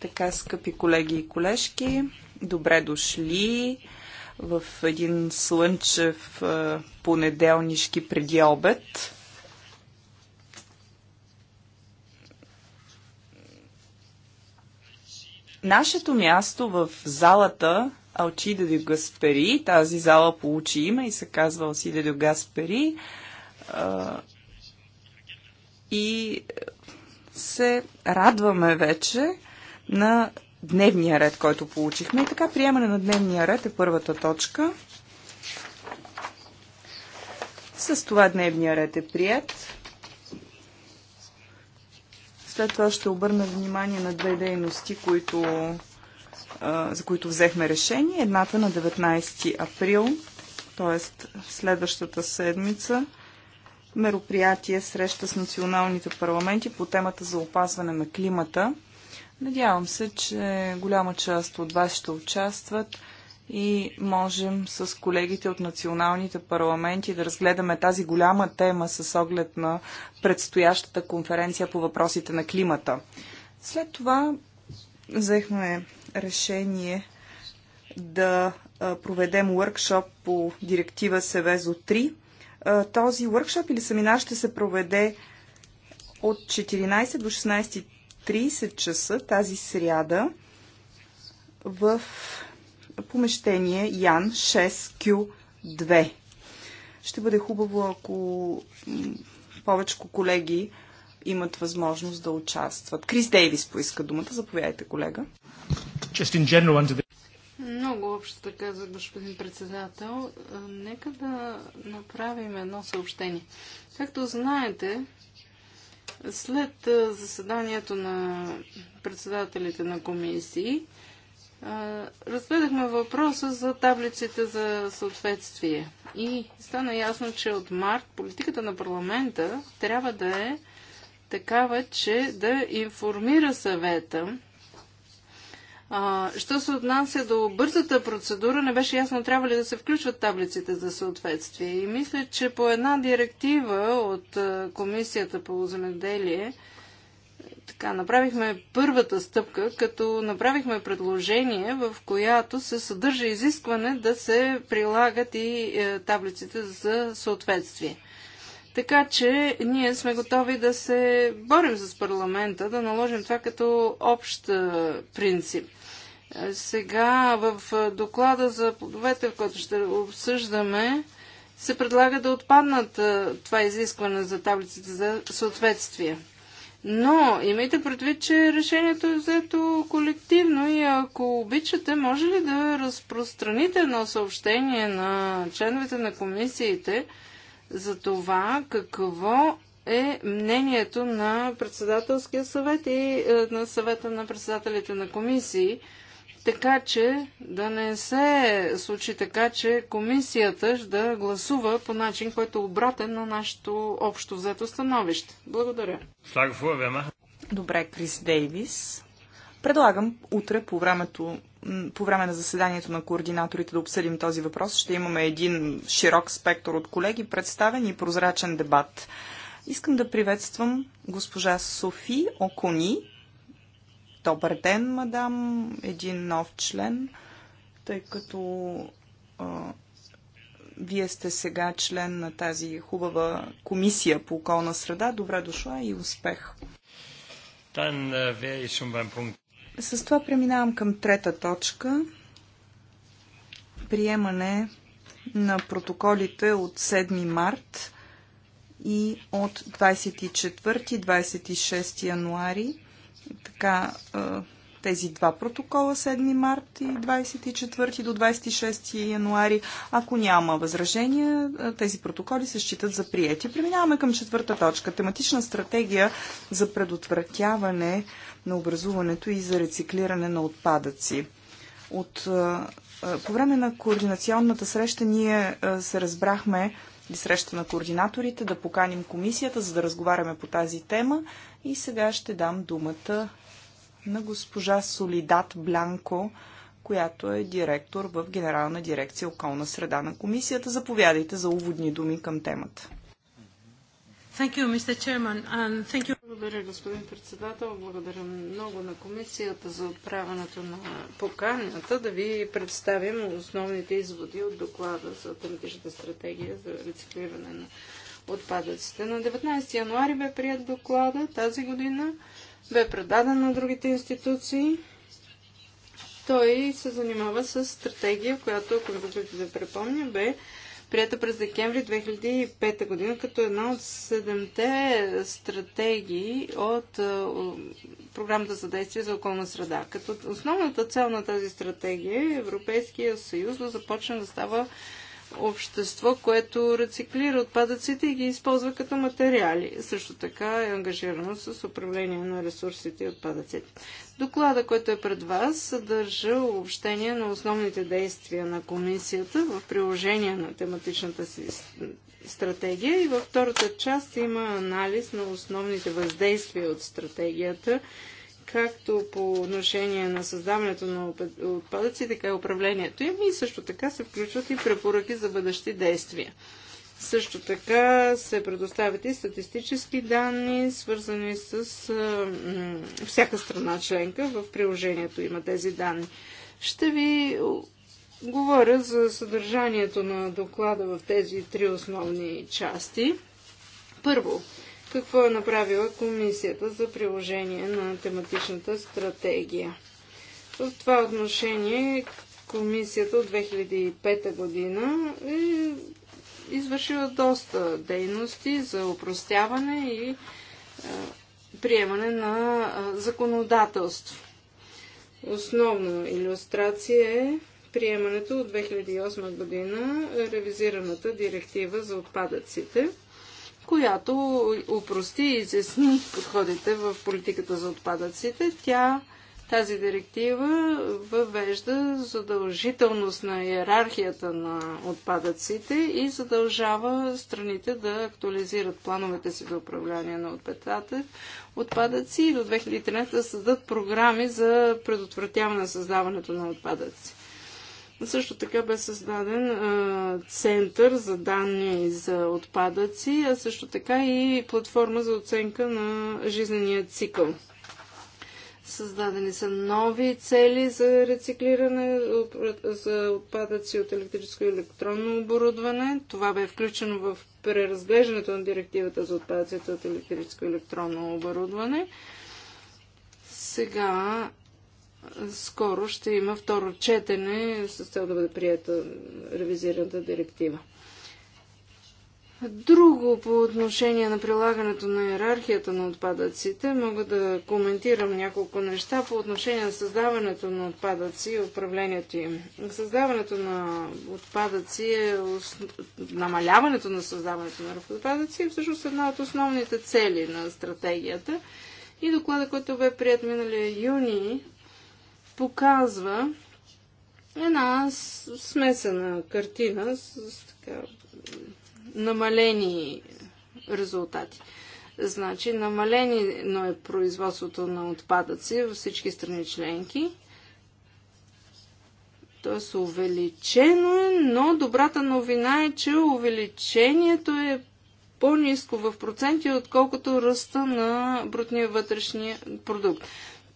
Така, скъпи колеги и колежки, добре дошли в един слънчев понеделнишки преди обед. Нашето място в залата Алчида де Гаспери, тази зала получи име и се казва Алчида де Гаспери, и се радваме вече на дневния ред, който получихме. И така, приемане на дневния ред е първата точка. С това дневния ред е прият. След това ще обърна внимание на две дейности, които, за които взехме решение. Едната на 19 април, т.е. следващата седмица – мероприятие среща с националните парламенти по темата за опазване на климата. Надявам се, че голяма част от вас ще участват и можем с колегите от националните парламенти да разгледаме тази голяма тема с оглед на предстоящата конференция по въпросите на климата. След това взехме решение да проведем workshop по директива Севезо 3 този въркшоп или семинар ще се проведе от 14 до 16.30 часа тази сряда в помещение Ян 6Q2. Ще бъде хубаво, ако повече колеги имат възможност да участват. Крис Дейвис поиска думата. Заповядайте, колега. Много общо така каза господин председател. Е, нека да направим едно съобщение. Както знаете, след е, заседанието на председателите на комисии, е, разгледахме въпроса за таблиците за съответствие. И стана ясно, че от март политиката на парламента трябва да е такава, че да информира съвета а, що се отнася до бързата процедура, не беше ясно трябва ли да се включват таблиците за съответствие. И мисля, че по една директива от Комисията по земеделие, така, направихме първата стъпка, като направихме предложение, в която се съдържа изискване да се прилагат и е, таблиците за съответствие. Така че ние сме готови да се борим с парламента, да наложим това като общ принцип. Сега в доклада за плодовете, в който ще обсъждаме, се предлага да отпаднат това изискване за таблиците за съответствие. Но имайте предвид, че решението е взето колективно и ако обичате, може ли да разпространите едно съобщение на членовете на комисиите, за това какво е мнението на председателския съвет и е, на съвета на председателите на комисии, така че да не се случи така, че комисията да гласува по начин, който е обратен на нашето общо взето становище. Благодаря. Добре, Крис Дейвис. Предлагам утре по времето по време на заседанието на координаторите да обсъдим този въпрос. Ще имаме един широк спектър от колеги, представен и прозрачен дебат. Искам да приветствам госпожа Софи Окони. Добър ден, мадам, един нов член, тъй като а, вие сте сега член на тази хубава комисия по околна среда. Добре дошла и успех! Dann э, wäre ich schon beim Punkt с това преминавам към трета точка. Приемане на протоколите от 7 март и от 24-26 януари. Така, тези два протокола, 7 март и 24 до 26 януари. Ако няма възражения, тези протоколи се считат за приети. Преминаваме към четвърта точка. Тематична стратегия за предотвратяване на образуването и за рециклиране на отпадъци. От, по време на координационната среща ние се разбрахме и среща на координаторите да поканим комисията, за да разговаряме по тази тема. И сега ще дам думата на госпожа Солидат Блянко, която е директор в Генерална дирекция околна среда на комисията. Заповядайте за уводни думи към темата. You, Chairman, благодаря, господин председател. Благодаря много на комисията за отправянето на поканята да ви представим основните изводи от доклада за тематичната стратегия за рециклиране на отпадъците. На 19 януари бе прият доклада тази година, бе предаден на другите институции. Той се занимава с стратегия, която, ако ви да припомня, бе прията през декември 2005 година като една от седемте стратегии от е, програмата за действие за околна среда. Като основната цел на тази стратегия е Европейския съюз да започне да става общество, което рециклира отпадъците и ги използва като материали. Също така е ангажирано с управление на ресурсите и отпадъците. Доклада, който е пред вас, съдържа обобщение на основните действия на комисията в приложение на тематичната си стратегия и във втората част има анализ на основните въздействия от стратегията – както по отношение на създаването на отпадъци, така и управлението им и също така се включват и препоръки за бъдещи действия. Също така се предоставят и статистически данни, свързани с а, всяка страна членка. В приложението има тези данни. Ще ви говоря за съдържанието на доклада в тези три основни части. Първо, какво е направила комисията за приложение на тематичната стратегия. В това отношение комисията от 2005 година е извършила доста дейности за упростяване и е, приемане на е, законодателство. Основна иллюстрация е приемането от 2008 година ревизираната директива за отпадъците – която упрости и изясни подходите в политиката за отпадъците. Тя, тази директива въвежда задължителност на иерархията на отпадъците и задължава страните да актуализират плановете си за управление на отпадъци и до 2013 да създадат програми за предотвратяване на създаването на отпадъци. Също така бе създаден а, център за данни за отпадъци, а също така и платформа за оценка на жизнения цикъл. Създадени са нови цели за рециклиране за отпадъци от електрическо и електронно оборудване. Това бе включено в преразглеждането на директивата за отпадъците от електрическо и електронно оборудване. Сега скоро ще има второ четене с цел да бъде прията ревизираната директива. Друго по отношение на прилагането на иерархията на отпадъците, мога да коментирам няколко неща по отношение на създаването на отпадъци и управлението им. Създаването на отпадъци е ос... намаляването на създаването на отпадъци е всъщност една от основните цели на стратегията. И доклада, който бе прият миналия юни показва една смесена картина с, така, намалени резултати. Значи, намалени, но е производството на отпадъци във всички страни членки. Тоест, увеличено е, но добрата новина е, че увеличението е по-низко в проценти, отколкото ръста на брутния вътрешния продукт.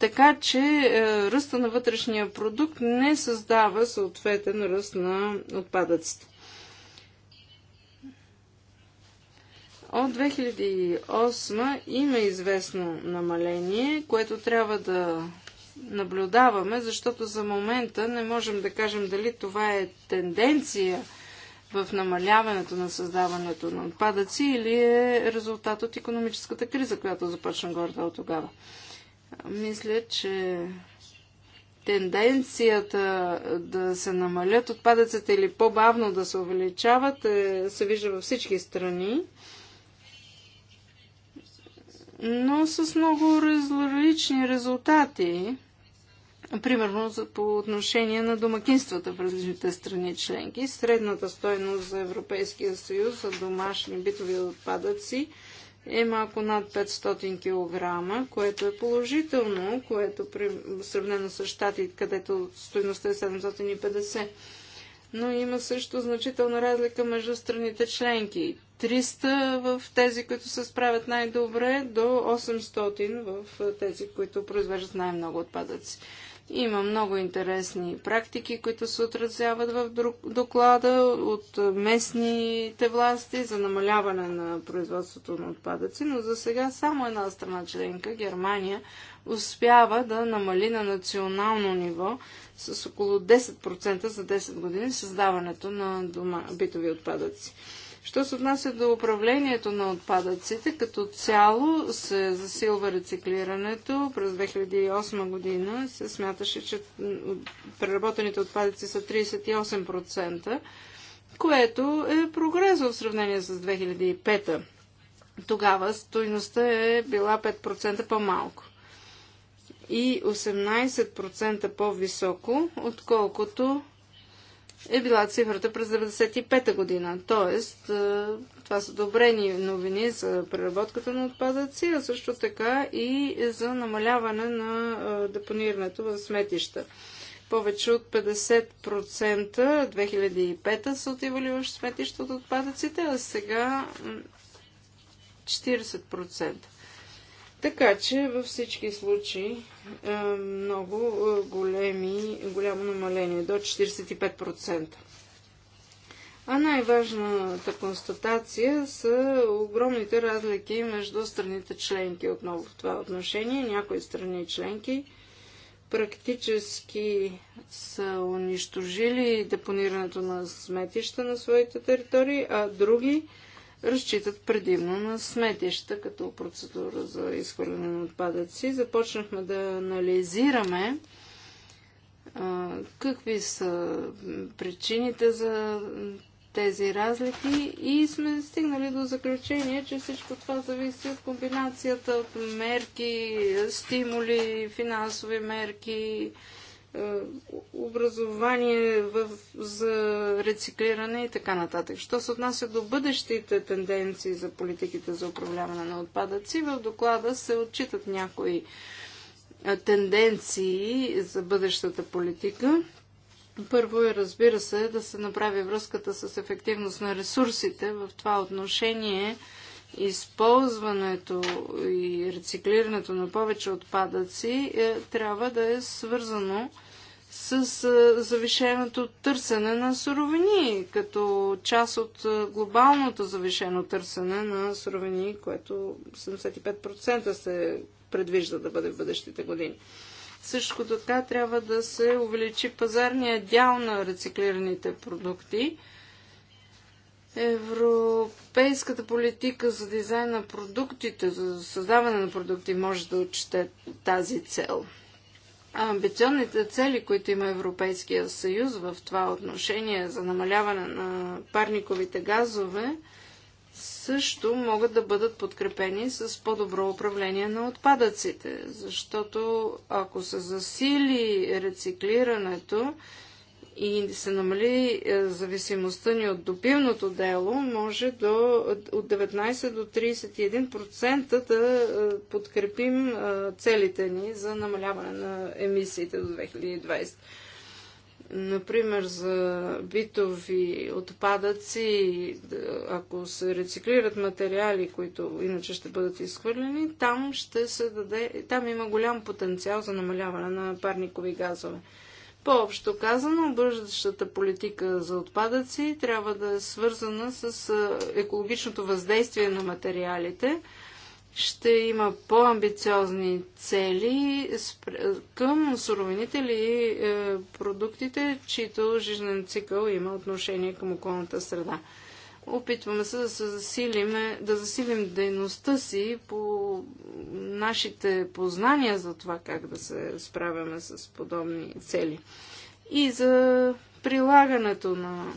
Така че е, ръста на вътрешния продукт не създава съответен ръст на отпадъците. От 2008 има известно намаление, което трябва да наблюдаваме, защото за момента не можем да кажем дали това е тенденция в намаляването на създаването на отпадъци или е резултат от економическата криза, която започна горе от тогава. Мисля, че тенденцията да се намалят отпадъците или по-бавно да се увеличават е, се вижда във всички страни, но с много различни резултати. Примерно по отношение на домакинствата в различните страни членки. Средната стойност за Европейския съюз за домашни битови отпадъци – е малко над 500 кг, което е положително, което при, сравнено с щати, където стоеността е 750. Но има също значителна разлика между страните членки. 300 в тези, които се справят най-добре, до 800 в тези, които произвеждат най-много отпадъци. Има много интересни практики, които се отразяват в доклада от местните власти за намаляване на производството на отпадъци, но за сега само една страна членка, Германия, успява да намали на национално ниво с около 10% за 10 години създаването на дома, битови отпадъци. Що се отнася до управлението на отпадъците, като цяло се засилва рециклирането. През 2008 година се смяташе, че преработените отпадъци са 38%, което е прогрес в сравнение с 2005 Тогава стойността е била 5% по-малко и 18% по-високо, отколкото е била цифрата през 1995 година. Тоест, е, това са добрени новини за преработката на отпадъци, а също така и за намаляване на е, депонирането в сметища. Повече от 50% 2005 са отивали в сметища от отпадъците, а сега 40%. Така че във всички случаи е, много е, големи, голямо намаление, до 45%. А най-важната констатация са огромните разлики между страните членки отново в това отношение. Някои страни членки практически са унищожили депонирането на сметища на своите територии, а други разчитат предимно на сметища като процедура за изхвърляне на отпадъци. Започнахме да анализираме а, какви са причините за тези разлики и сме стигнали до заключение, че всичко това зависи от комбинацията от мерки, стимули, финансови мерки, е, образование в, за рециклиране и така нататък. Що се отнася до бъдещите тенденции за политиките за управляване на отпадъци, в доклада се отчитат някои е, тенденции за бъдещата политика. Първо е, разбира се, да се направи връзката с ефективност на ресурсите. В това отношение използването и рециклирането на повече отпадъци е, трябва да е свързано с е, завишеното търсене на суровини, като част от е, глобалното завишено търсене на суровини, което 75% се предвижда да бъде в бъдещите години. Също така трябва да се увеличи пазарния дял на рециклираните продукти – Европейската политика за дизайн на продуктите, за създаване на продукти може да отчете тази цел. А амбиционните цели, които има Европейския съюз в това отношение за намаляване на парниковите газове, също могат да бъдат подкрепени с по-добро управление на отпадъците, защото ако се засили рециклирането, и се намали е, зависимостта ни от добивното дело, може до, от 19 до 31% да е, подкрепим е, целите ни за намаляване на емисиите до 2020. Например, за битови отпадъци, ако се рециклират материали, които иначе ще бъдат изхвърлени, там ще се даде, там има голям потенциал за намаляване на парникови газове. По-общо казано, бъдещата политика за отпадъци трябва да е свързана с екологичното въздействие на материалите. Ще има по-амбициозни цели към суровините или е, продуктите, чието жизнен цикъл има отношение към околната среда. Опитваме се да се засилиме, да засилим дейността си по нашите познания за това как да се справяме с подобни цели. И за прилагането на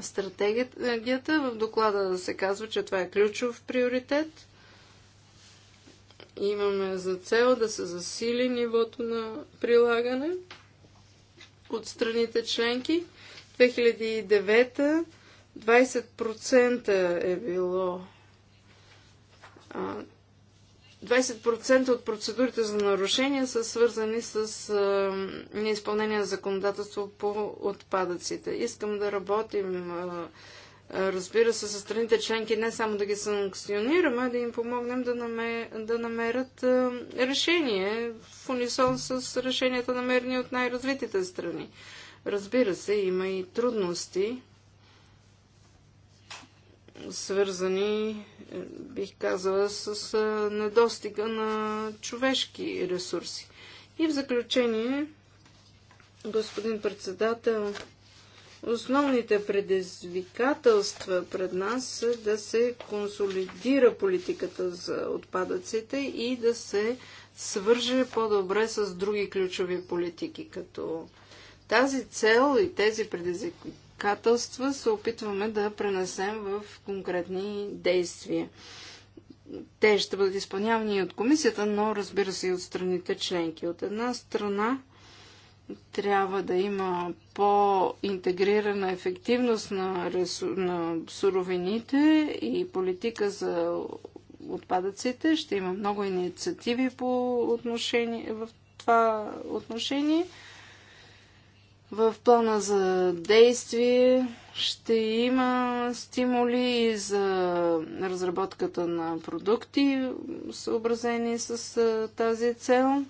стратегията в доклада се казва, че това е ключов приоритет. Имаме за цел да се засили нивото на прилагане от страните членки. 2009 20% е било. 20% от процедурите за нарушения са свързани с неизпълнение на законодателство по отпадъците. Искам да работим, разбира се, с страните членки не само да ги санкционираме, а да им помогнем да, намер... да намерят решение в унисон с решенията намерени от най-развитите страни. Разбира се, има и трудности свързани, е, бих казала, с е, недостига на човешки ресурси. И в заключение, господин председател, основните предизвикателства пред нас са да се консолидира политиката за отпадъците и да се свърже по-добре с други ключови политики, като тази цел и тези предизвикателства предизвикателства се опитваме да пренесем в конкретни действия. Те ще бъдат изпълнявани и от комисията, но разбира се и от страните членки. От една страна трябва да има по-интегрирана ефективност на, ресу... на суровините и политика за отпадъците. Ще има много инициативи по отношение, в това отношение – в плана за действие ще има стимули и за разработката на продукти, съобразени с тази цел.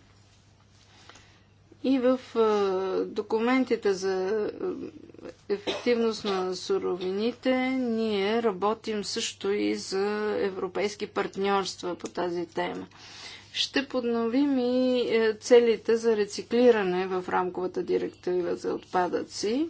И в документите за ефективност на суровините ние работим също и за европейски партньорства по тази тема ще подновим и е, целите за рециклиране в рамковата директива за отпадъци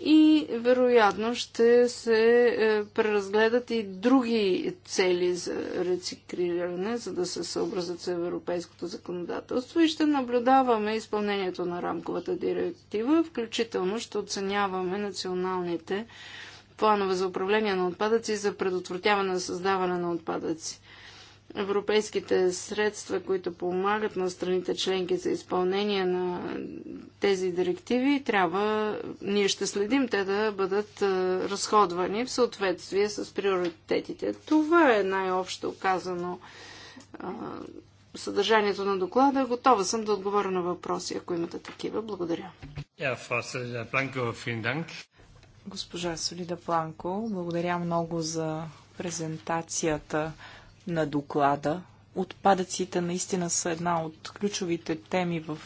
и вероятно ще се е, преразгледат и други цели за рециклиране, за да се съобразят с европейското законодателство и ще наблюдаваме изпълнението на рамковата директива, включително ще оценяваме националните планове за управление на отпадъци и за предотвратяване на създаване на отпадъци европейските средства, които помагат на страните членки за изпълнение на тези директиви, трябва, ние ще следим те да бъдат е, разходвани в съответствие с приоритетите. Това е най-общо казано е, съдържанието на доклада. Готова съм да отговоря на въпроси, ако имате такива. Благодаря. Госпожа Солида Планко, благодаря много за презентацията на доклада. Отпадъците наистина са една от ключовите теми в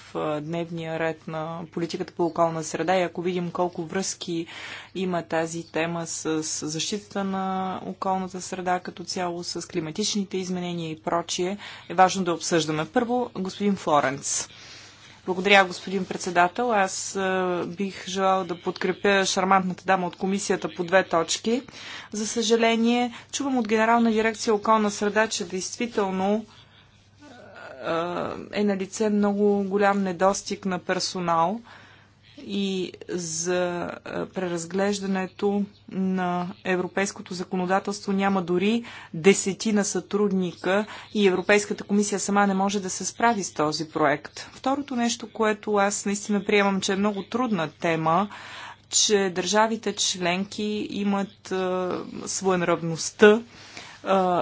дневния ред на политиката по околна среда и ако видим колко връзки има тази тема с защитата на околната среда като цяло, с климатичните изменения и прочие, е важно да обсъждаме. Първо, господин Флоренц. Благодаря, господин председател. Аз бих желал да подкрепя шармантната дама от комисията по две точки. За съжаление, чувам от Генерална дирекция околна среда, че действително е на лице много голям недостиг на персонал – и за преразглеждането на европейското законодателство няма дори десетина сътрудника и Европейската комисия сама не може да се справи с този проект. Второто нещо, което аз наистина приемам, че е много трудна тема, че държавите членки имат е, своенравността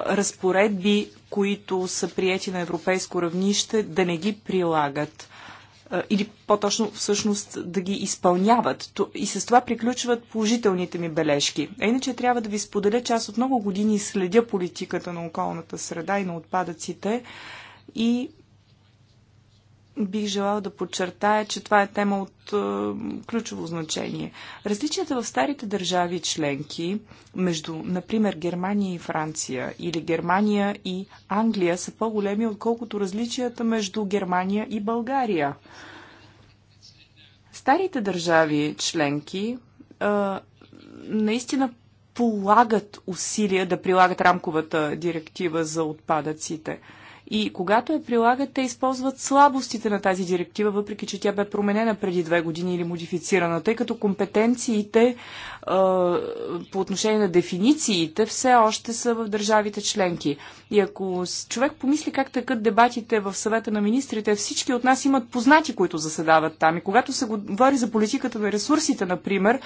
разпоредби, които са прияти на европейско равнище, да не ги прилагат или по-точно всъщност да ги изпълняват. И с това приключват положителните ми бележки. А иначе трябва да ви споделя, че аз от много години следя политиката на околната среда и на отпадъците и бих желала да подчертая, че това е тема от е, ключово значение. Различията в старите държави членки между, например, Германия и Франция или Германия и Англия са по-големи, отколкото различията между Германия и България. Старите държави членки е, наистина полагат усилия да прилагат рамковата директива за отпадъците. И когато я прилагат, те използват слабостите на тази директива, въпреки че тя бе променена преди две години или модифицирана, тъй като компетенциите по отношение на дефинициите все още са в държавите членки. И ако човек помисли как тъкат дебатите в съвета на министрите, всички от нас имат познати, които заседават там. И когато се говори за политиката на ресурсите, например,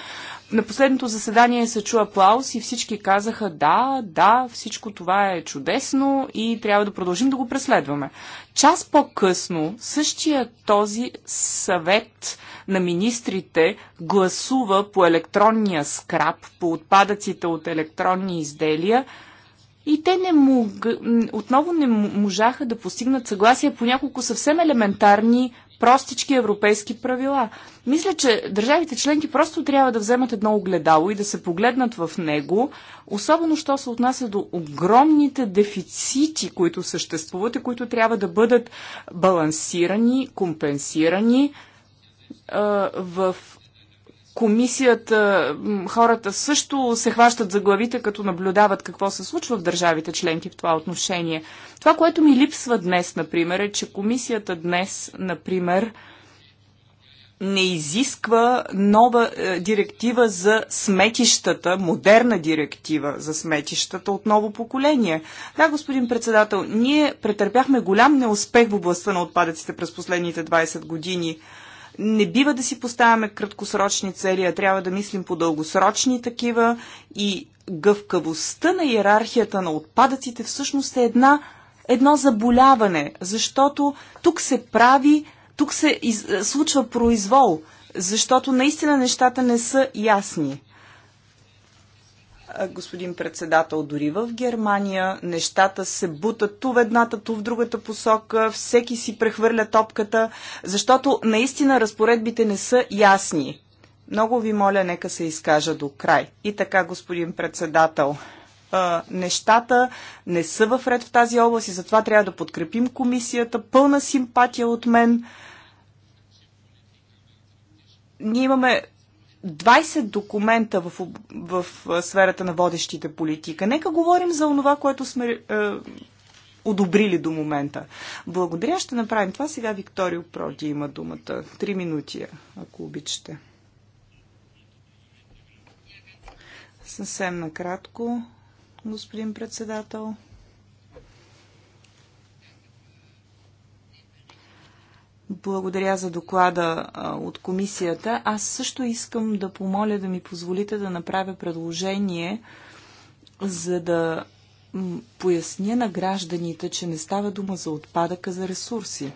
на последното заседание се чу аплаус и всички казаха да, да, всичко това е чудесно и трябва да продължим да го преследваме. Час по-късно същия този съвет на министрите гласува по електронния скраб, по отпадъците от електронни изделия и те не мог... отново не можаха да постигнат съгласие по няколко съвсем елементарни простички европейски правила. Мисля, че държавите членки просто трябва да вземат едно огледало и да се погледнат в него, особено що се отнася до огромните дефицити, които съществуват и които трябва да бъдат балансирани, компенсирани в комисията, хората също се хващат за главите, като наблюдават какво се случва в държавите членки в това отношение. Това, което ми липсва днес, например, е, че комисията днес, например, не изисква нова е, директива за сметищата, модерна директива за сметищата от ново поколение. Да, господин председател, ние претърпяхме голям неуспех в областта на отпадъците през последните 20 години. Не бива да си поставяме краткосрочни цели, а трябва да мислим по дългосрочни такива и гъвкавостта на иерархията на отпадъците всъщност е една, едно заболяване, защото тук се прави, тук се из, е, случва произвол, защото наистина нещата не са ясни господин председател, дори в Германия нещата се бутат ту в едната, ту в другата посока, всеки си прехвърля топката, защото наистина разпоредбите не са ясни. Много ви моля, нека се изкажа до край. И така, господин председател, нещата не са в ред в тази област и затова трябва да подкрепим комисията. Пълна симпатия от мен. Ние имаме 20 документа в, в, в сферата на водещите политика. Нека говорим за онова, което сме е, одобрили до момента. Благодаря, ще направим това. Сега Викторио Проди има думата. Три минути, е, ако обичате. Съвсем накратко, господин председател. Благодаря за доклада от комисията. Аз също искам да помоля да ми позволите да направя предложение, за да поясня на гражданите, че не става дума за отпадъка за ресурси.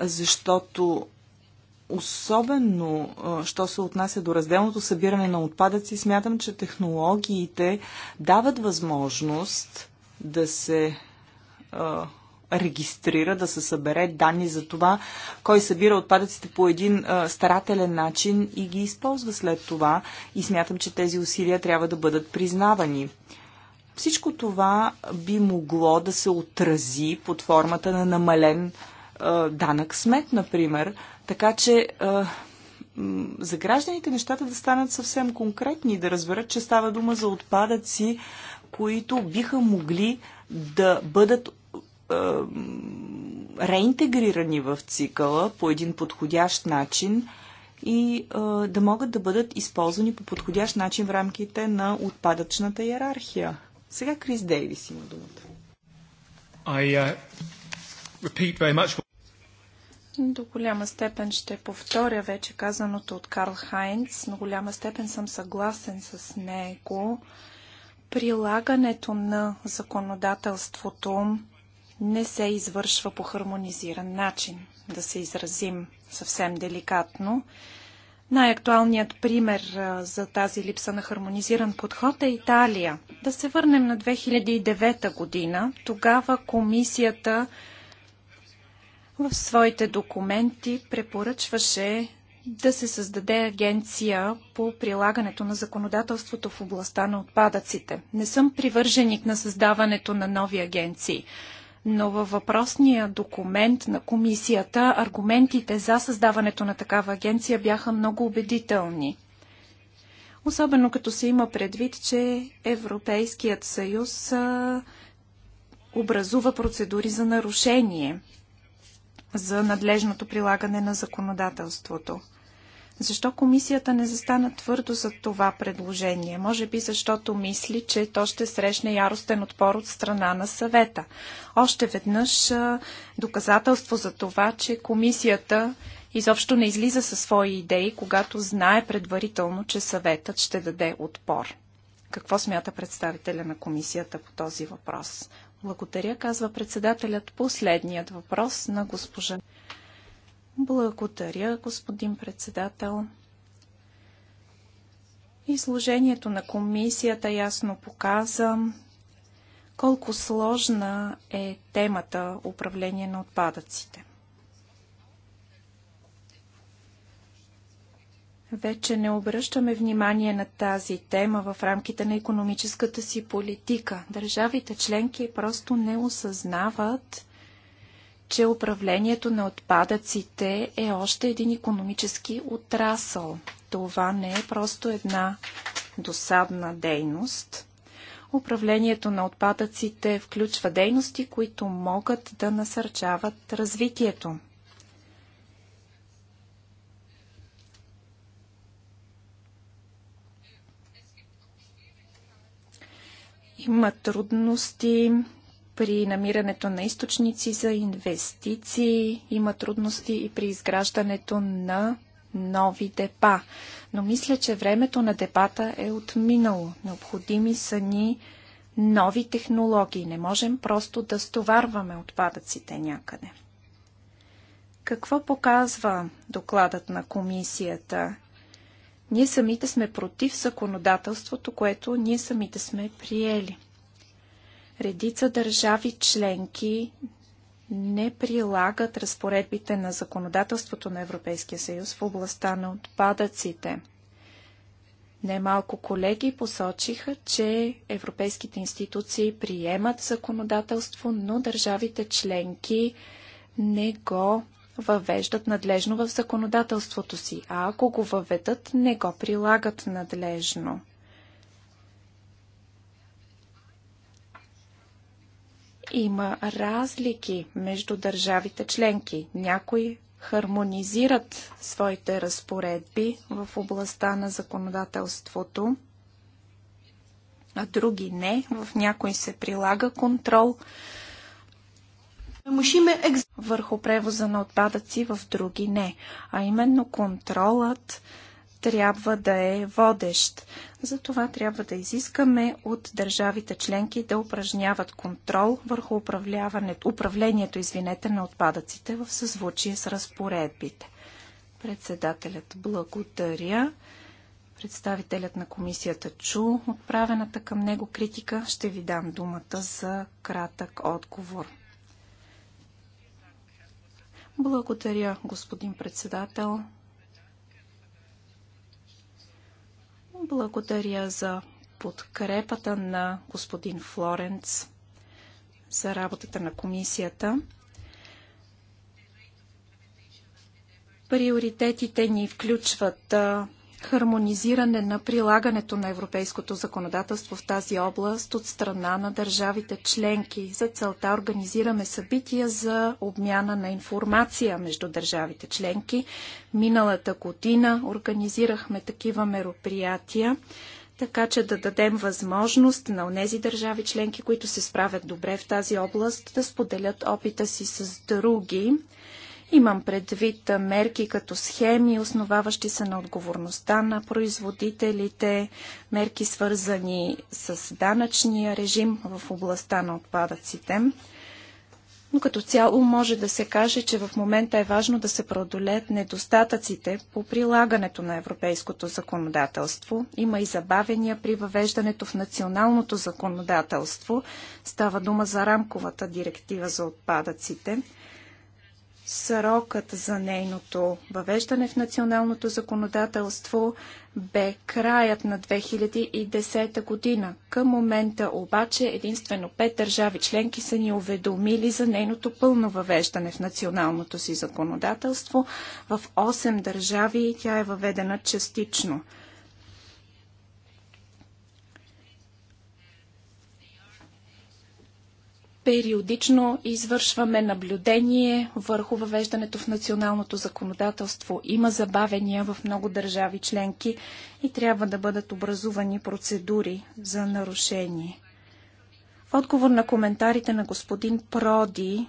Защото особено, що се отнася до разделното събиране на отпадъци, смятам, че технологиите дават възможност да се а, регистрира, да се събере данни за това, кой събира отпадъците по един а, старателен начин и ги използва след това. И смятам, че тези усилия трябва да бъдат признавани. Всичко това би могло да се отрази под формата на намален а, данък смет, например. Така че а, за гражданите нещата да станат съвсем конкретни, да разберат, че става дума за отпадъци, които биха могли да бъдат реинтегрирани в цикъла по един подходящ начин и да могат да бъдат използвани по подходящ начин в рамките на отпадъчната иерархия. Сега Крис Дейвис има думата. I, uh, до голяма степен ще повторя вече казаното от Карл Хайнц. но голяма степен съм съгласен с него. Прилагането на законодателството не се извършва по хармонизиран начин, да се изразим съвсем деликатно. Най-актуалният пример за тази липса на хармонизиран подход е Италия. Да се върнем на 2009 година. Тогава комисията в своите документи препоръчваше да се създаде агенция по прилагането на законодателството в областта на отпадъците. Не съм привърженик на създаването на нови агенции но във въпросния документ на комисията аргументите за създаването на такава агенция бяха много убедителни. Особено като се има предвид, че Европейският съюз а, образува процедури за нарушение за надлежното прилагане на законодателството. Защо комисията не застана твърдо за това предложение? Може би защото мисли, че то ще срещне яростен отпор от страна на съвета. Още веднъж доказателство за това, че комисията изобщо не излиза със свои идеи, когато знае предварително, че съветът ще даде отпор. Какво смята представителя на комисията по този въпрос? Благодаря, казва председателят. Последният въпрос на госпожа. Благодаря, господин председател. Изложението на комисията ясно показа колко сложна е темата управление на отпадъците. Вече не обръщаме внимание на тази тема в рамките на економическата си политика. Държавите членки просто не осъзнават, че управлението на отпадъците е още един економически отрасъл. Това не е просто една досадна дейност. Управлението на отпадъците включва дейности, които могат да насърчават развитието. Има трудности, при намирането на източници за инвестиции, има трудности и при изграждането на нови депа. Но мисля, че времето на дебата е отминало. Необходими са ни нови технологии. Не можем просто да стоварваме отпадъците някъде. Какво показва докладът на комисията? Ние самите сме против законодателството, което ние самите сме приели. Редица държави членки не прилагат разпоредбите на законодателството на Европейския съюз в областта на отпадъците. Немалко колеги посочиха, че европейските институции приемат законодателство, но държавите членки не го въвеждат надлежно в законодателството си, а ако го въведат, не го прилагат надлежно. Има разлики между държавите членки. Някои хармонизират своите разпоредби в областта на законодателството, а други не. В някои се прилага контрол върху превоза на отпадъци, в други не. А именно контролът трябва да е водещ. Затова трябва да изискаме от държавите членки да упражняват контрол върху управлението извинете, на отпадъците в съзвучие с разпоредбите. Председателят благодаря. Представителят на комисията чу отправената към него критика. Ще ви дам думата за кратък отговор. Благодаря, господин председател. Благодаря за подкрепата на господин Флоренц за работата на комисията. Приоритетите ни включват хармонизиране на прилагането на европейското законодателство в тази област от страна на държавите членки. За целта организираме събития за обмяна на информация между държавите членки. Миналата година организирахме такива мероприятия така че да дадем възможност на тези държави членки, които се справят добре в тази област, да споделят опита си с други. Имам предвид мерки като схеми, основаващи се на отговорността на производителите, мерки свързани с данъчния режим в областта на отпадъците. Но като цяло може да се каже, че в момента е важно да се преодолеят недостатъците по прилагането на европейското законодателство. Има и забавения при въвеждането в националното законодателство. Става дума за рамковата директива за отпадъците – срокът за нейното въвеждане в националното законодателство бе краят на 2010 година. Към момента обаче единствено пет държави членки са ни уведомили за нейното пълно въвеждане в националното си законодателство. В 8 държави тя е въведена частично. Периодично извършваме наблюдение върху въвеждането в националното законодателство. Има забавения в много държави членки и трябва да бъдат образувани процедури за нарушение. В отговор на коментарите на господин Проди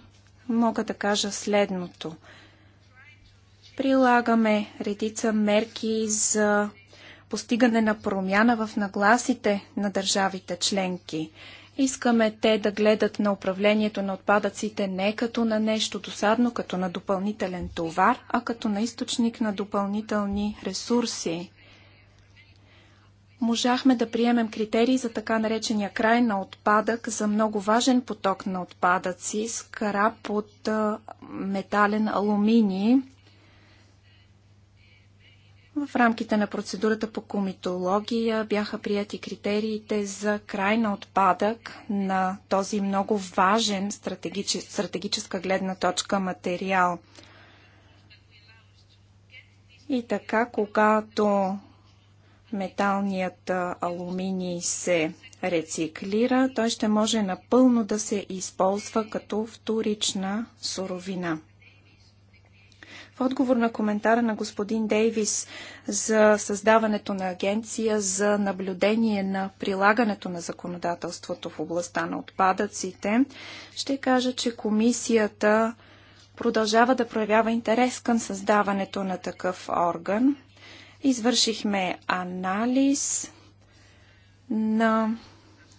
мога да кажа следното. Прилагаме редица мерки за постигане на промяна в нагласите на държавите членки – Искаме те да гледат на управлението на отпадъците не като на нещо досадно, като на допълнителен товар, а като на източник на допълнителни ресурси. Можахме да приемем критерии за така наречения край на отпадък за много важен поток на отпадъци, скрап от метален алуминий, в рамките на процедурата по комитология бяха прияти критериите за край на отпадък на този много важен стратегичес, стратегическа гледна точка материал. И така, когато металният алуминий се рециклира, той ще може напълно да се използва като вторична суровина отговор на коментара на господин Дейвис за създаването на агенция за наблюдение на прилагането на законодателството в областта на отпадъците, ще кажа, че комисията продължава да проявява интерес към създаването на такъв орган. Извършихме анализ на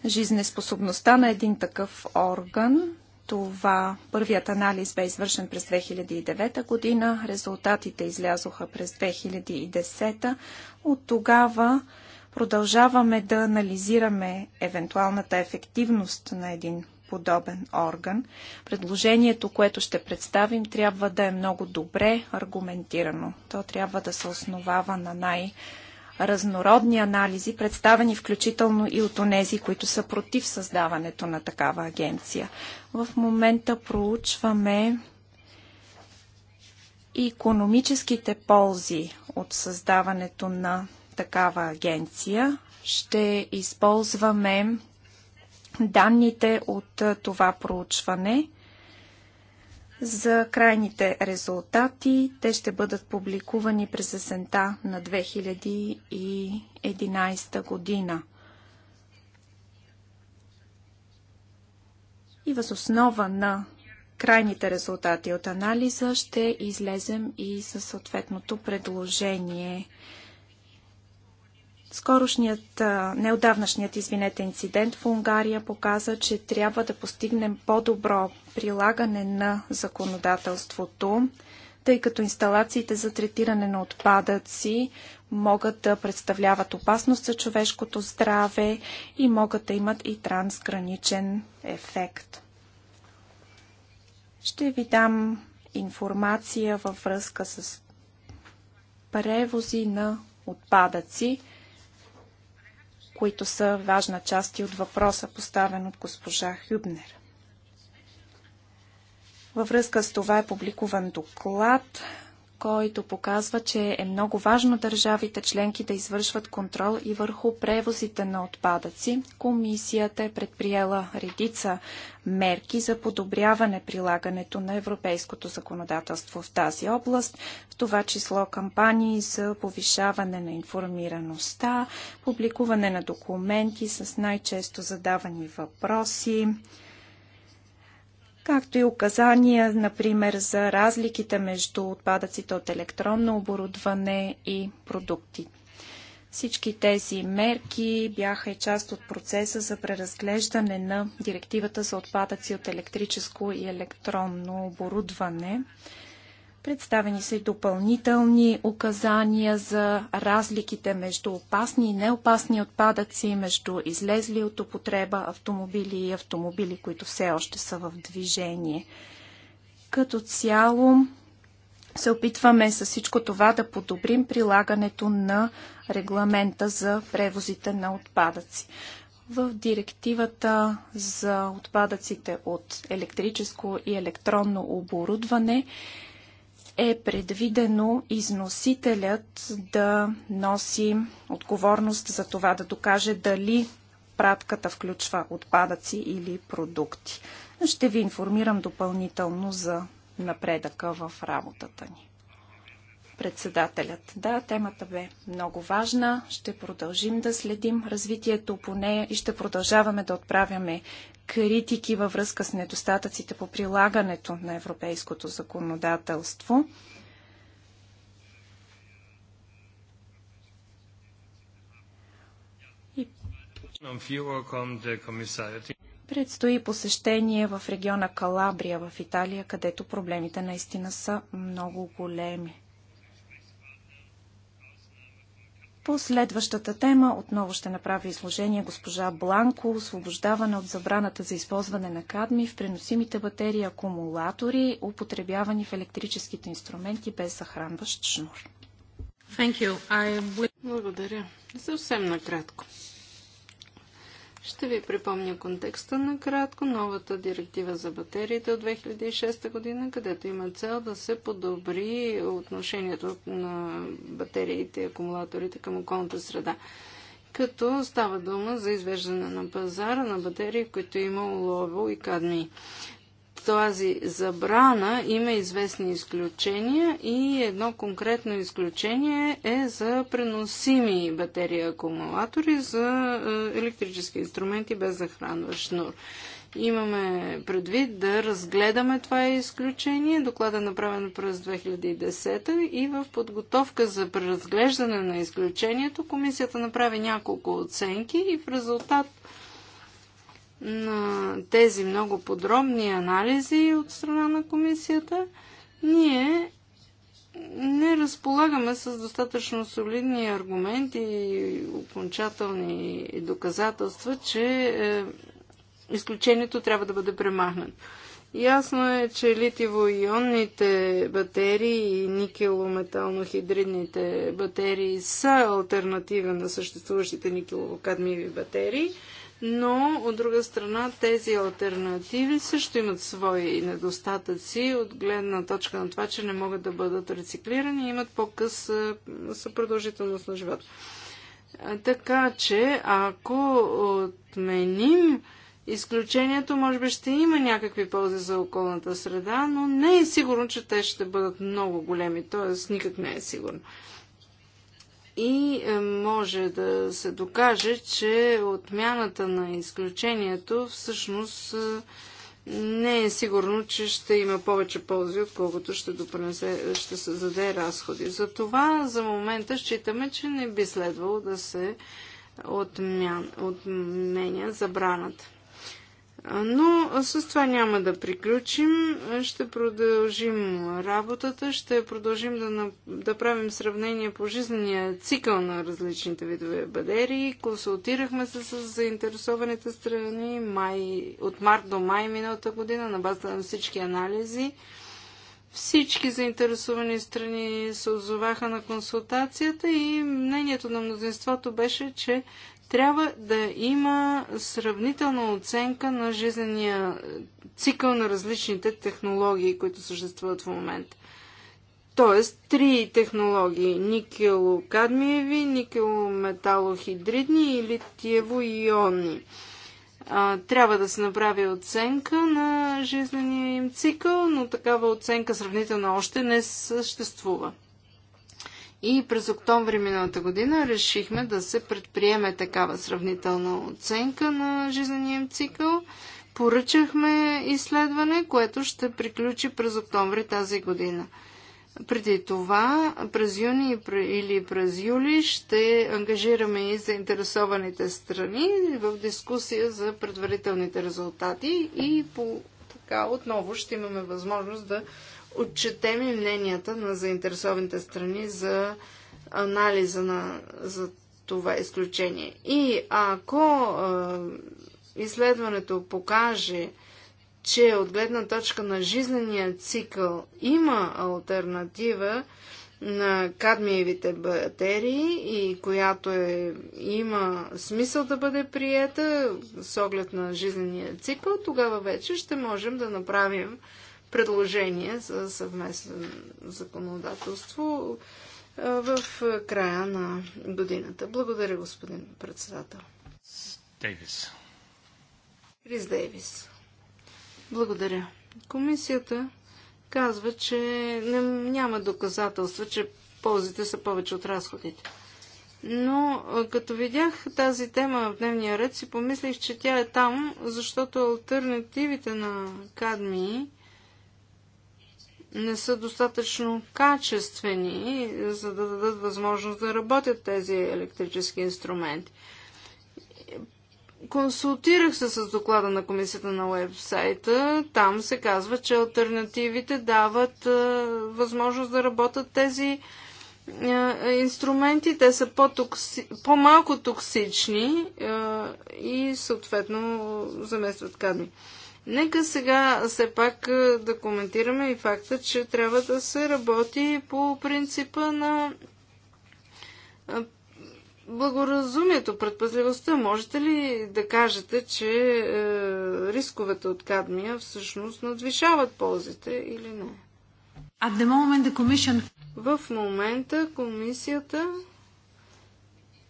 жизнеспособността на един такъв орган това първият анализ бе извършен през 2009 година, резултатите излязоха през 2010. От тогава продължаваме да анализираме евентуалната ефективност на един подобен орган. Предложението, което ще представим, трябва да е много добре аргументирано. То трябва да се основава на най- разнородни анализи, представени включително и от онези, които са против създаването на такава агенция. В момента проучваме и економическите ползи от създаването на такава агенция. Ще използваме данните от това проучване – за крайните резултати те ще бъдат публикувани през есента на 2011 година. И основа на крайните резултати от анализа ще излезем и със съответното предложение Скорошният, неодавнашният, извинете, инцидент в Унгария показа, че трябва да постигнем по-добро прилагане на законодателството, тъй като инсталациите за третиране на отпадъци могат да представляват опасност за човешкото здраве и могат да имат и трансграничен ефект. Ще ви дам информация във връзка с превози на отпадъци които са важна част и от въпроса, поставен от госпожа Хюбнер. Във връзка с това е публикуван доклад, който показва, че е много важно държавите членки да извършват контрол и върху превозите на отпадъци. Комисията е предприела редица мерки за подобряване прилагането на европейското законодателство в тази област, в това число кампании за повишаване на информираността, публикуване на документи с най-често задавани въпроси, както и указания, например, за разликите между отпадъците от електронно оборудване и продукти. Всички тези мерки бяха и част от процеса за преразглеждане на директивата за отпадъци от електрическо и електронно оборудване. Представени са и допълнителни указания за разликите между опасни и неопасни отпадъци, между излезли от употреба автомобили и автомобили, които все още са в движение. Като цяло се опитваме с всичко това да подобрим прилагането на регламента за превозите на отпадъци. В директивата за отпадъците от електрическо и електронно оборудване е предвидено износителят да носи отговорност за това да докаже дали пратката включва отпадъци или продукти. Ще ви информирам допълнително за напредъка в работата ни. Председателят. Да, темата бе много важна. Ще продължим да следим развитието по нея и ще продължаваме да отправяме критики във връзка с недостатъците по прилагането на европейското законодателство. Предстои посещение в региона Калабрия в Италия, където проблемите наистина са много големи. По следващата тема отново ще направи изложение госпожа Бланко, освобождаване от забраната за използване на кадми в преносимите батерии акумулатори, употребявани в електрическите инструменти без захранващ шнур. Благодаря. Съвсем накратко. Ще ви припомня контекста на кратко. Новата директива за батериите от 2006 година, където има цел да се подобри отношението на батериите и акумулаторите към околната среда. Като става дума за извеждане на пазара на батерии, в които има олово и кадми тази забрана има известни изключения и едно конкретно изключение е за преносими батерии акумулатори за е, електрически инструменти без захранващ шнур. Имаме предвид да разгледаме това изключение. Доклада е направен през 2010 и в подготовка за преразглеждане на изключението комисията направи няколко оценки и в резултат на тези много подробни анализи от страна на комисията, ние не разполагаме с достатъчно солидни аргументи и окончателни доказателства, че е, изключението трябва да бъде премахнато. Ясно е, че литиво-ионните батерии и никелометално-хидридните батерии са альтернатива на съществуващите никелокадмиеви батерии – но от друга страна тези альтернативи също имат свои недостатъци от гледна точка на това, че не могат да бъдат рециклирани и имат по-къс съпродължителност на живота. Така че, ако отменим изключението, може би ще има някакви ползи за околната среда, но не е сигурно, че те ще бъдат много големи, т.е. никак не е сигурно и е, може да се докаже, че отмяната на изключението всъщност е, не е сигурно, че ще има повече ползи, отколкото ще, допринесе, ще се заде разходи. Затова за момента считаме, че не би следвало да се отменя забраната. Но с това няма да приключим. Ще продължим работата, ще продължим да, да правим сравнение по жизнения цикъл на различните видове бадерии. Консултирахме се с заинтересованите страни май, от март до май миналата година на база на всички анализи. Всички заинтересовани страни се отзоваха на консултацията и мнението на мнозинството беше, че трябва да има сравнителна оценка на жизнения цикъл на различните технологии, които съществуват в момента. Тоест, три технологии никелокадмиеви, никелометалохидридни или тиево ионни Трябва да се направи оценка на жизнения им цикъл, но такава оценка сравнително още не съществува. И през октомври миналата година решихме да се предприеме такава сравнителна оценка на жизнения цикъл. Поръчахме изследване, което ще приключи през октомври тази година. Преди това, през юни или през юли, ще ангажираме и заинтересованите страни в дискусия за предварителните резултати и по така отново ще имаме възможност да отчетем и мненията на заинтересованите страни за анализа на, за това изключение. И ако а, изследването покаже, че от гледна точка на жизнения цикъл има альтернатива на кадмиевите батерии и която е, има смисъл да бъде приета с оглед на жизнения цикъл, тогава вече ще можем да направим предложение за съвместно законодателство в края на годината. Благодаря, господин председател. Дейвис. Крис Дейвис. Благодаря. Комисията казва, че няма доказателства, че ползите са повече от разходите. Но като видях тази тема в дневния ред, си помислих, че тя е там, защото альтернативите на кадмии не са достатъчно качествени, за да дадат възможност да работят тези електрически инструменти. Консултирах се с доклада на комисията на уебсайта. Там се казва, че альтернативите дават е, възможност да работят тези е, инструменти. Те са по-токси... по-малко токсични е, и съответно заместват кадми. Нека сега все пак е, да коментираме и факта, че трябва да се работи по принципа на е, благоразумието, предпазливостта. Можете ли да кажете, че е, рисковете от кадмия всъщност надвишават ползите или не? At the moment the commission... В момента комисията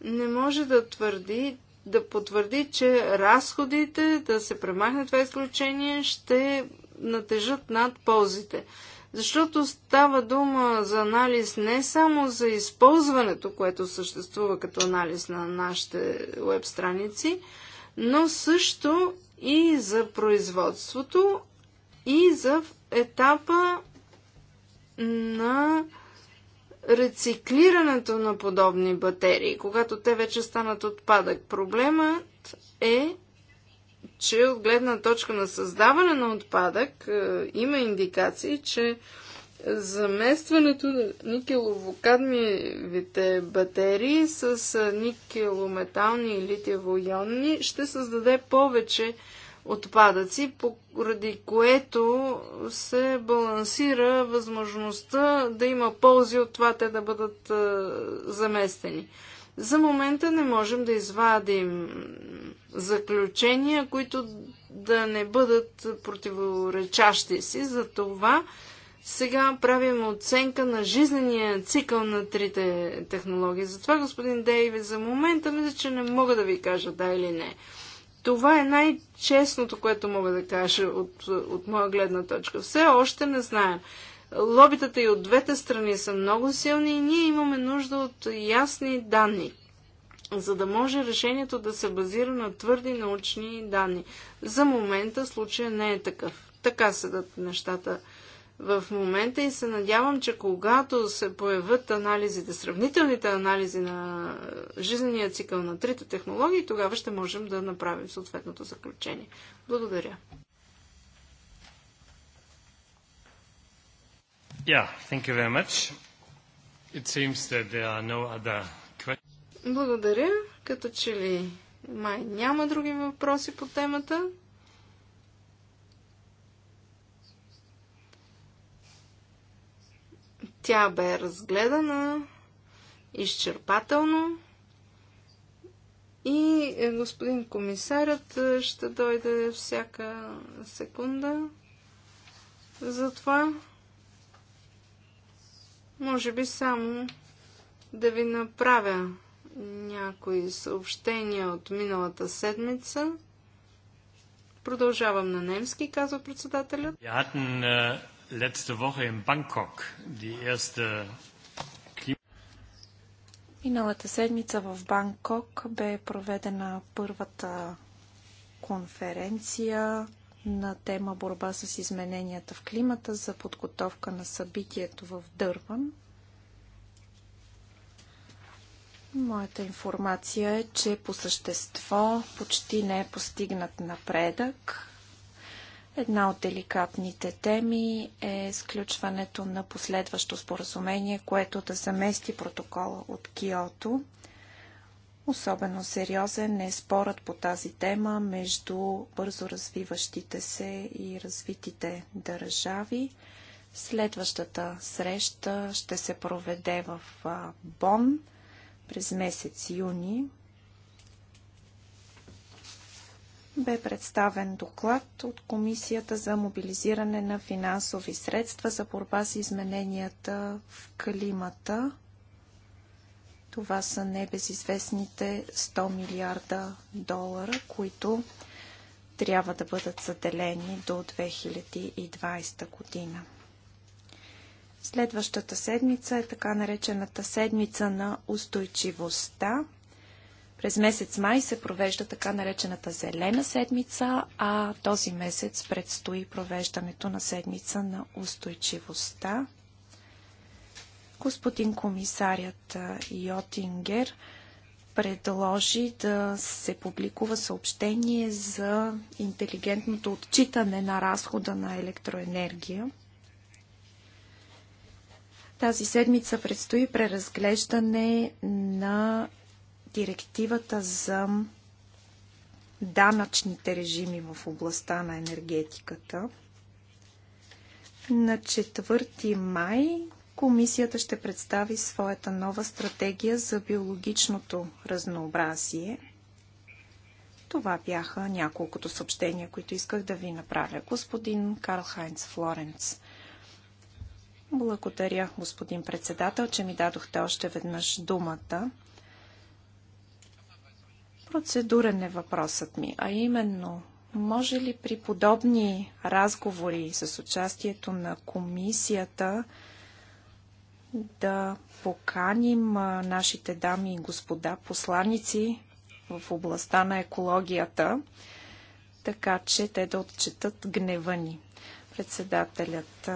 не може да твърди, да потвърди, че разходите да се премахне това изключение ще натежат над ползите. Защото става дума за анализ не само за използването, което съществува като анализ на нашите веб страници, но също и за производството и за етапа на рециклирането на подобни батерии, когато те вече станат отпадък. Проблемът е, че от гледна точка на създаване на отпадък е, има индикации, че заместването на никелово-кадмиевите батерии с е, никелометални и литиево-ионни ще създаде повече отпадъци, поради което се балансира възможността да има ползи от това те да бъдат е, заместени. За момента не можем да извадим заключения, които да не бъдат противоречащи си. Затова сега правим оценка на жизнения цикъл на трите технологии. Затова, господин Дейви, за момента мисля, че не мога да ви кажа да или не. Това е най-честното, което мога да кажа от, от моя гледна точка. Все още не знаем. Лобитата и от двете страни са много силни и ние имаме нужда от ясни данни, за да може решението да се базира на твърди научни данни. За момента случая не е такъв. Така седат нещата в момента и се надявам, че когато се появят анализите, сравнителните анализи на жизнения цикъл на трите технологии, тогава ще можем да направим съответното заключение. Благодаря. Yeah, thank you very much. It seems that there are no other questions. Благодаря. Като че ли май няма други въпроси по темата. Тя бе разгледана изчерпателно и е, господин комисарят е, ще дойде всяка секунда. за това, може би само да ви направя някои съобщения от миналата седмица. Продължавам на немски, казва председателят letzte Woche in Bangkok die erste Миналата седмица в Бангкок бе проведена първата конференция на тема борба с измененията в климата за подготовка на събитието в Дърван. Моята информация е, че по същество почти не е постигнат напредък. Една от деликатните теми е сключването на последващо споразумение, което да замести протокола от Киото. Особено сериозен е спорът по тази тема между бързо развиващите се и развитите държави. Следващата среща ще се проведе в Бон през месец юни. бе представен доклад от Комисията за мобилизиране на финансови средства за борба с измененията в климата. Това са небезизвестните 100 милиарда долара, които трябва да бъдат заделени до 2020 година. Следващата седмица е така наречената седмица на устойчивостта – през месец май се провежда така наречената Зелена седмица, а този месец предстои провеждането на седмица на устойчивостта. Господин комисарят Йотингер предложи да се публикува съобщение за интелигентното отчитане на разхода на електроенергия. Тази седмица предстои преразглеждане на директивата за данъчните режими в областта на енергетиката. На 4 май комисията ще представи своята нова стратегия за биологичното разнообразие. Това бяха няколкото съобщения, които исках да ви направя. Господин Карл Хайнц Флоренц. Благодаря, господин председател, че ми дадохте още веднъж думата. Процедурен е въпросът ми, а именно, може ли при подобни разговори с участието на комисията да поканим нашите дами и господа посланици в областта на екологията, така че те да отчетат гнева ни. Председателят,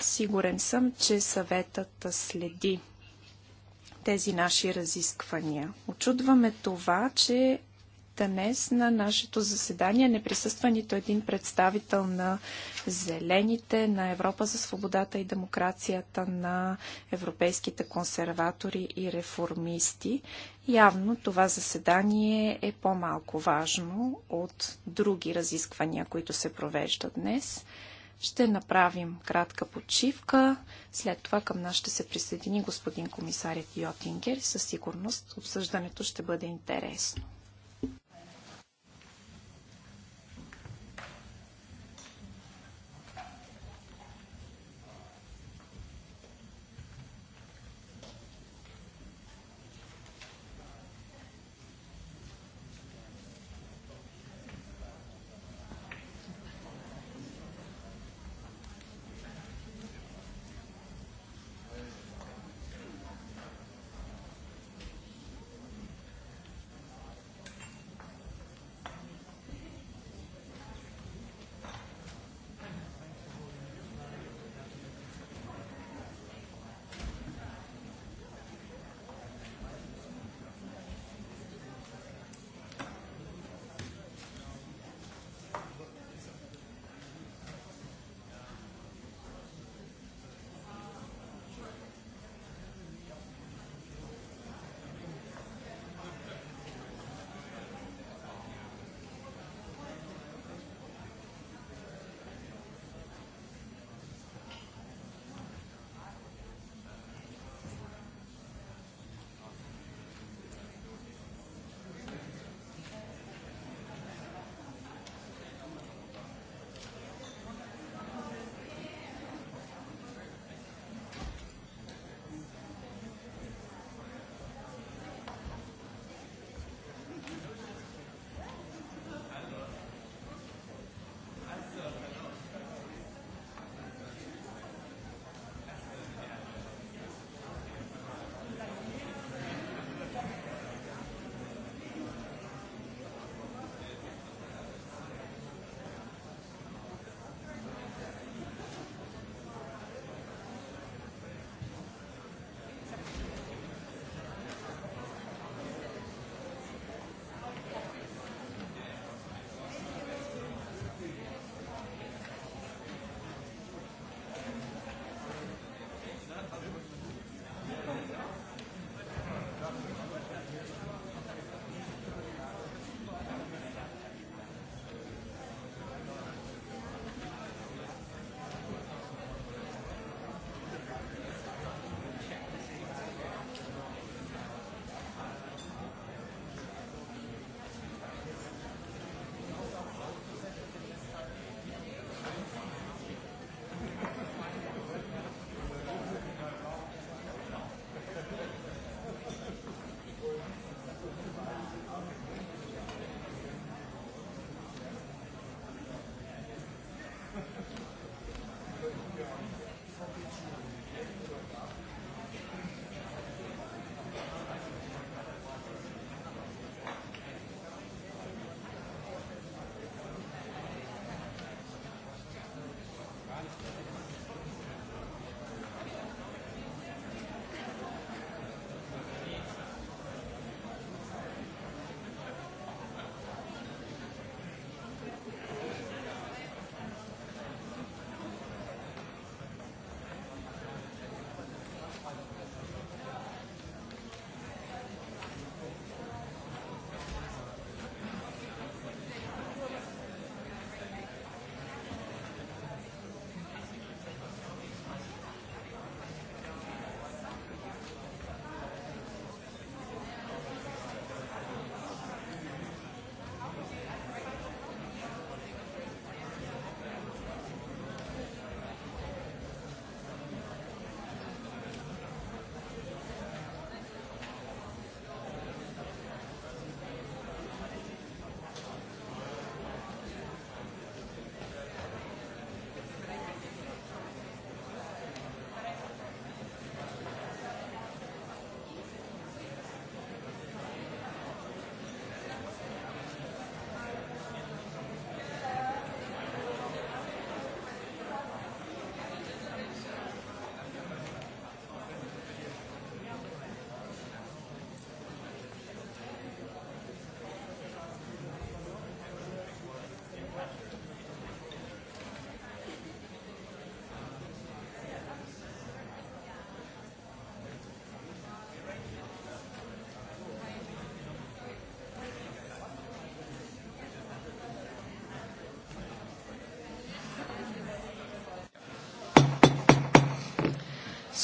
сигурен съм, че съветът следи тези наши разисквания. Очудваме това, че днес на нашето заседание не присъства нито един представител на Зелените, на Европа за свободата и демокрацията, на европейските консерватори и реформисти. Явно това заседание е по-малко важно от други разисквания, които се провеждат днес. Ще направим кратка почивка. След това към нас ще се присъедини господин комисарят Йотингер. Със сигурност обсъждането ще бъде интересно.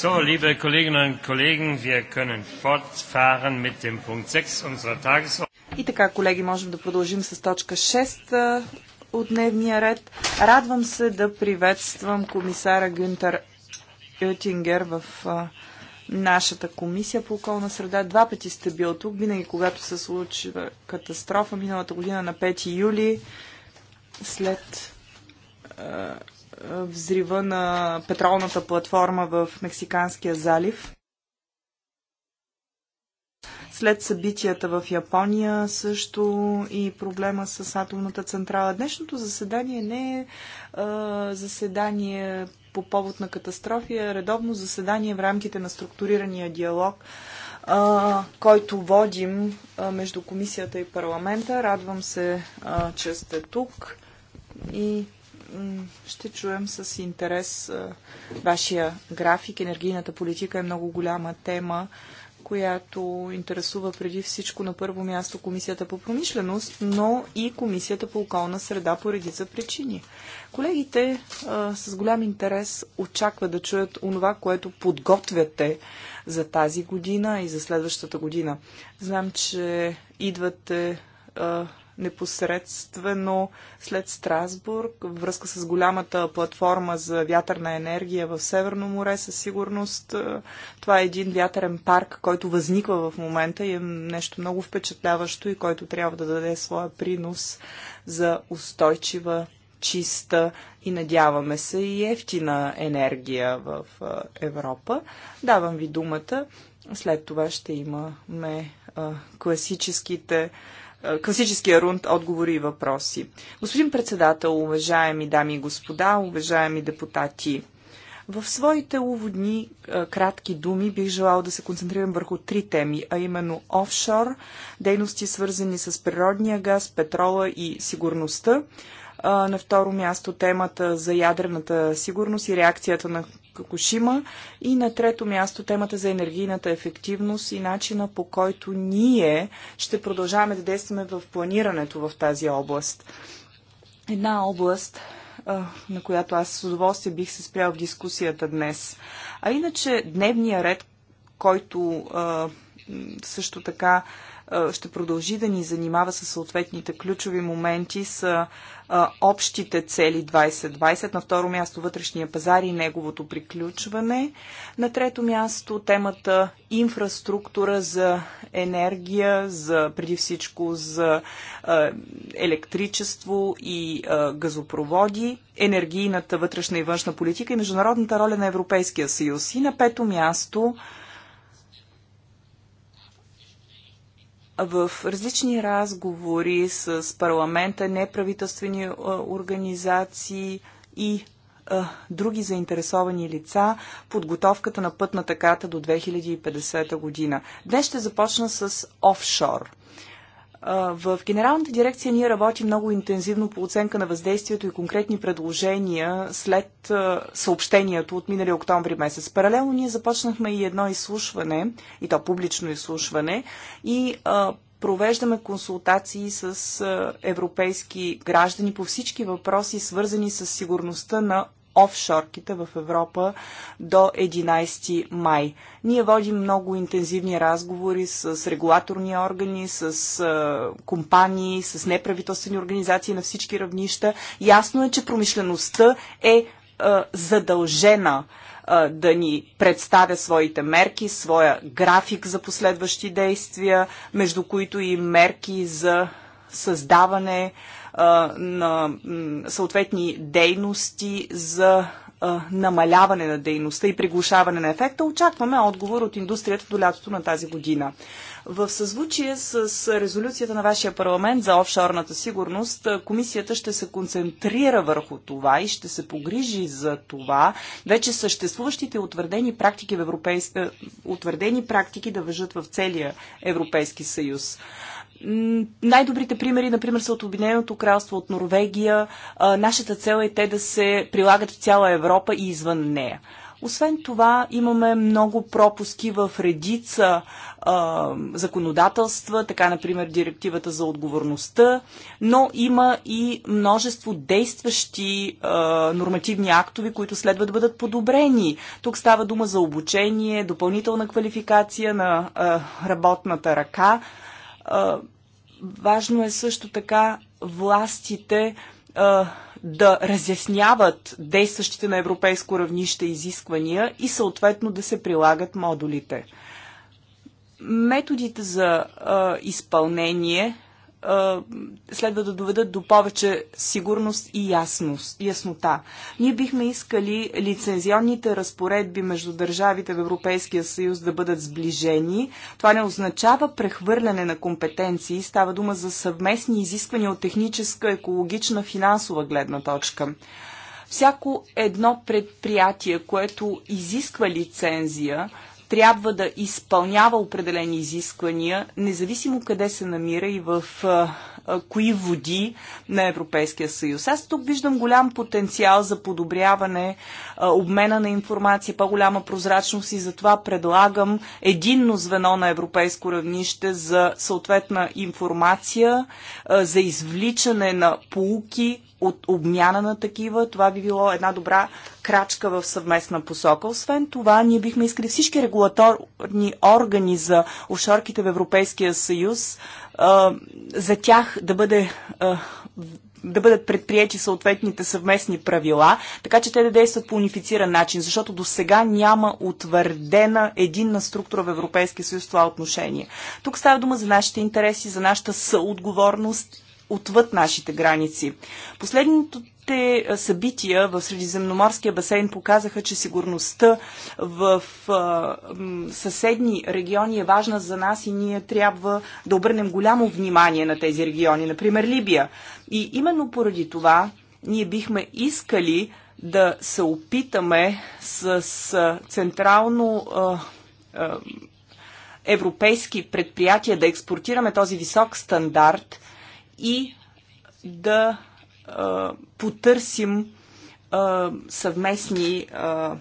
So, liebe Kolleginnen und Kollegen, wir können fortfahren mit dem Punkt 6 unserer Tagesordnung. И така, колеги, можем да продължим с точка 6 от дневния ред. Радвам се да приветствам комисара Гюнтер Ютингер в нашата комисия по околна среда. Два пъти сте бил тук, винаги когато се случи катастрофа, миналата година на 5 юли, след взрива на петролната платформа в Мексиканския залив. След събитията в Япония също и проблема с атомната централа. Днешното заседание не е а, заседание по повод на катастрофи, а редовно заседание в рамките на структурирания диалог, а, който водим а, между комисията и парламента. Радвам се, а, че сте тук и ще чуем с интерес вашия график. Енергийната политика е много голяма тема, която интересува преди всичко на първо място Комисията по промишленост, но и Комисията по околна среда по редица причини. Колегите с голям интерес очакват да чуят онова, което подготвяте за тази година и за следващата година. Знам, че идвате непосредствено след Страсбург, връзка с голямата платформа за вятърна енергия в Северно море, със сигурност. Е, това е един вятърен парк, който възниква в момента и е нещо много впечатляващо и който трябва да даде своя принос за устойчива чиста и надяваме се и ефтина енергия в е, Европа. Давам ви думата. След това ще имаме а, е, класическите класическия рунд отговори и въпроси. Господин председател, уважаеми дами и господа, уважаеми депутати, в своите уводни кратки думи бих желал да се концентрирам върху три теми, а именно офшор, дейности свързани с природния газ, петрола и сигурността. На второ място темата за ядрената сигурност и реакцията на Какушима. И на трето място темата за енергийната ефективност и начина по който ние ще продължаваме да действаме в планирането в тази област. Една област, на която аз с удоволствие бих се спрял в дискусията днес. А иначе дневния ред, който също така ще продължи да ни занимава с съответните ключови моменти с общите цели 2020. На второ място вътрешния пазар и неговото приключване. На трето място темата инфраструктура за енергия, за преди всичко за електричество и газопроводи, енергийната вътрешна и външна политика и международната роля на Европейския съюз. И на пето място в различни разговори с парламента, неправителствени организации и други заинтересовани лица подготовката на пътната карта до 2050 година. Днес ще започна с офшор – в Генералната дирекция ние работим много интензивно по оценка на въздействието и конкретни предложения след съобщението от миналия октомври месец. Паралелно ние започнахме и едно изслушване, и то публично изслушване, и провеждаме консултации с европейски граждани по всички въпроси, свързани с сигурността на офшорките в Европа до 11 май. Ние водим много интензивни разговори с регулаторни органи, с компании, с неправителствени организации на всички равнища. Ясно е, че промишлеността е задължена да ни представя своите мерки, своя график за последващи действия, между които и мерки за създаване на съответни дейности за намаляване на дейността и приглушаване на ефекта, очакваме отговор от индустрията до лятото на тази година. В съзвучие с резолюцията на вашия парламент за офшорната сигурност, комисията ще се концентрира върху това и ще се погрижи за това вече съществуващите утвърдени практики, в европейс... утвърдени практики да въжат в целия Европейски съюз. Най-добрите примери, например, са от Обединеното кралство, от Норвегия. А, нашата цел е те да се прилагат в цяла Европа и извън нея. Освен това, имаме много пропуски в редица а, законодателства, така например директивата за отговорността, но има и множество действащи а, нормативни актови, които следва да бъдат подобрени. Тук става дума за обучение, допълнителна квалификация на а, работната ръка. Важно е също така властите да разясняват действащите на европейско равнище изисквания и съответно да се прилагат модулите. Методите за а, изпълнение следва да доведат до повече сигурност и ясност, яснота. Ние бихме искали лицензионните разпоредби между държавите в Европейския съюз да бъдат сближени. Това не означава прехвърляне на компетенции, става дума за съвместни изисквания от техническа, екологична, финансова гледна точка. Всяко едно предприятие, което изисква лицензия, трябва да изпълнява определени изисквания, независимо къде се намира и в а, а, кои води на Европейския съюз. Аз тук виждам голям потенциал за подобряване, а, обмена на информация, по-голяма прозрачност и затова предлагам единно звено на европейско равнище за съответна информация, а, за извличане на полуки от обмяна на такива. Това би било една добра крачка в съвместна посока. Освен това, ние бихме искали всички регулаторни органи за офшорките в Европейския съюз, за тях да бъде да бъдат предприяти съответните съвместни правила, така че те да действат по унифициран начин, защото до сега няма утвърдена единна структура в Европейския съюз в това отношение. Тук става дума за нашите интереси, за нашата съотговорност отвъд нашите граници. Последното Последните събития в Средиземноморския басейн показаха, че сигурността в а, съседни региони е важна за нас и ние трябва да обърнем голямо внимание на тези региони, например Либия. И именно поради това ние бихме искали да се опитаме с, с централно а, а, европейски предприятия да експортираме този висок стандарт – и да а, потърсим а, съвместни а,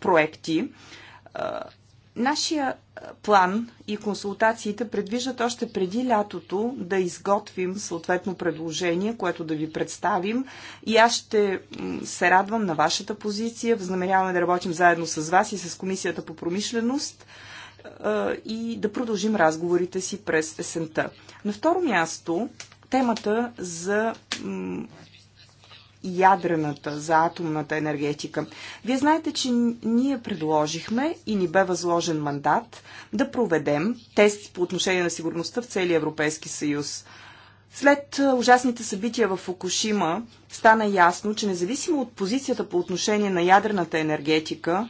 проекти. А, нашия план и консултациите предвиждат още преди лятото да изготвим съответно предложение, което да ви представим и аз ще се радвам на вашата позиция. Възнамеряваме да работим заедно с вас и с Комисията по промишленост и да продължим разговорите си през есента. На второ място темата за ядрената, за атомната енергетика. Вие знаете, че ние предложихме и ни бе възложен мандат да проведем тест по отношение на сигурността в целия Европейски съюз. След ужасните събития в Фукушима стана ясно, че независимо от позицията по отношение на ядрената енергетика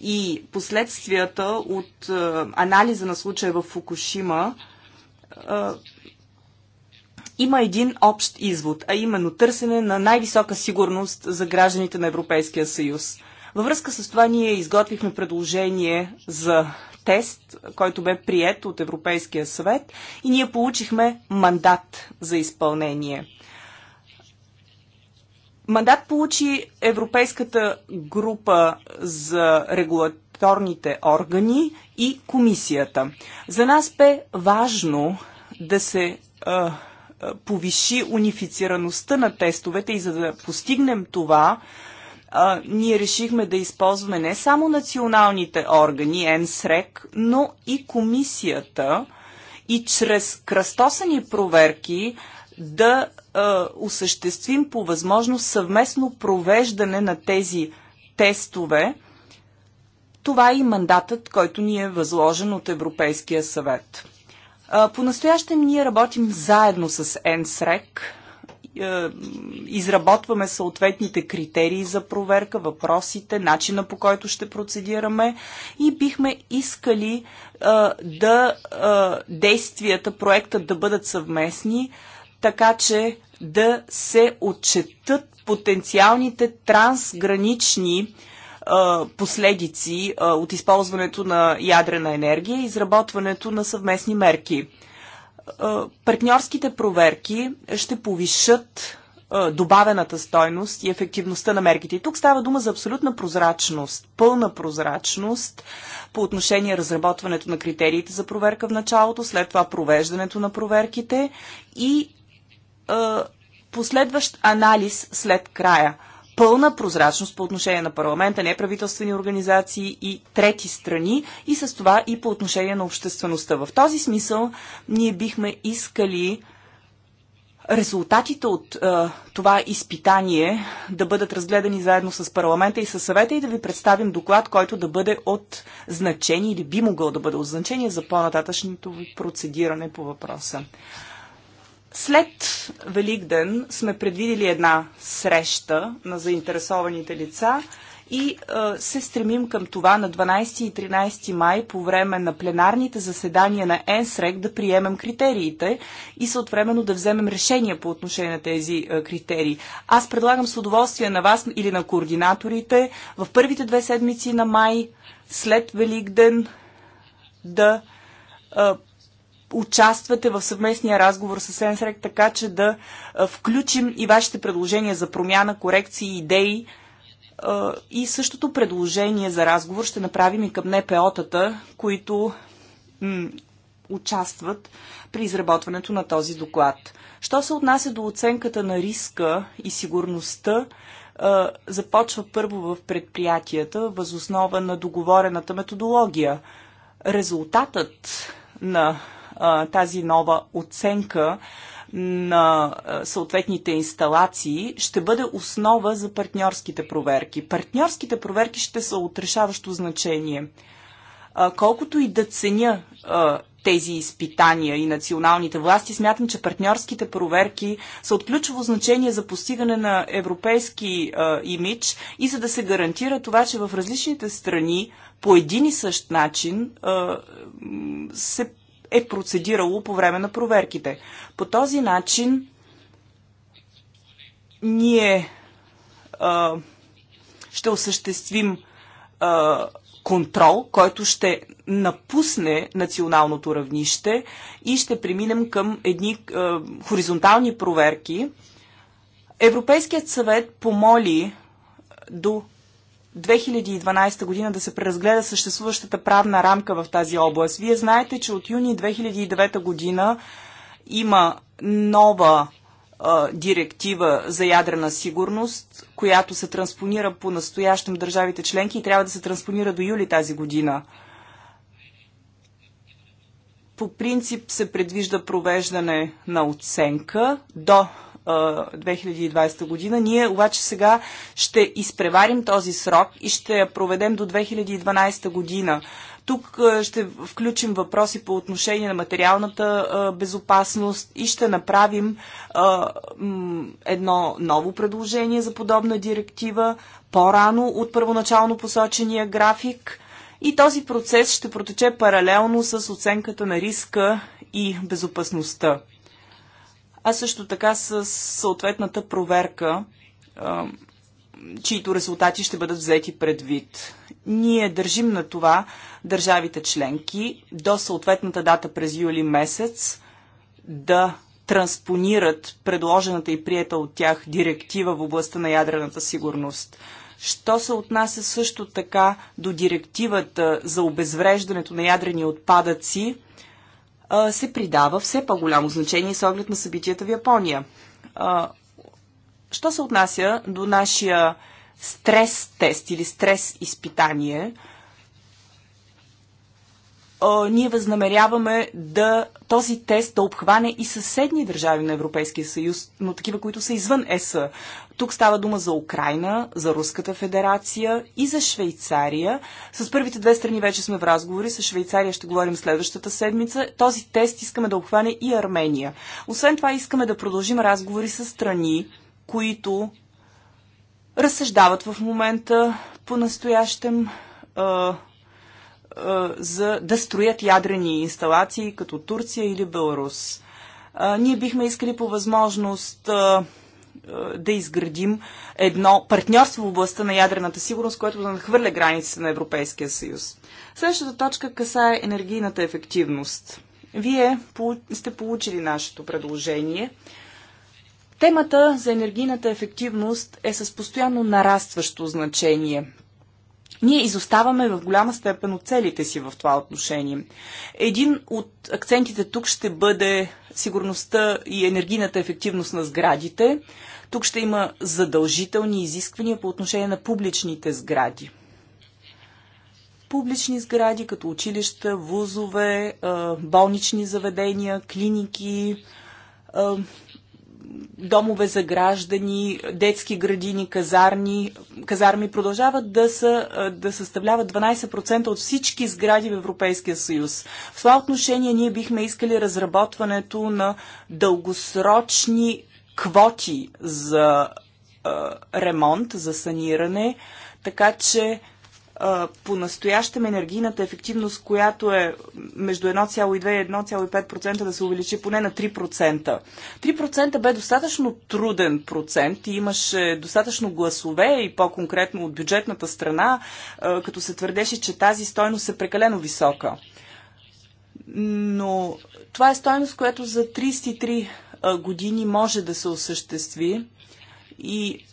и последствията от анализа на случая в Фукушима, има един общ извод, а именно търсене на най-висока сигурност за гражданите на Европейския съюз. Във връзка с това ние изготвихме предложение за тест, който бе прият от Европейския съвет и ние получихме мандат за изпълнение. Мандат получи Европейската група за регулаторните органи и комисията. За нас бе важно да се а, е, повиши унифицираността на тестовете и за да постигнем това, а, е, ние решихме да използваме не само националните органи, НСРЕК, но и комисията и чрез кръстосани проверки да а, е, осъществим по възможност съвместно провеждане на тези тестове. Това е и мандатът, който ни е възложен от Европейския съвет. По-настоящем ние работим заедно с e ЕНСРЕК, изработваме съответните критерии за проверка, въпросите, начина по който ще процедираме и бихме искали е, да е, действията, проекта да бъдат съвместни, така че да се отчетат потенциалните трансгранични последици от използването на ядрена енергия и изработването на съвместни мерки. Партньорските проверки ще повишат добавената стойност и ефективността на мерките. И тук става дума за абсолютна прозрачност, пълна прозрачност по отношение разработването на критериите за проверка в началото, след това провеждането на проверките и е, последващ анализ след края пълна прозрачност по отношение на парламента, неправителствени организации и трети страни и с това и по отношение на обществеността. В този смисъл ние бихме искали резултатите от е, това изпитание да бъдат разгледани заедно с парламента и с съвета и да ви представим доклад, който да бъде от значение или би могъл да бъде от значение за по-нататъчното ви процедиране по въпроса. След Великден сме предвидели една среща на заинтересованите лица и а, е, се стремим към това на 12 и 13 май по време на пленарните заседания на ЕНСРЕК да приемем критериите и съответно да вземем решения по отношение на тези а, е, критерии. Аз предлагам с удоволствие на вас или на координаторите в първите две седмици на май след Великден да а, е, участвате в съвместния разговор с Сенсрек, така че да включим и вашите предложения за промяна, корекции, идеи. И същото предложение за разговор ще направим и към НПО-тата, които участват при изработването на този доклад. Що се отнася до оценката на риска и сигурността, започва първо в предприятията, възоснова на договорената методология. Резултатът на тази нова оценка на съответните инсталации ще бъде основа за партньорските проверки. Партньорските проверки ще са от решаващо значение. Колкото и да ценя тези изпитания и националните власти, смятам, че партньорските проверки са от ключово значение за постигане на европейски а, имидж и за да се гарантира това, че в различните страни по един и същ начин а, се е процедирало по време на проверките. По този начин ние а, ще осъществим а, контрол, който ще напусне националното равнище и ще преминем към едни а, хоризонтални проверки. Европейският съвет помоли до 2012 година да се преразгледа съществуващата правна рамка в тази област. Вие знаете, че от юни 2009 година има нова а, директива за ядрена сигурност, която се транспонира по настоящем държавите членки и трябва да се транспонира до юли тази година. По принцип се предвижда провеждане на оценка до 2020 година. Ние обаче сега ще изпреварим този срок и ще я проведем до 2012 година. Тук ще включим въпроси по отношение на материалната безопасност и ще направим едно ново предложение за подобна директива по-рано от първоначално посочения график. И този процес ще протече паралелно с оценката на риска и безопасността а също така с съответната проверка, чието резултати ще бъдат взети предвид. Ние държим на това държавите членки до съответната дата през юли месец да транспонират предложената и приета от тях директива в областта на ядрената сигурност. Що се отнася също така до директивата за обезвреждането на ядрени отпадъци, се придава все по-голямо значение с оглед на събитията в Япония. Що се отнася до нашия стрес тест или стрес изпитание – а, ние възнамеряваме да този тест да обхване и съседни държави на Европейския съюз, но такива, които са извън ЕС. Тук става дума за Украина, за Руската федерация и за Швейцария. С първите две страни вече сме в разговори. С Швейцария ще говорим следващата седмица. Този тест искаме да обхване и Армения. Освен това искаме да продължим разговори с страни, които разсъждават в момента по настоящем за да строят ядрени инсталации като Турция или Беларус. Ние бихме искали по възможност да изградим едно партньорство в областта на ядрената сигурност, което да надхвърля границите на Европейския съюз. Следващата точка касае енергийната ефективност. Вие сте получили нашето предложение. Темата за енергийната ефективност е с постоянно нарастващо значение. Ние изоставаме в голяма степен от целите си в това отношение. Един от акцентите тук ще бъде сигурността и енергийната ефективност на сградите. Тук ще има задължителни изисквания по отношение на публичните сгради. Публични сгради, като училища, вузове, болнични заведения, клиники, домове за граждани, детски градини, казарни, казарми продължават да, са, да съставляват 12% от всички сгради в Европейския съюз. В това отношение ние бихме искали разработването на дългосрочни квоти за а, ремонт, за саниране, така че по-настоящем енергийната ефективност, която е между 1,2 и 1,5% да се увеличи поне на 3%. 3% бе достатъчно труден процент и имаше достатъчно гласове и по-конкретно от бюджетната страна, като се твърдеше, че тази стойност е прекалено висока. Но това е стойност, която за 33 години може да се осъществи и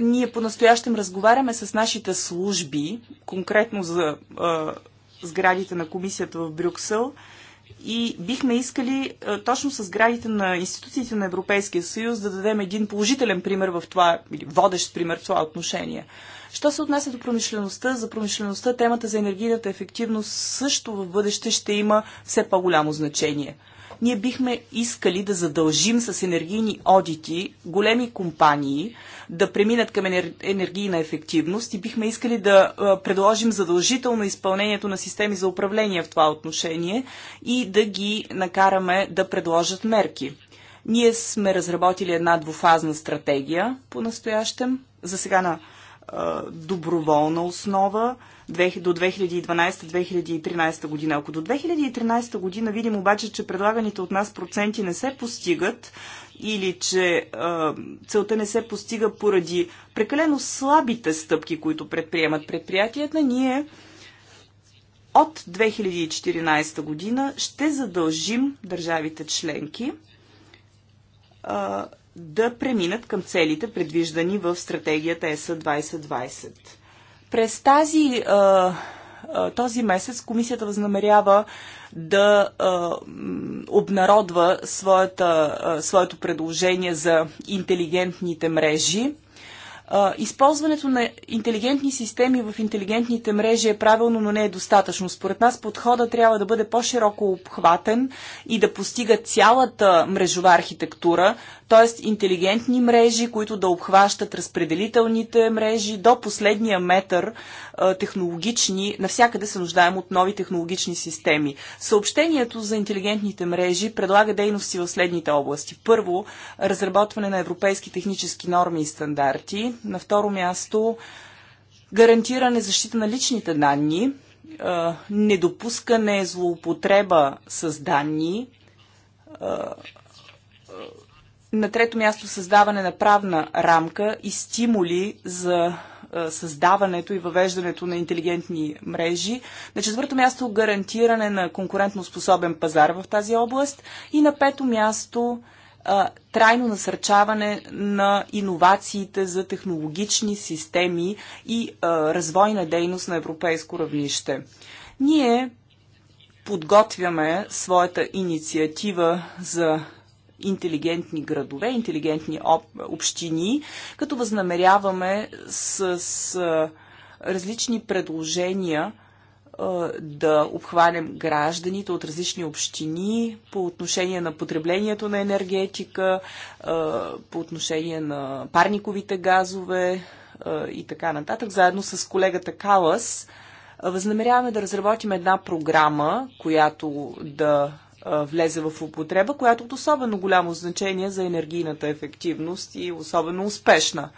ние по-настоящем разговаряме с нашите служби, конкретно за а, сградите на комисията в Брюксел и бихме искали а, точно с сградите на институциите на Европейския съюз да дадем един положителен пример в това, или водещ пример в това отношение. Що се отнася до промишлеността, за промишлеността темата за енергийната ефективност също в бъдеще ще има все по-голямо значение – ние бихме искали да задължим с енергийни одити големи компании да преминат към енергийна ефективност и бихме искали да предложим задължително изпълнението на системи за управление в това отношение и да ги накараме да предложат мерки. Ние сме разработили една двуфазна стратегия по настоящем, за сега на доброволна основа до 2012-2013 година. Ако до 2013 година видим обаче, че предлаганите от нас проценти не се постигат или че а, целта не се постига поради прекалено слабите стъпки, които предприемат предприятията, ние от 2014 година ще задължим държавите членки а, да преминат към целите, предвиждани в стратегията ЕСА 2020. През тази, този месец комисията възнамерява да обнародва своята, своето предложение за интелигентните мрежи. Използването на интелигентни системи в интелигентните мрежи е правилно, но не е достатъчно. Според нас подхода трябва да бъде по-широко обхватен и да постига цялата мрежова архитектура, т.е. интелигентни мрежи, които да обхващат разпределителните мрежи до последния метър технологични, навсякъде се нуждаем от нови технологични системи. Съобщението за интелигентните мрежи предлага дейности в следните области. Първо, разработване на европейски технически норми и стандарти. На второ място, гарантиране защита на личните данни, недопускане злоупотреба с данни, на трето място създаване на правна рамка и стимули за е, създаването и въвеждането на интелигентни мрежи. На четвърто място гарантиране на конкурентно способен пазар в тази област. И на пето място е, трайно насърчаване на иновациите за технологични системи и е, развойна дейност на европейско равнище. Ние подготвяме своята инициатива за интелигентни градове, интелигентни общини, като възнамеряваме с, с различни предложения да обхванем гражданите от различни общини по отношение на потреблението на енергетика, по отношение на парниковите газове и така нататък. Заедно с колегата Калас възнамеряваме да разработим една програма, която да влезе в употреба, която е от особено голямо значение за енергийната ефективност и особено успешна.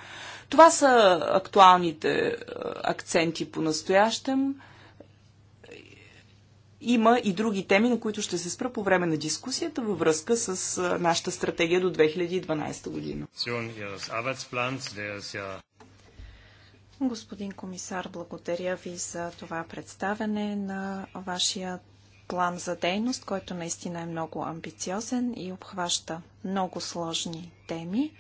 Това са актуалните акценти по настоящем. Има и други теми, на които ще се спра по време на дискусията във връзка с нашата стратегия до 2012 година. Господин комисар, благодаря ви за това представене на вашия план за дейност, който наистина е много амбициозен и обхваща много сложни теми.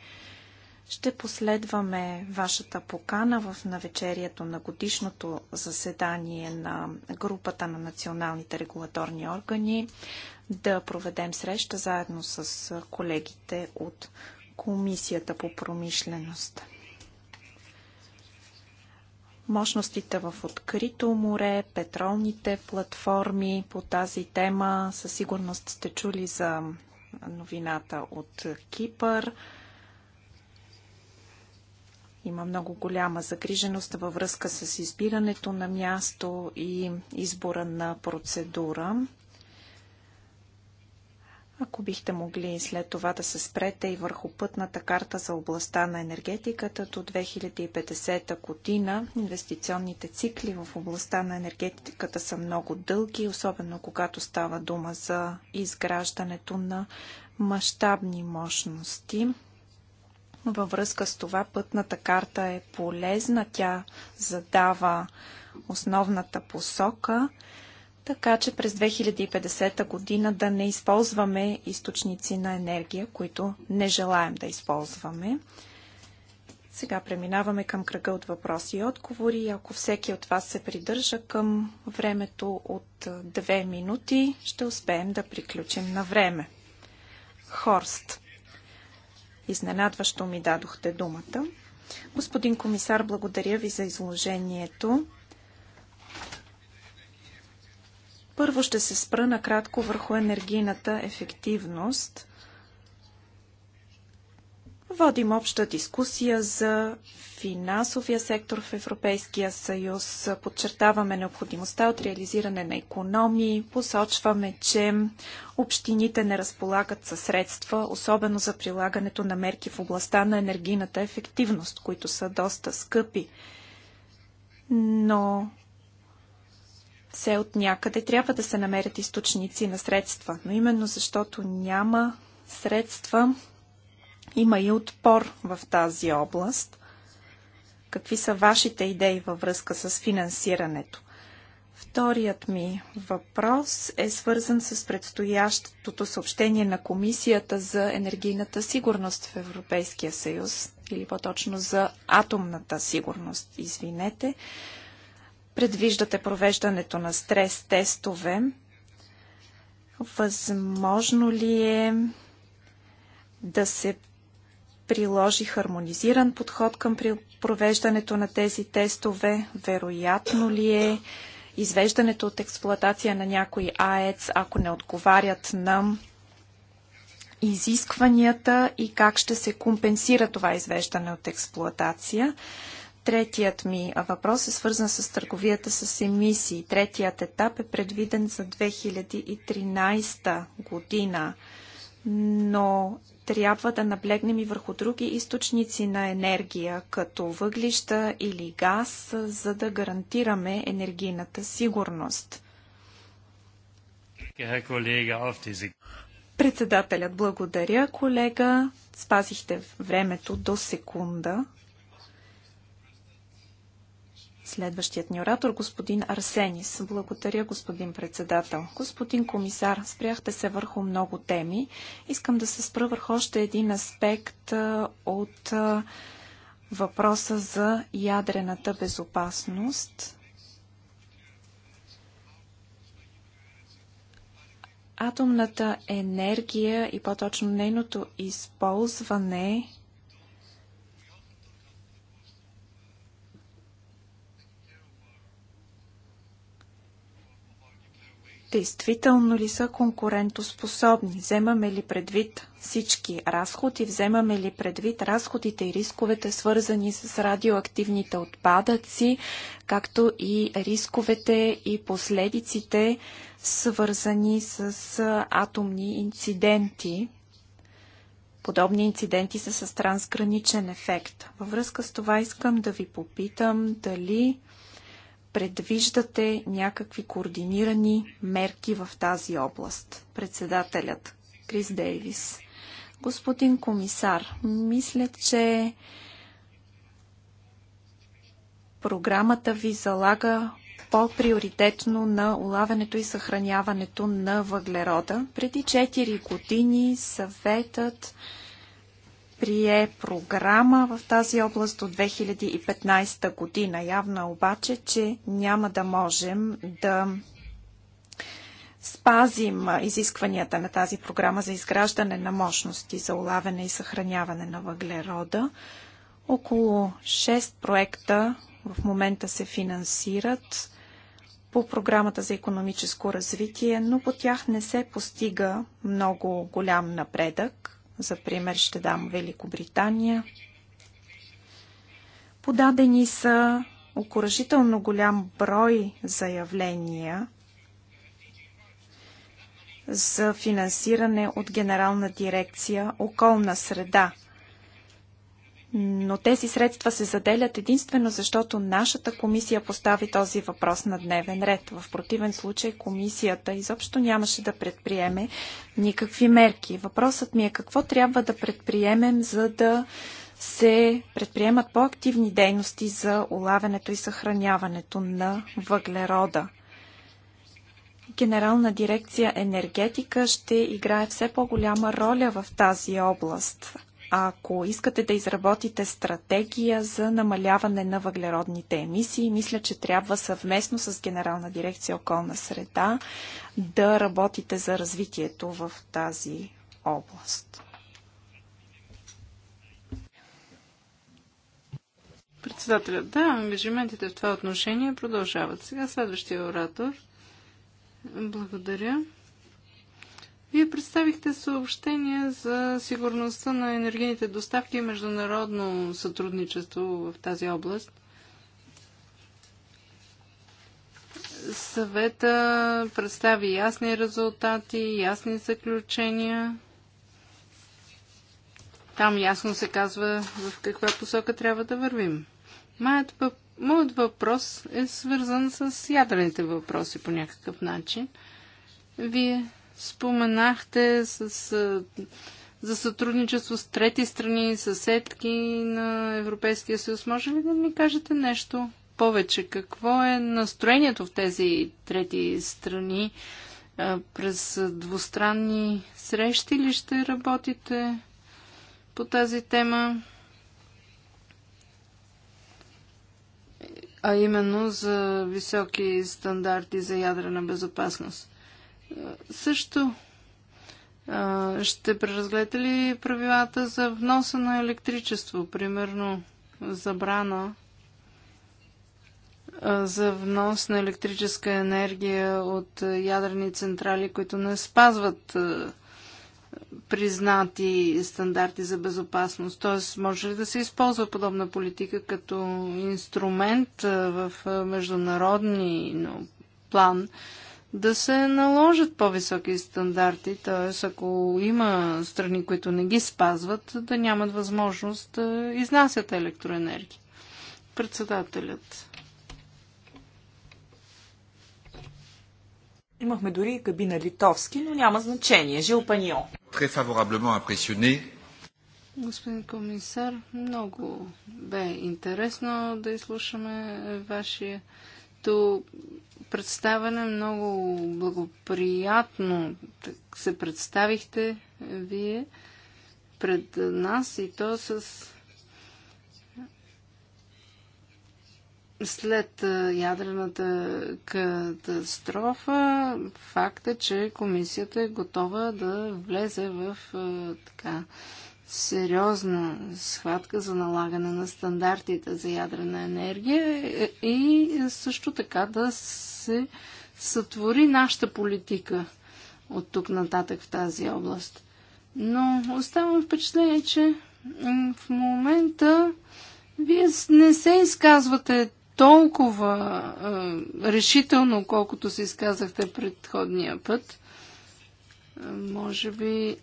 Ще последваме вашата покана в навечерието на годишното заседание на групата на националните регулаторни органи да проведем среща заедно с колегите от Комисията по промишленост. Мощностите в открито море, петролните платформи по тази тема. Със сигурност сте чули за новината от Кипър. Има много голяма загриженост във връзка с избирането на място и избора на процедура. Ако бихте могли след това да се спрете и върху пътната карта за областта на енергетиката до 2050 година, инвестиционните цикли в областта на енергетиката са много дълги, особено когато става дума за изграждането на мащабни мощности. Във връзка с това пътната карта е полезна, тя задава основната посока – така че през 2050 година да не използваме източници на енергия, които не желаем да използваме. Сега преминаваме към кръга от въпроси и отговори. Ако всеки от вас се придържа към времето от две минути, ще успеем да приключим на време. Хорст. Изненадващо ми дадохте думата. Господин комисар, благодаря ви за изложението. Първо ще се спра накратко върху енергийната ефективност. Водим обща дискусия за финансовия сектор в Европейския съюз. Подчертаваме необходимостта от реализиране на економии. Посочваме, че общините не разполагат със средства, особено за прилагането на мерки в областта на енергийната ефективност, които са доста скъпи. Но все от някъде трябва да се намерят източници на средства. Но именно защото няма средства, има и отпор в тази област. Какви са вашите идеи във връзка с финансирането? Вторият ми въпрос е свързан с предстоящото съобщение на Комисията за енергийната сигурност в Европейския съюз, или по-точно за атомната сигурност, извинете. Предвиждате провеждането на стрес тестове. Възможно ли е да се приложи хармонизиран подход към провеждането на тези тестове? Вероятно ли е извеждането от експлоатация на някои АЕЦ, ако не отговарят на изискванията и как ще се компенсира това извеждане от експлуатация. Третият ми въпрос е свързан с търговията с емисии. Третият етап е предвиден за 2013 година, но трябва да наблегнем и върху други източници на енергия, като въглища или газ, за да гарантираме енергийната сигурност. Председателят, благодаря, колега. Спазихте времето до секунда. Следващият ни оратор, господин Арсенис. Благодаря, господин председател. Господин комисар, спряхте се върху много теми. Искам да се спра върху още един аспект от въпроса за ядрената безопасност. Атомната енергия и по-точно нейното използване действително ли са конкурентоспособни? Вземаме ли предвид всички разходи? Вземаме ли предвид разходите и рисковете, свързани с радиоактивните отпадъци, както и рисковете и последиците, свързани с атомни инциденти? Подобни инциденти са с трансграничен ефект. Във връзка с това искам да ви попитам дали предвиждате някакви координирани мерки в тази област? Председателят Крис Дейвис. Господин комисар, мисля, че програмата ви залага по-приоритетно на улавянето и съхраняването на въглерода. Преди 4 години съветът прие програма в тази област от 2015 година. Явно е обаче, че няма да можем да спазим изискванията на тази програма за изграждане на мощности за улавяне и съхраняване на въглерода. Около 6 проекта в момента се финансират по програмата за економическо развитие, но по тях не се постига много голям напредък. За пример ще дам Великобритания. Подадени са окоръжително голям брой заявления за финансиране от Генерална дирекция околна среда – но тези средства се заделят единствено защото нашата комисия постави този въпрос на дневен ред. В противен случай комисията изобщо нямаше да предприеме никакви мерки. Въпросът ми е какво трябва да предприемем, за да се предприемат по-активни дейности за улавянето и съхраняването на въглерода. Генерална дирекция енергетика ще играе все по-голяма роля в тази област ако искате да изработите стратегия за намаляване на въглеродните емисии, мисля, че трябва съвместно с Генерална дирекция околна среда да работите за развитието в тази област. Председателя, да, ангажиментите в това отношение продължават. Сега следващия оратор. Благодаря. Вие представихте съобщение за сигурността на енергийните доставки и международно сътрудничество в тази област. Съвета представи ясни резултати, ясни заключения. Там ясно се казва в каква посока трябва да вървим. Моят, въп... моят въпрос е свързан с ядрените въпроси по някакъв начин. Вие споменахте с, за сътрудничество с трети страни, съседки на Европейския съюз. Може ли да ми кажете нещо повече? Какво е настроението в тези трети страни? През двустранни срещи ли ще работите по тази тема? а именно за високи стандарти за ядрена безопасност. Също ще преразгледате ли правилата за вноса на електричество, примерно забрана за внос на електрическа енергия от ядрени централи, които не спазват признати стандарти за безопасност. Т.е. може ли да се използва подобна политика като инструмент в международни план да се наложат по-високи стандарти, т.е. ако има страни, които не ги спазват, да нямат възможност да изнасят електроенергия. Председателят. Имахме дори кабина литовски, но няма значение. Жил Паньо. Господин комисар, много бе интересно да изслушаме вашия като представяне много благоприятно се представихте вие пред нас и то с след ядрената катастрофа, факта, че комисията е готова да влезе в така сериозна схватка за налагане на стандартите за ядрена енергия и също така да се сътвори нашата политика от тук нататък в тази област. Но оставам впечатление, че в момента вие не се изказвате толкова е, решително, колкото се изказахте предходния път. Може би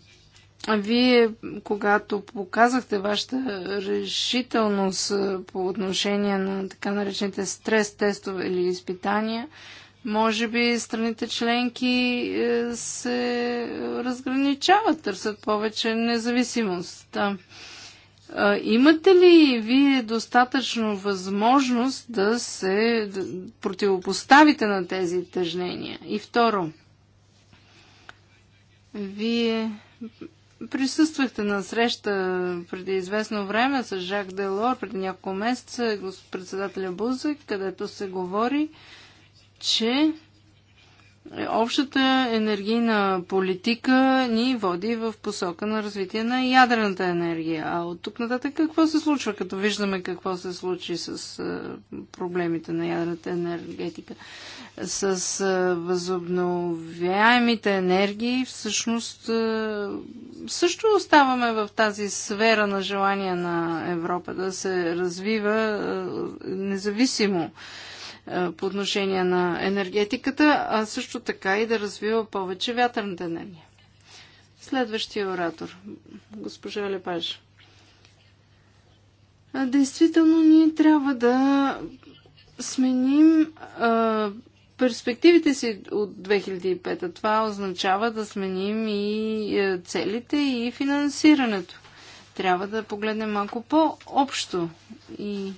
вие, когато показахте вашата решителност по отношение на така наречените стрес тестове или изпитания, може би страните членки е, се разграничават, търсят повече независимост. Да. Имате ли вие достатъчно възможност да се противопоставите на тези тъжнения? И второ, вие Присъствахте на среща преди известно време с Жак Делор, преди няколко месеца, председателя Бузък, където се говори, че Общата енергийна политика ни води в посока на развитие на ядрената енергия. А от тук нататък какво се случва, като виждаме какво се случи с е, проблемите на ядрената енергетика? С е, възобновяемите енергии всъщност е, също оставаме в тази сфера на желание на Европа да се развива независимо е, по отношение на енергетиката, а също така и да развива повече вятърната енергия. Следващия оратор, госпожа Лепаж. Действително, ние трябва да сменим а, перспективите си от 2005. Това означава да сменим и е, целите и финансирането. Трябва да погледнем малко по-общо и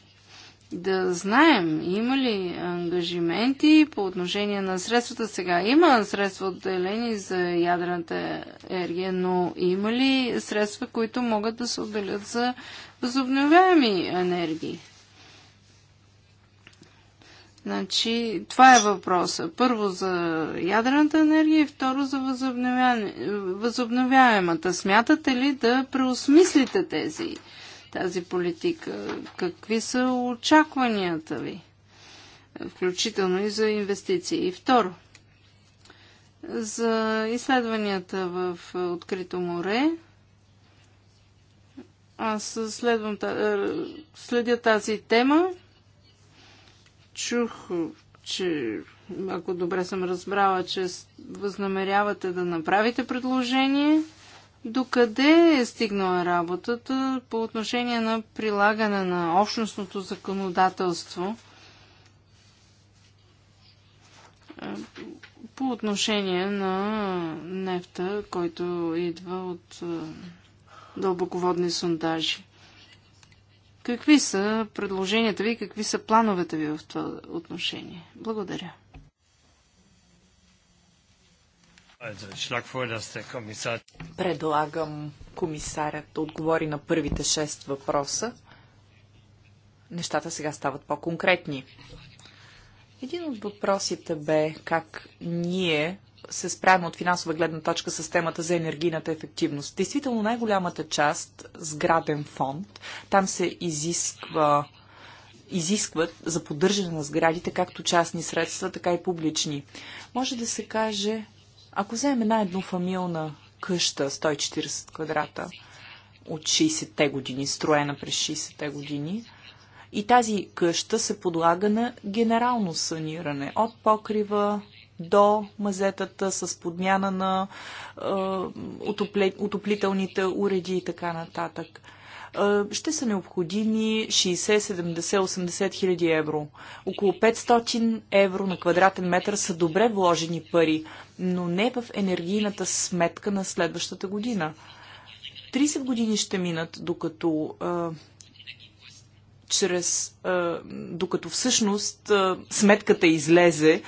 да знаем има ли ангажименти по отношение на средствата сега. Има средства отделени за ядрената енергия, но има ли средства, които могат да се отделят за възобновяеми енергии? Значи, това е въпроса. Първо за ядрената енергия и второ за възобновя... възобновяемата. Смятате ли да преосмислите тези тази политика? Какви са очакванията ви? Включително и за инвестиции. И второ, за изследванията в открито море. Аз следвам, е, следя тази тема. Чух, че ако добре съм разбрала, че възнамерявате да направите предложение – Докъде е стигнала работата по отношение на прилагане на общностното законодателство по отношение на нефта, който идва от дълбоководни сондажи? Какви са предложенията ви, какви са плановете ви в това отношение? Благодаря. Предлагам комисарят да отговори на първите шест въпроса. Нещата сега стават по-конкретни. Един от въпросите бе как ние се справим от финансова гледна точка с темата за енергийната ефективност. Действително най-голямата част, сграден фонд, там се изисква изискват за поддържане на сградите както частни средства, така и публични. Може да се каже, ако вземем една еднофамилна къща, 140 квадрата, от 60-те години, строена през 60-те години, и тази къща се подлага на генерално саниране от покрива до мазетата с подмяна на е, отопле, отоплителните уреди и така нататък. Е, ще са необходими 60, 70, 80 хиляди евро. Около 500 евро на квадратен метър са добре вложени пари, но не в енергийната сметка на следващата година. 30 години ще минат, докато е, чрез, докато всъщност сметката излезе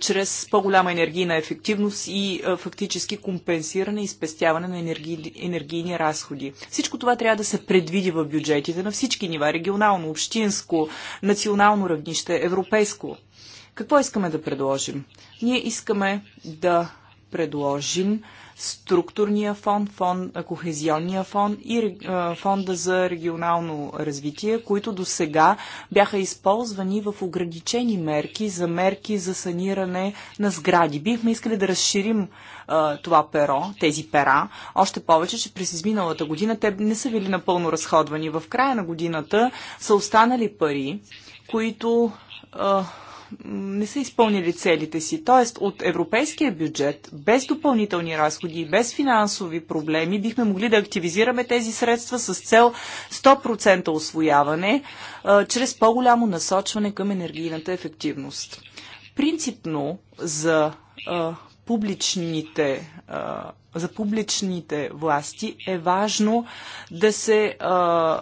чрез по-голяма енергийна ефективност и фактически компенсиране и спестяване на енергий, енергийни разходи. Всичко това трябва да се предвиди в бюджетите на всички нива регионално, общинско, национално равнище, европейско. Какво искаме да предложим? Ние искаме да предложим структурния фонд, фон, кохезионния фонд и фонда за регионално развитие, които до сега бяха използвани в ограничени мерки за мерки за саниране на сгради. Бихме искали да разширим е, това перо, тези пера, още повече, че през изминалата година те не са били напълно разходвани. В края на годината са останали пари, които е, не са изпълнили целите си. Тоест от европейския бюджет, без допълнителни разходи и без финансови проблеми, бихме могли да активизираме тези средства с цел 100% освояване, а, чрез по-голямо насочване към енергийната ефективност. Принципно за а, публичните а, за публичните власти е важно да се а,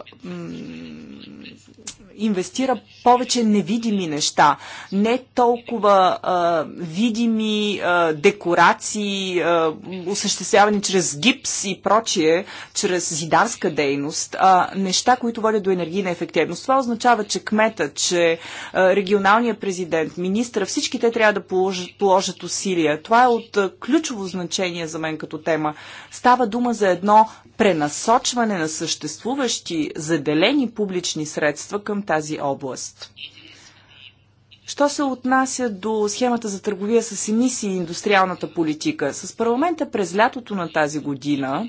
инвестира повече невидими неща, не толкова а, видими а, декорации, а, осъществявани чрез гипс и прочие, чрез зидарска дейност, а неща, които водят до енергийна ефективност. Това означава, че кмета, че а, регионалният президент, министра, всички те трябва да положат, положат усилия. Това е от а, ключово значение за мен като тема. Става дума за едно пренасочване на съществуващи заделени публични средства към тази област. Що се отнася до схемата за търговия с емисии и индустриалната политика? С парламента през лятото на тази година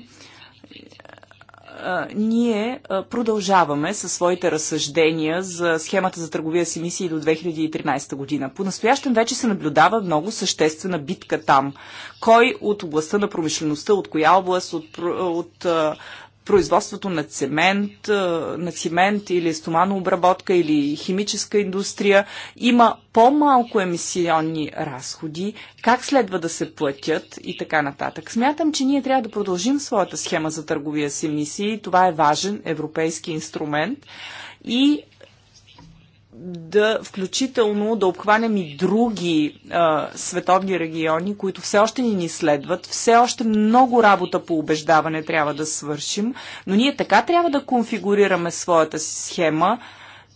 ние продължаваме със своите разсъждения за схемата за търговия с емисии до 2013 година. По-настоящем вече се наблюдава много съществена битка там. Кой от областта на промишлеността, от коя област, от, от производството на цемент, на цемент или обработка или химическа индустрия има по-малко емисионни разходи, как следва да се платят и така нататък. Смятам, че ние трябва да продължим своята схема за търговия с емисии. Това е важен европейски инструмент и да включително да обхванем и други а, световни региони, които все още ни ни следват. Все още много работа по убеждаване трябва да свършим, но ние така трябва да конфигурираме своята схема,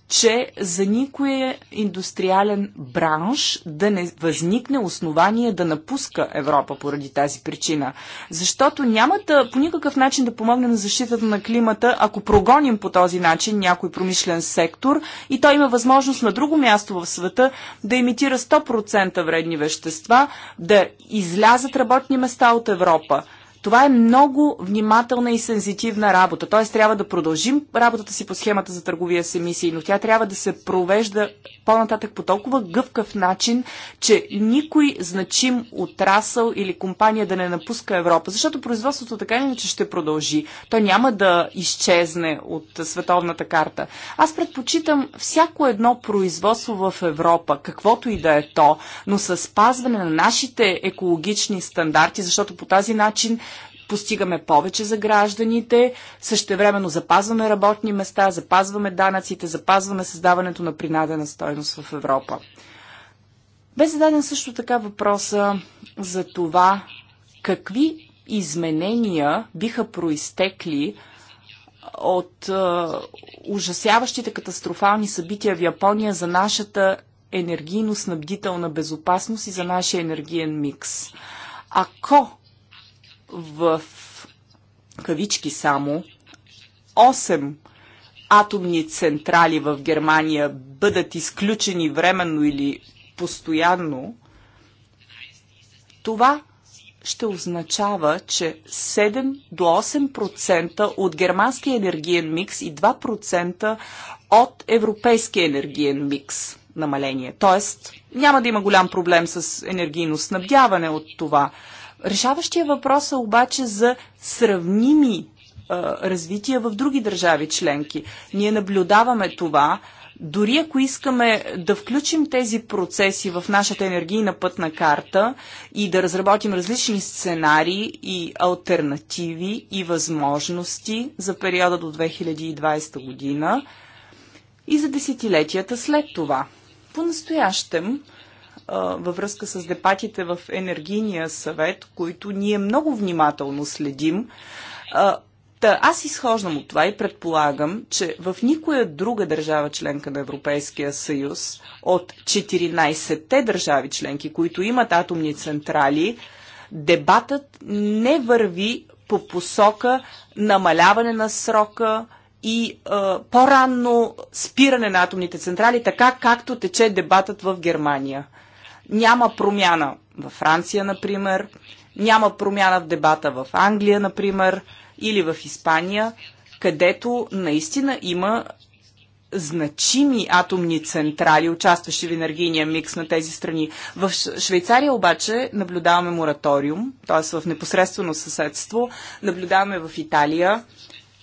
че за никой индустриален бранш да не възникне основание да напуска Европа поради тази причина. Защото няма да, по никакъв начин да помогне на защитата на климата, ако прогоним по този начин някой промишлен сектор и той има възможност на друго място в света да имитира 100% вредни вещества, да излязат работни места от Европа. Това е много внимателна и сензитивна работа. Т.е. трябва да продължим работата си по схемата за търговия с емисии, но тя трябва да се провежда по-нататък по толкова гъвкав начин, че никой значим отрасъл или компания да не напуска Европа. Защото производството така иначе ще продължи. То няма да изчезне от световната карта. Аз предпочитам всяко едно производство в Европа, каквото и да е то, но с спазване на нашите екологични стандарти, защото по тази начин постигаме повече за гражданите, същевременно запазваме работни места, запазваме данъците, запазваме създаването на принадена стойност в Европа. Бе зададен също така въпроса за това какви изменения биха проистекли от е, ужасяващите катастрофални събития в Япония за нашата енергийно-снабдителна безопасност и за нашия енергиен микс. Ако в кавички само 8 атомни централи в Германия бъдат изключени временно или постоянно, това ще означава, че 7 до 8% от германския енергиен микс и 2% от европейския енергиен микс намаление. Тоест, няма да има голям проблем с енергийно снабдяване от това. Решаващия въпрос е обаче за сравними а, развития в други държави членки. Ние наблюдаваме това. Дори ако искаме да включим тези процеси в нашата енергийна пътна карта и да разработим различни сценарии и альтернативи и възможности за периода до 2020 година и за десетилетията след това. По-настоящем във връзка с дебатите в Енергийния съвет, които ние много внимателно следим. Та, аз изхождам от това и предполагам, че в никоя друга държава членка на Европейския съюз от 14-те държави членки, които имат атомни централи, дебатът не върви по посока намаляване на срока и по-ранно спиране на атомните централи, така както тече дебатът в Германия. Няма промяна във Франция, например, няма промяна в дебата в Англия, например, или в Испания, където наистина има значими атомни централи, участващи в енергийния микс на тези страни. В Швейцария обаче наблюдаваме мораториум, т.е. в непосредствено съседство. Наблюдаваме в Италия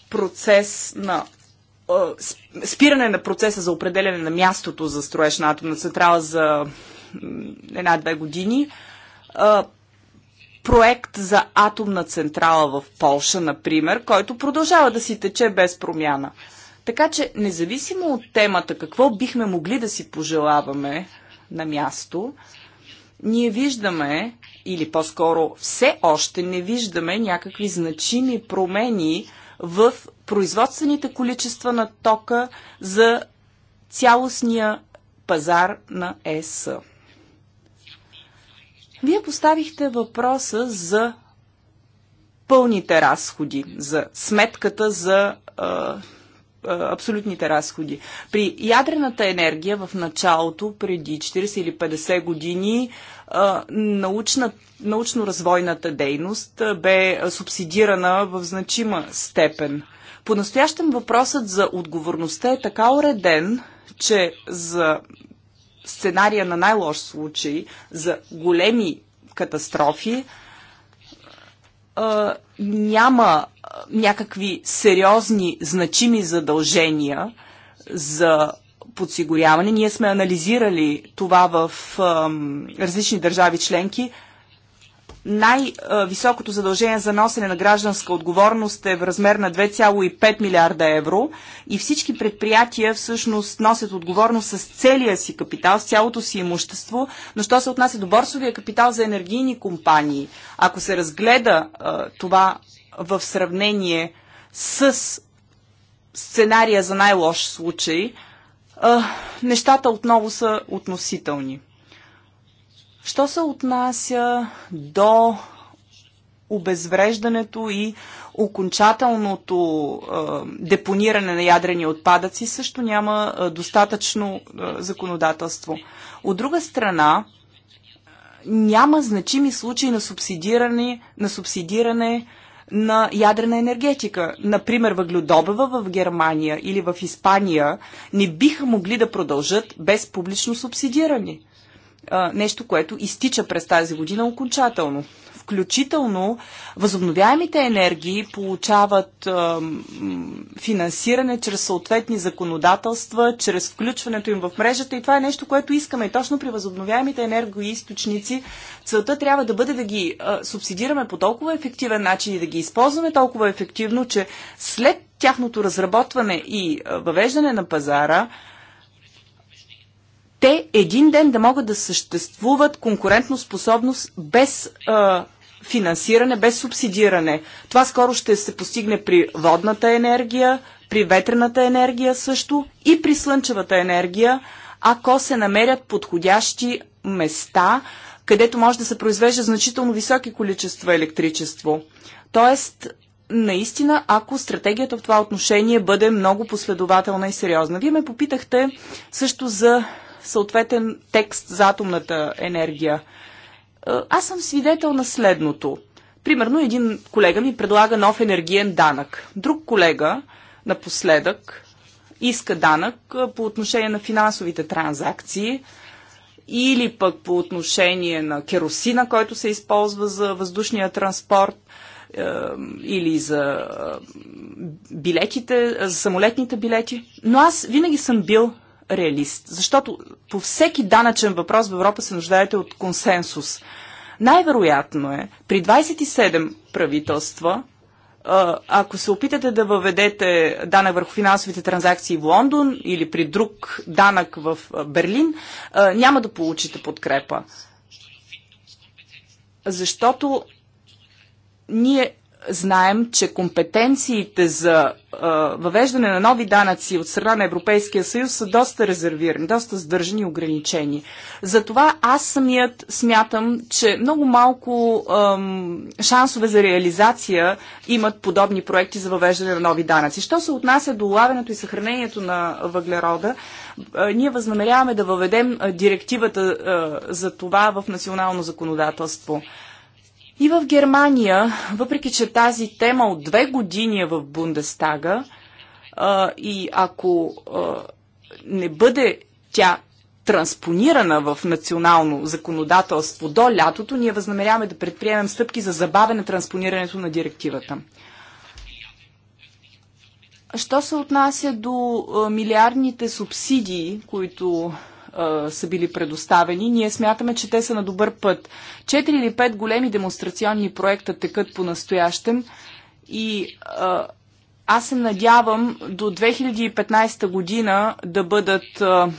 процес на спиране на процеса за определене на мястото за строеж на атомна централа за една-две години а, проект за атомна централа в Полша, например, който продължава да си тече без промяна. Така че, независимо от темата, какво бихме могли да си пожелаваме на място, ние виждаме, или по-скоро все още не виждаме някакви значими промени в производствените количества на тока за цялостния пазар на ЕС. Вие поставихте въпроса за пълните разходи, за сметката за а, абсолютните разходи. При ядрената енергия в началото, преди 40 или 50 години, научна, научно-развойната дейност бе субсидирана в значима степен. По-настоящем въпросът за отговорността е така уреден, че за сценария на най-лош случай за големи катастрофи, няма някакви сериозни, значими задължения за подсигуряване. Ние сме анализирали това в различни държави членки най-високото задължение за носене на гражданска отговорност е в размер на 2,5 милиарда евро и всички предприятия всъщност носят отговорност с целия си капитал, с цялото си имущество, но що се отнася до борсовия капитал за енергийни компании, ако се разгледа а, това в сравнение с сценария за най-лош случай, а, нещата отново са относителни. Що се отнася до обезвреждането и окончателното е, депониране на ядрени отпадъци също няма е, достатъчно е, законодателство. От друга страна, няма значими случаи на субсидиране, на субсидиране на ядрена енергетика. Например, въгледобива в Германия или в Испания не биха могли да продължат без публично субсидиране а, нещо, което изтича през тази година окончателно. Включително възобновяемите енергии получават а, финансиране чрез съответни законодателства, чрез включването им в мрежата и това е нещо, което искаме. И точно при възобновяемите енергоисточници целта трябва да бъде да ги а, субсидираме по толкова ефективен начин и да ги използваме толкова ефективно, че след тяхното разработване и въвеждане на пазара, те един ден да могат да съществуват конкурентно способност без а, финансиране, без субсидиране. Това скоро ще се постигне при водната енергия, при ветрената енергия също и при слънчевата енергия, ако се намерят подходящи места, където може да се произвежда значително високи количества електричество. Тоест, наистина, ако стратегията в това отношение бъде много последователна и сериозна. Вие ме попитахте също за съответен текст за атомната енергия. Е, аз съм свидетел на следното. Примерно един колега ми предлага нов енергиен данък. Друг колега напоследък иска данък е, по отношение на финансовите транзакции или пък по отношение на керосина, който се използва за въздушния транспорт е, или за билетите, за самолетните билети. Но аз винаги съм бил реалист. Защото по всеки данъчен въпрос в Европа се нуждаете от консенсус. Най-вероятно е при 27 правителства, ако се опитате да въведете данък върху финансовите транзакции в Лондон или при друг данък в Берлин, няма да получите подкрепа. Защото ние знаем, че компетенциите за а, въвеждане на нови данъци от страна на Европейския съюз са доста резервирани, доста сдържани и ограничени. Затова аз самият смятам, че много малко ам, шансове за реализация имат подобни проекти за въвеждане на нови данъци. Що се отнася до улавянето и съхранението на въглерода, ние възнамеряваме да въведем директивата за това в национално законодателство. И в Германия, въпреки че тази тема от две години е в Бундестага, а, и ако а, не бъде тя транспонирана в национално законодателство до лятото, ние възнамеряваме да предприемем стъпки за забавене транспонирането на директивата. Що се отнася до милиардните субсидии, които са били предоставени. Ние смятаме, че те са на добър път. Четири или пет големи демонстрационни проекта текат по настоящем и а, аз се надявам до 2015 година да бъдат а,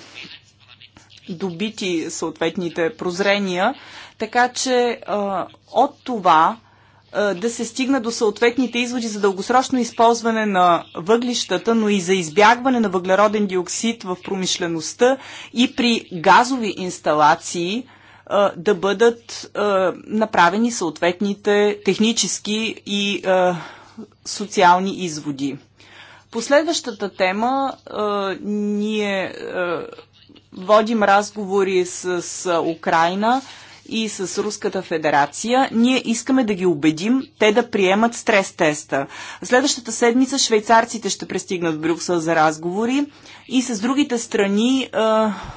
добити съответните прозрения, така че а, от това да се стигна до съответните изводи за дългосрочно използване на въглищата, но и за избягване на въглероден диоксид в промишлеността и при газови инсталации да бъдат направени съответните технически и социални изводи. Последващата тема ние водим разговори с Украина и с Руската федерация, ние искаме да ги убедим те да приемат стрес теста. Следващата седмица швейцарците ще пристигнат в Брюксел за разговори и с другите страни,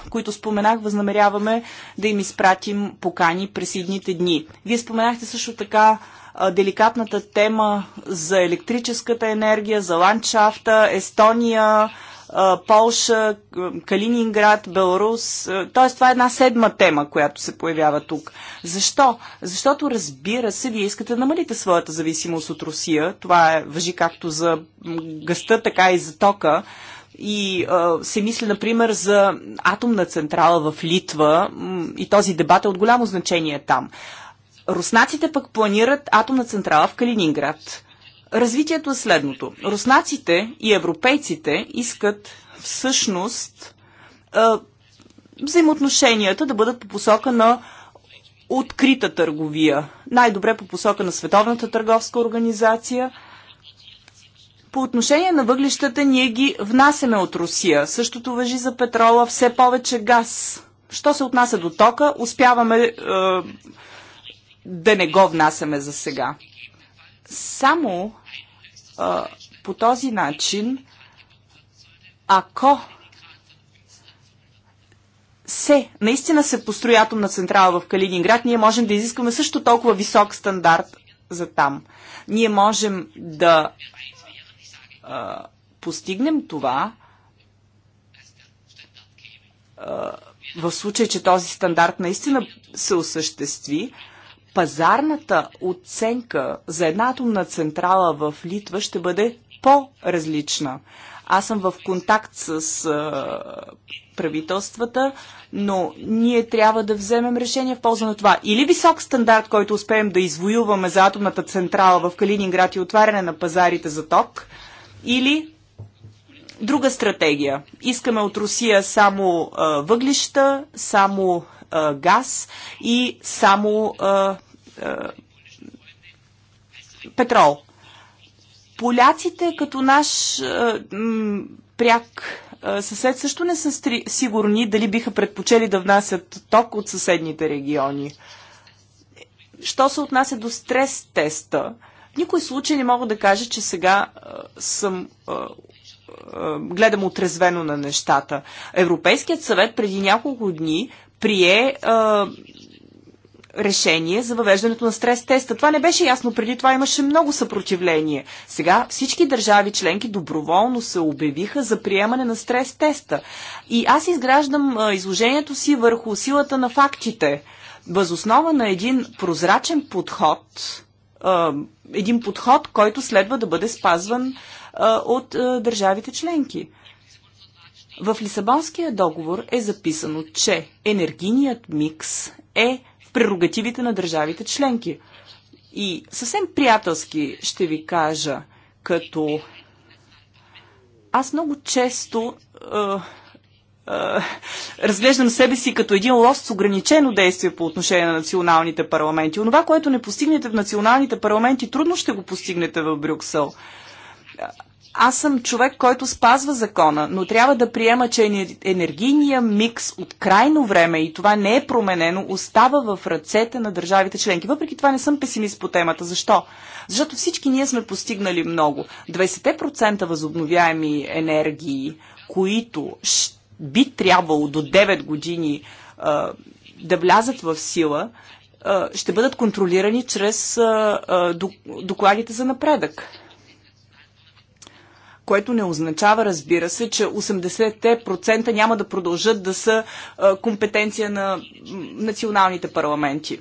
които споменах, възнамеряваме да им изпратим покани през идните дни. Вие споменахте също така деликатната тема за електрическата енергия, за ландшафта, Естония, Полша, Калининград, Беларус. Т.е. това е една седма тема, която се появява тук. Защо? Защото, разбира се, вие искате да намалите своята зависимост от Русия. Това е, въжи както за гъста, така и за тока. И а, се мисли, например, за атомна централа в Литва и този дебат е от голямо значение там. Руснаците пък планират атомна централа в Калининград. Развитието е следното. Руснаците и европейците искат всъщност взаимоотношенията да бъдат по посока на открита търговия. Най-добре по посока на Световната търговска организация. По отношение на въглищата ние ги внасяме от Русия. Същото въжи за петрола, все повече газ. Що се отнася до тока, успяваме е, да не го внасяме за сега. Само а, по този начин, ако се, наистина се построи атомна централа в Калининград, ние можем да изискваме също толкова висок стандарт за там. Ние можем да а, постигнем това а, в случай, че този стандарт наистина се осъществи, пазарната оценка за една атомна централа в Литва ще бъде по-различна. Аз съм в контакт с а, правителствата, но ние трябва да вземем решение в полза на това. Или висок стандарт, който успеем да извоюваме за атомната централа в Калининград и отваряне на пазарите за ток, или друга стратегия. Искаме от Русия само а, въглища, само а, газ и само а, е, петрол. Поляците като наш е, пряк е, съсед също не са сигурни дали биха предпочели да внасят ток от съседните региони. Що се отнася до стрес теста, в никой случай не мога да кажа, че сега съм гледам отрезвено на нещата. Европейският съвет преди няколко дни прие решение за въвеждането на стрес теста. Това не беше ясно преди това, имаше много съпротивление. Сега всички държави членки доброволно се обявиха за приемане на стрес теста. И аз изграждам а, изложението си върху силата на фактите. Възоснова на един прозрачен подход, а, един подход, който следва да бъде спазван а, от държавите членки. В Лисабонския договор е записано, че енергийният микс е прерогативите на държавите членки. И съвсем приятелски ще ви кажа, като аз много често разглеждам себе си като един лост с ограничено действие по отношение на националните парламенти. Онова, което не постигнете в националните парламенти, трудно ще го постигнете в Брюксел аз съм човек, който спазва закона, но трябва да приема, че енергийния микс от крайно време и това не е променено, остава в ръцете на държавите членки. Въпреки това не съм песимист по темата. Защо? Защото всички ние сме постигнали много. 20% възобновяеми енергии, които би трябвало до 9 години да влязат в сила, ще бъдат контролирани чрез докладите за напредък което не означава, разбира се, че 80% няма да продължат да са компетенция на националните парламенти.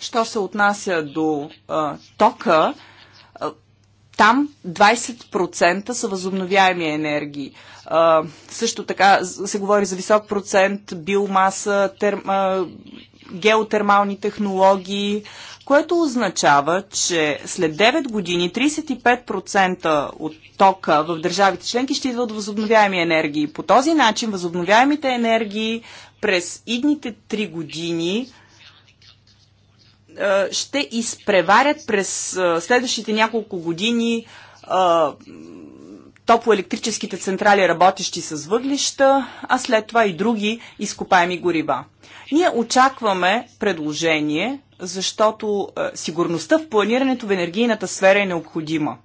Що се отнася до а, тока, а, там 20% са възобновяеми енергии. А, също така се говори за висок процент биомаса, терм, а, геотермални технологии, а, което означава, че след 9 години 35% от тока в държавите членки ще идват възобновяеми енергии. По този начин възобновяемите енергии през идните 3 години ще изпреварят през следващите няколко години топлоелектрическите централи, работещи с въглища, а след това и други изкопаеми горива. Ние очакваме предложение, защото е, сигурността в планирането в енергийната сфера е необходима.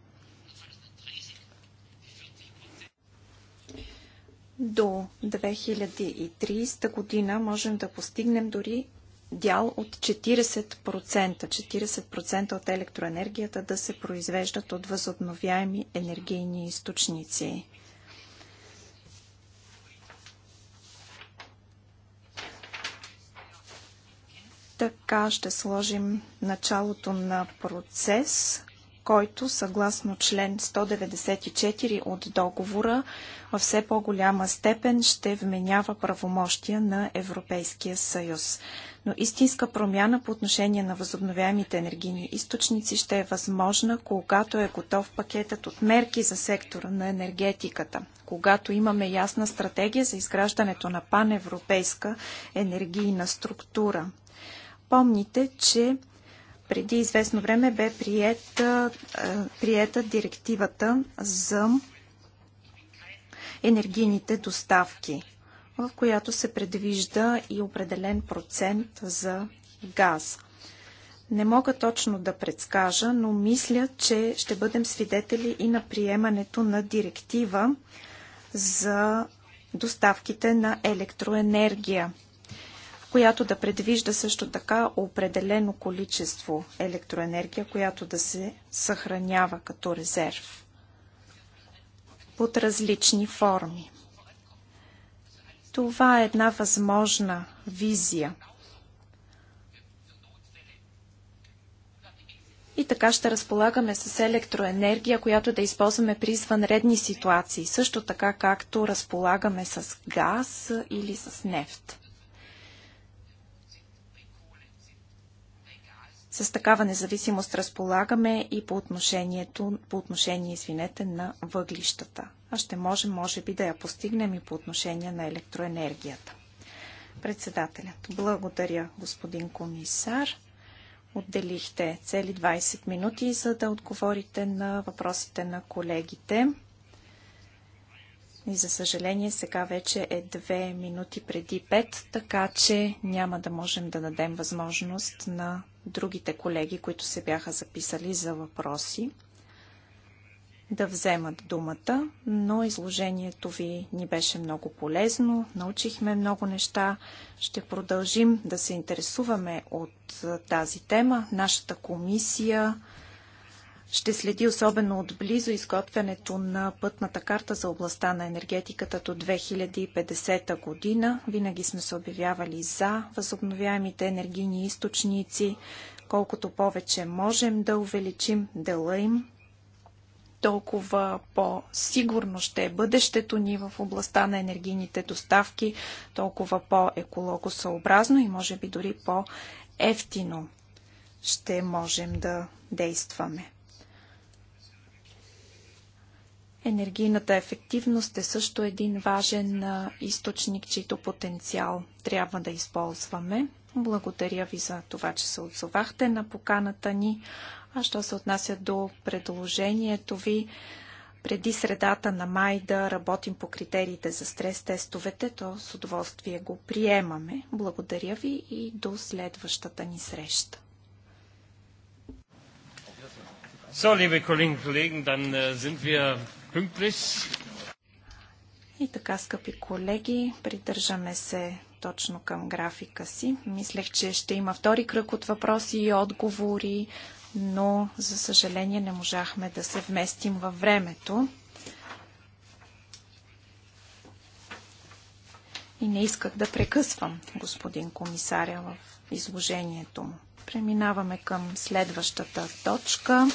До 2030 година можем да постигнем дори дял от 40%. 40% от електроенергията да се произвеждат от възобновяеми енергийни източници. Така ще сложим началото на процес, който съгласно член 194 от договора във все по-голяма степен ще вменява правомощия на Европейския съюз. Но истинска промяна по отношение на възобновяемите енергийни източници ще е възможна, когато е готов пакетът от мерки за сектора на енергетиката, когато имаме ясна стратегия за изграждането на паневропейска енергийна структура. Помните, че преди известно време бе приета, е, приета директивата за енергийните доставки, в която се предвижда и определен процент за газ. Не мога точно да предскажа, но мисля, че ще бъдем свидетели и на приемането на директива за доставките на електроенергия която да предвижда също така определено количество електроенергия, която да се съхранява като резерв под различни форми. Това е една възможна визия. И така ще разполагаме с електроенергия, която да използваме при извънредни ситуации, също така както разполагаме с газ или с нефт. С такава независимост разполагаме и по, отношението, по отношение извинете, на въглищата. А ще можем, може би, да я постигнем и по отношение на електроенергията. Председателят, благодаря, господин комисар. Отделихте цели 20 минути, за да отговорите на въпросите на колегите. И за съжаление сега вече е 2 минути преди 5, така че няма да можем да дадем възможност на другите колеги, които се бяха записали за въпроси, да вземат думата, но изложението ви ни беше много полезно, научихме много неща, ще продължим да се интересуваме от тази тема. Нашата комисия ще следи особено отблизо изготвянето на пътната карта за областта на енергетиката до 2050 година. Винаги сме се обявявали за възобновяемите енергийни източници. Колкото повече можем да увеличим дела им, толкова по-сигурно ще е бъдещето ни в областта на енергийните доставки, толкова по-екологосъобразно и може би дори по-ефтино ще можем да действаме. Енергийната ефективност е също един важен източник, чийто потенциал трябва да използваме. Благодаря ви за това, че се отзовахте на поканата ни. А що се отнася до предложението ви, преди средата на май да работим по критериите за стрес-тестовете, то с удоволствие го приемаме. Благодаря ви и до следващата ни среща. So, liebe Kolleginnen und Kollegen, dann э, sind wir и така, скъпи колеги, придържаме се точно към графика си. Мислех, че ще има втори кръг от въпроси и отговори, но за съжаление не можахме да се вместим във времето. И не исках да прекъсвам господин комисаря в изложението му. Преминаваме към следващата точка.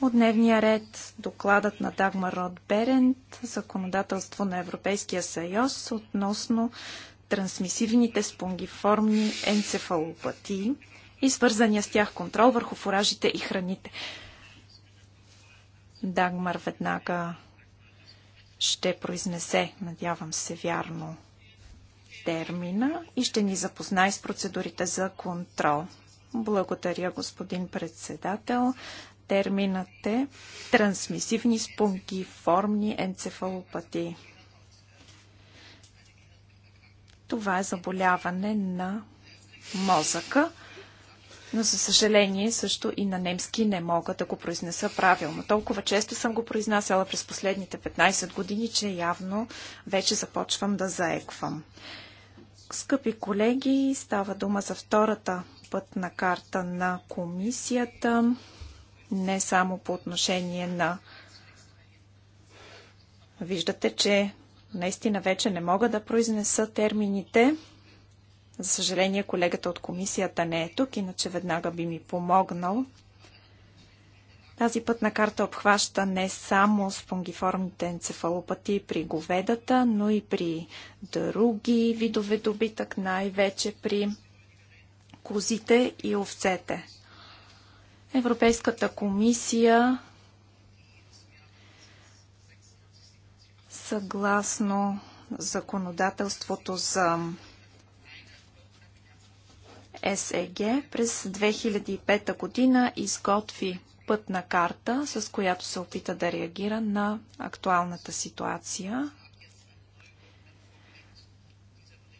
От дневния ред докладът на Дагмар Род Берент, законодателство на Европейския съюз относно трансмисивните спонгиформни енцефалопатии и свързания с тях контрол върху фуражите и храните. Дагмар веднага ще произнесе, надявам се вярно, термина и ще ни запознае с процедурите за контрол. Благодаря, господин председател терминът е трансмисивни формни енцефалопатии. Това е заболяване на мозъка, но за съжаление също и на немски не мога да го произнеса правилно. Толкова често съм го произнасяла през последните 15 години, че явно вече започвам да заеквам. Скъпи колеги, става дума за втората пътна карта на комисията не само по отношение на. Виждате, че наистина вече не мога да произнеса термините. За съжаление, колегата от комисията не е тук, иначе веднага би ми помогнал. Тази пътна карта обхваща не само спонгиформните енцефалопатии при говедата, но и при други видове добитък, най-вече при козите и овцете. Европейската комисия съгласно законодателството за СЕГ през 2005 година изготви пътна карта, с която се опита да реагира на актуалната ситуация.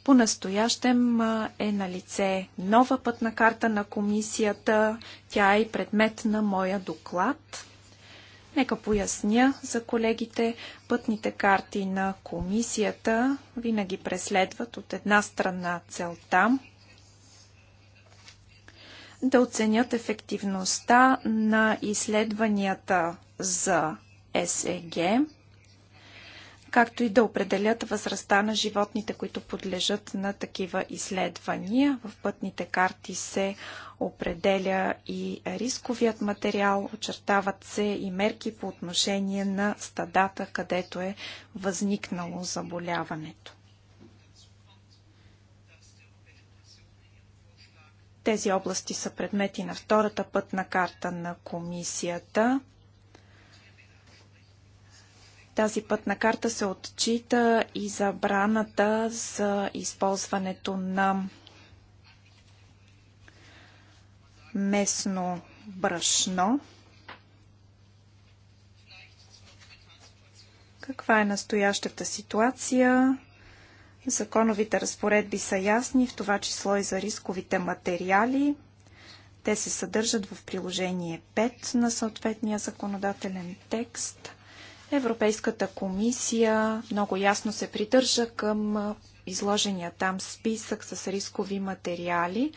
По-настоящем е на лице нова пътна карта на комисията. Тя е предмет на моя доклад. Нека поясня за колегите. Пътните карти на комисията винаги преследват от една страна целта да оценят ефективността на изследванията за СЕГ, както и да определят възрастта на животните, които подлежат на такива изследвания. В пътните карти се определя и рисковият материал, очертават се и мерки по отношение на стадата, където е възникнало заболяването. Тези области са предмети на втората пътна карта на комисията – тази пътна карта се отчита и забраната за използването на местно брашно. Каква е настоящата ситуация? Законовите разпоредби са ясни, в това число и за рисковите материали. Те се съдържат в приложение 5 на съответния законодателен текст. Европейската комисия много ясно се придържа към изложения там списък с рискови материали.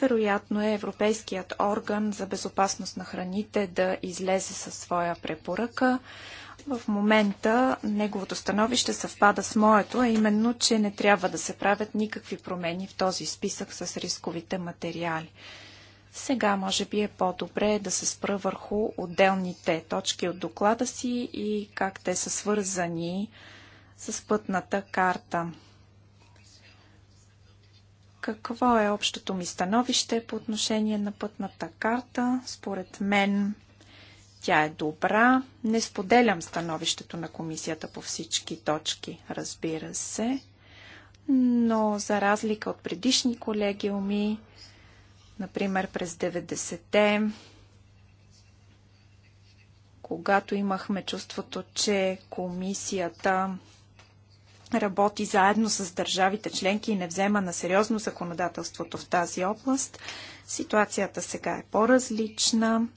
Вероятно е Европейският орган за безопасност на храните да излезе със своя препоръка. В момента неговото становище съвпада с моето, а именно, че не трябва да се правят никакви промени в този списък с рисковите материали. Сега може би е по-добре да се спра върху отделните точки от доклада си и как те са свързани с пътната карта. Какво е общото ми становище по отношение на пътната карта? Според мен тя е добра. Не споделям становището на комисията по всички точки, разбира се. Но за разлика от предишни колегиуми, Например, през 90-те, когато имахме чувството, че комисията работи заедно с държавите членки и не взема на сериозно законодателството в тази област, ситуацията сега е по-различна.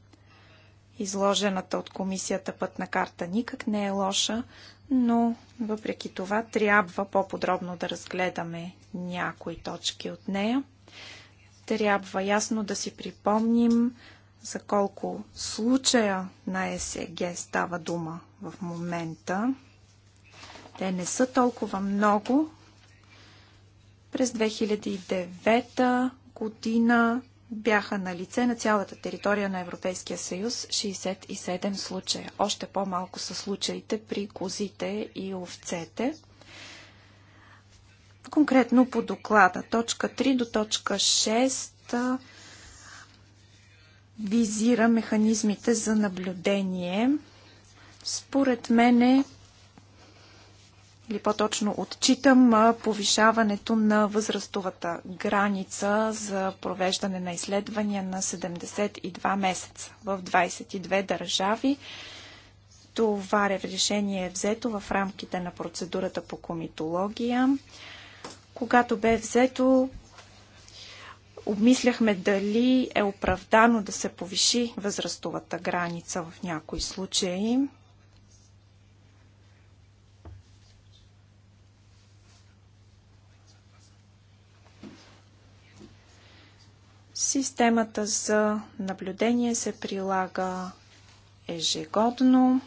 Изложената от комисията пътна карта никак не е лоша, но въпреки това трябва по-подробно да разгледаме някои точки от нея. Трябва ясно да си припомним за колко случая на ЕСГ става дума в момента. Те не са толкова много. През 2009 година бяха на лице на цялата територия на Европейския съюз 67 случая. Още по-малко са случаите при козите и овцете. Конкретно по доклада, точка 3 до точка 6 визира механизмите за наблюдение. Според мене, или по-точно отчитам повишаването на възрастовата граница за провеждане на изследвания на 72 месеца в 22 държави. Това решение е взето в рамките на процедурата по комитология. Когато бе взето, обмисляхме дали е оправдано да се повиши възрастовата граница в някои случаи. Системата за наблюдение се прилага ежегодно.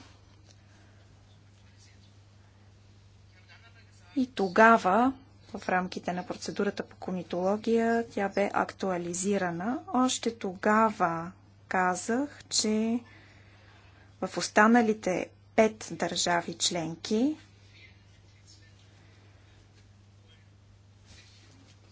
И тогава в рамките на процедурата по комитология. Тя бе актуализирана. Още тогава казах, че в останалите пет държави членки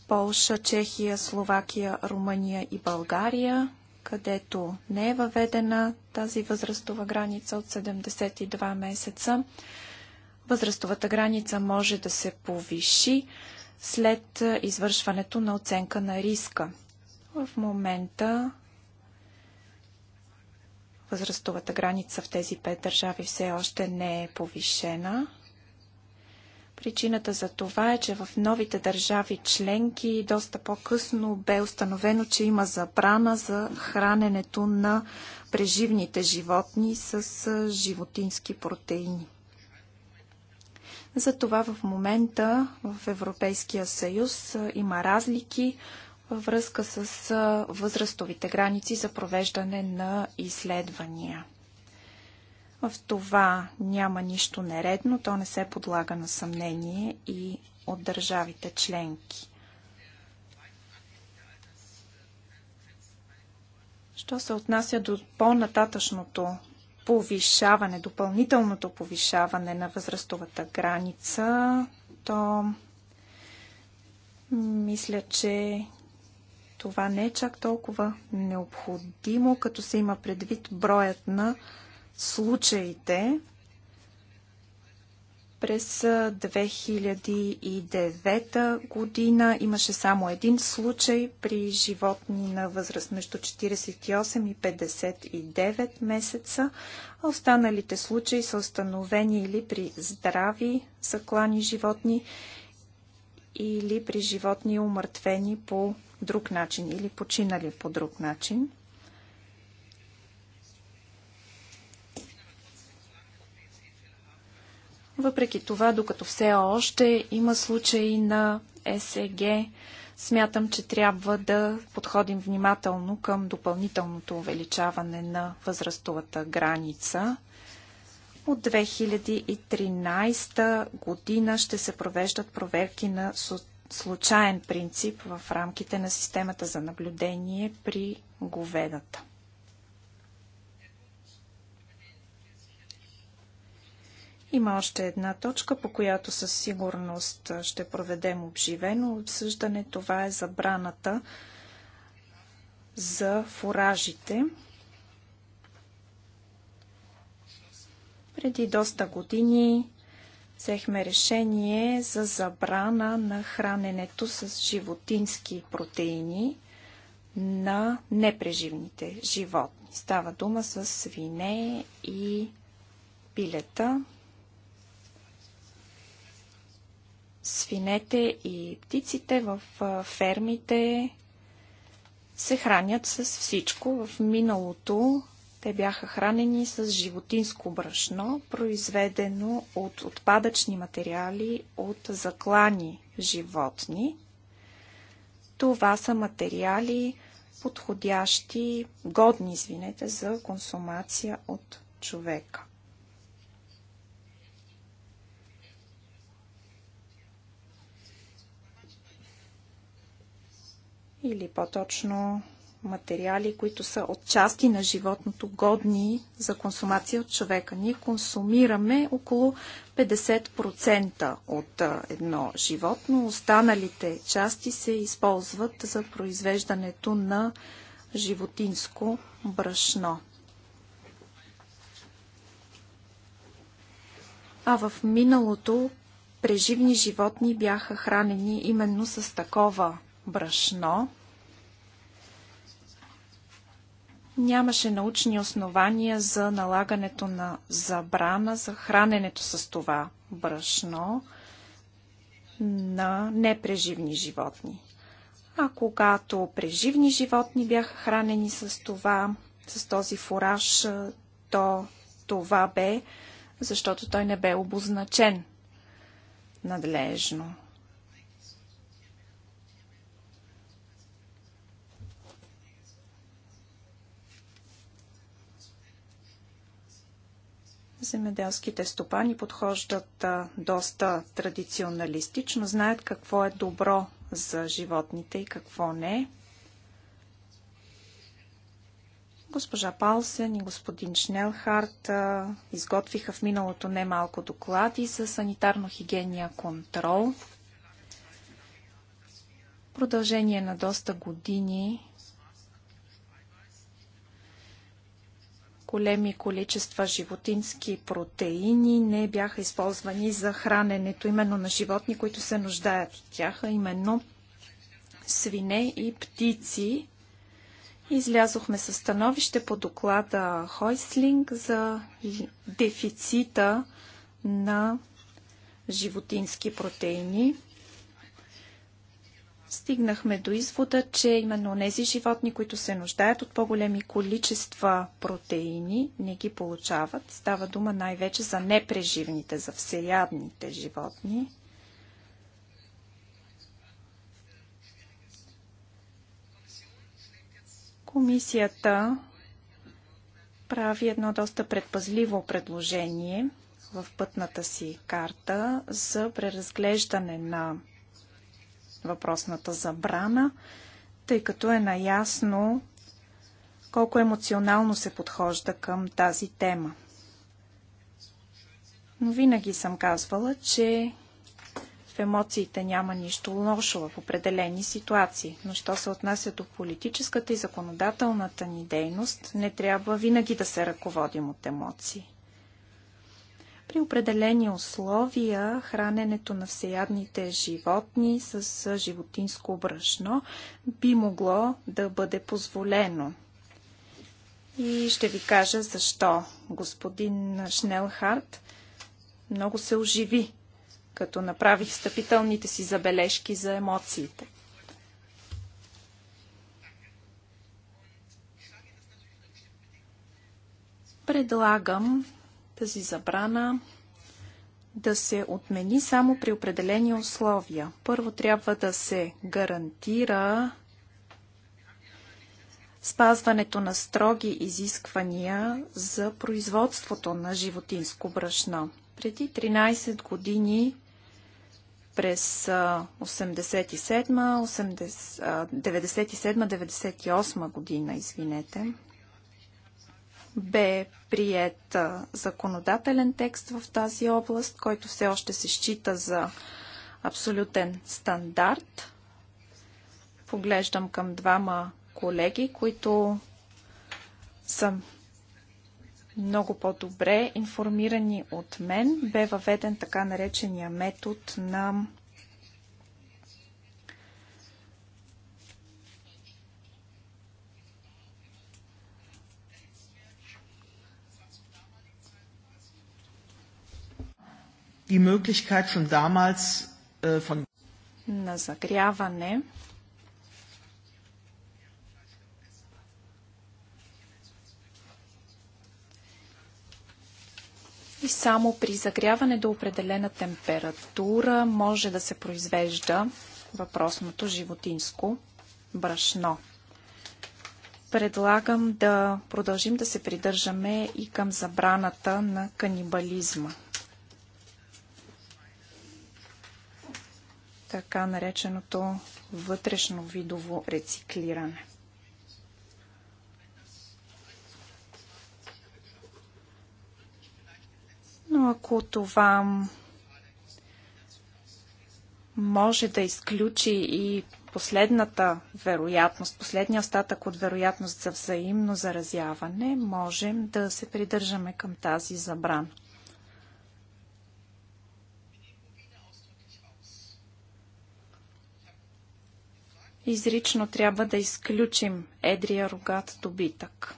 Полша, Чехия, Словакия, Румъния и България, където не е въведена тази възрастова граница от 72 месеца, Възрастовата граница може да се повиши след извършването на оценка на риска. В момента възрастовата граница в тези пет държави все още не е повишена. Причината за това е, че в новите държави членки доста по-късно бе установено, че има забрана за храненето на преживните животни с животински протеини. Затова в момента в Европейския съюз има разлики във връзка с възрастовите граници за провеждане на изследвания. В това няма нищо нередно, то не се подлага на съмнение и от държавите членки. Що се отнася до по-нататъчното повишаване, допълнителното повишаване на възрастовата граница, то мисля, че това не е чак толкова необходимо, като се има предвид броят на случаите, през 2009 година имаше само един случай при животни на възраст между 48 и 59 месеца, а останалите случаи са установени или при здрави заклани животни, или при животни умъртвени по друг начин или починали по друг начин. Въпреки това, докато все още има случаи на СЕГ, смятам, че трябва да подходим внимателно към допълнителното увеличаване на възрастовата граница. От 2013 година ще се провеждат проверки на случайен принцип в рамките на системата за наблюдение при говедата. Има още една точка, по която със сигурност ще проведем обживено обсъждане. Това е забраната за фуражите. Преди доста години взехме решение за забрана на храненето с животински протеини на непреживните животни. Става дума с свине и пилета. свинете и птиците в фермите се хранят с всичко. В миналото те бяха хранени с животинско брашно, произведено от отпадъчни материали от заклани животни. Това са материали, подходящи, годни, извинете, за консумация от човека. или по-точно материали, които са от части на животното годни за консумация от човека. Ние консумираме около 50% от едно животно. Останалите части се използват за произвеждането на животинско брашно. А в миналото преживни животни бяха хранени именно с такова брашно. Нямаше научни основания за налагането на забрана за храненето с това брашно на непреживни животни. А когато преживни животни бяха хранени с това, с този фураж, то това бе, защото той не бе обозначен надлежно. Земеделските стопани подхождат доста традиционалистично, знаят какво е добро за животните и какво не. Госпожа Палсен и господин Шнелхарт изготвиха в миналото немалко доклади за санитарно-хигиения контрол. Продължение на доста години големи количества животински протеини не бяха използвани за храненето именно на животни, които се нуждаят от тях, а именно свине и птици. Излязохме със становище по доклада Хойслинг за дефицита на животински протеини стигнахме до извода, че именно тези животни, които се нуждаят от по-големи количества протеини, не ги получават. Става дума най-вече за непреживните, за всеядните животни. Комисията прави едно доста предпазливо предложение в пътната си карта за преразглеждане на въпросната забрана, тъй като е наясно колко емоционално се подхожда към тази тема. Но винаги съм казвала, че в емоциите няма нищо лошо в определени ситуации, но що се отнася до политическата и законодателната ни дейност, не трябва винаги да се ръководим от емоции. При определени условия храненето на всеядните животни с животинско брашно би могло да бъде позволено. И ще ви кажа защо. Господин Шнелхарт много се оживи, като направи встъпителните си забележки за емоциите. Предлагам тази забрана да се отмени само при определени условия. Първо трябва да се гарантира спазването на строги изисквания за производството на животинско брашно. Преди 13 години през 87-98 година, извинете, бе прият законодателен текст в тази област, който все още се счита за абсолютен стандарт. Поглеждам към двама колеги, които са много по-добре информирани от мен. Бе въведен така наречения метод на die Möglichkeit schon damals äh, von на загряване и само при загряване до определена температура може да се произвежда въпросното животинско брашно. Предлагам да продължим да се придържаме и към забраната на канибализма. така нареченото вътрешно видово рециклиране. Но ако това може да изключи и последната вероятност, последния остатък от вероятност за взаимно заразяване, можем да се придържаме към тази забрана. изрично трябва да изключим едрия рогат добитък.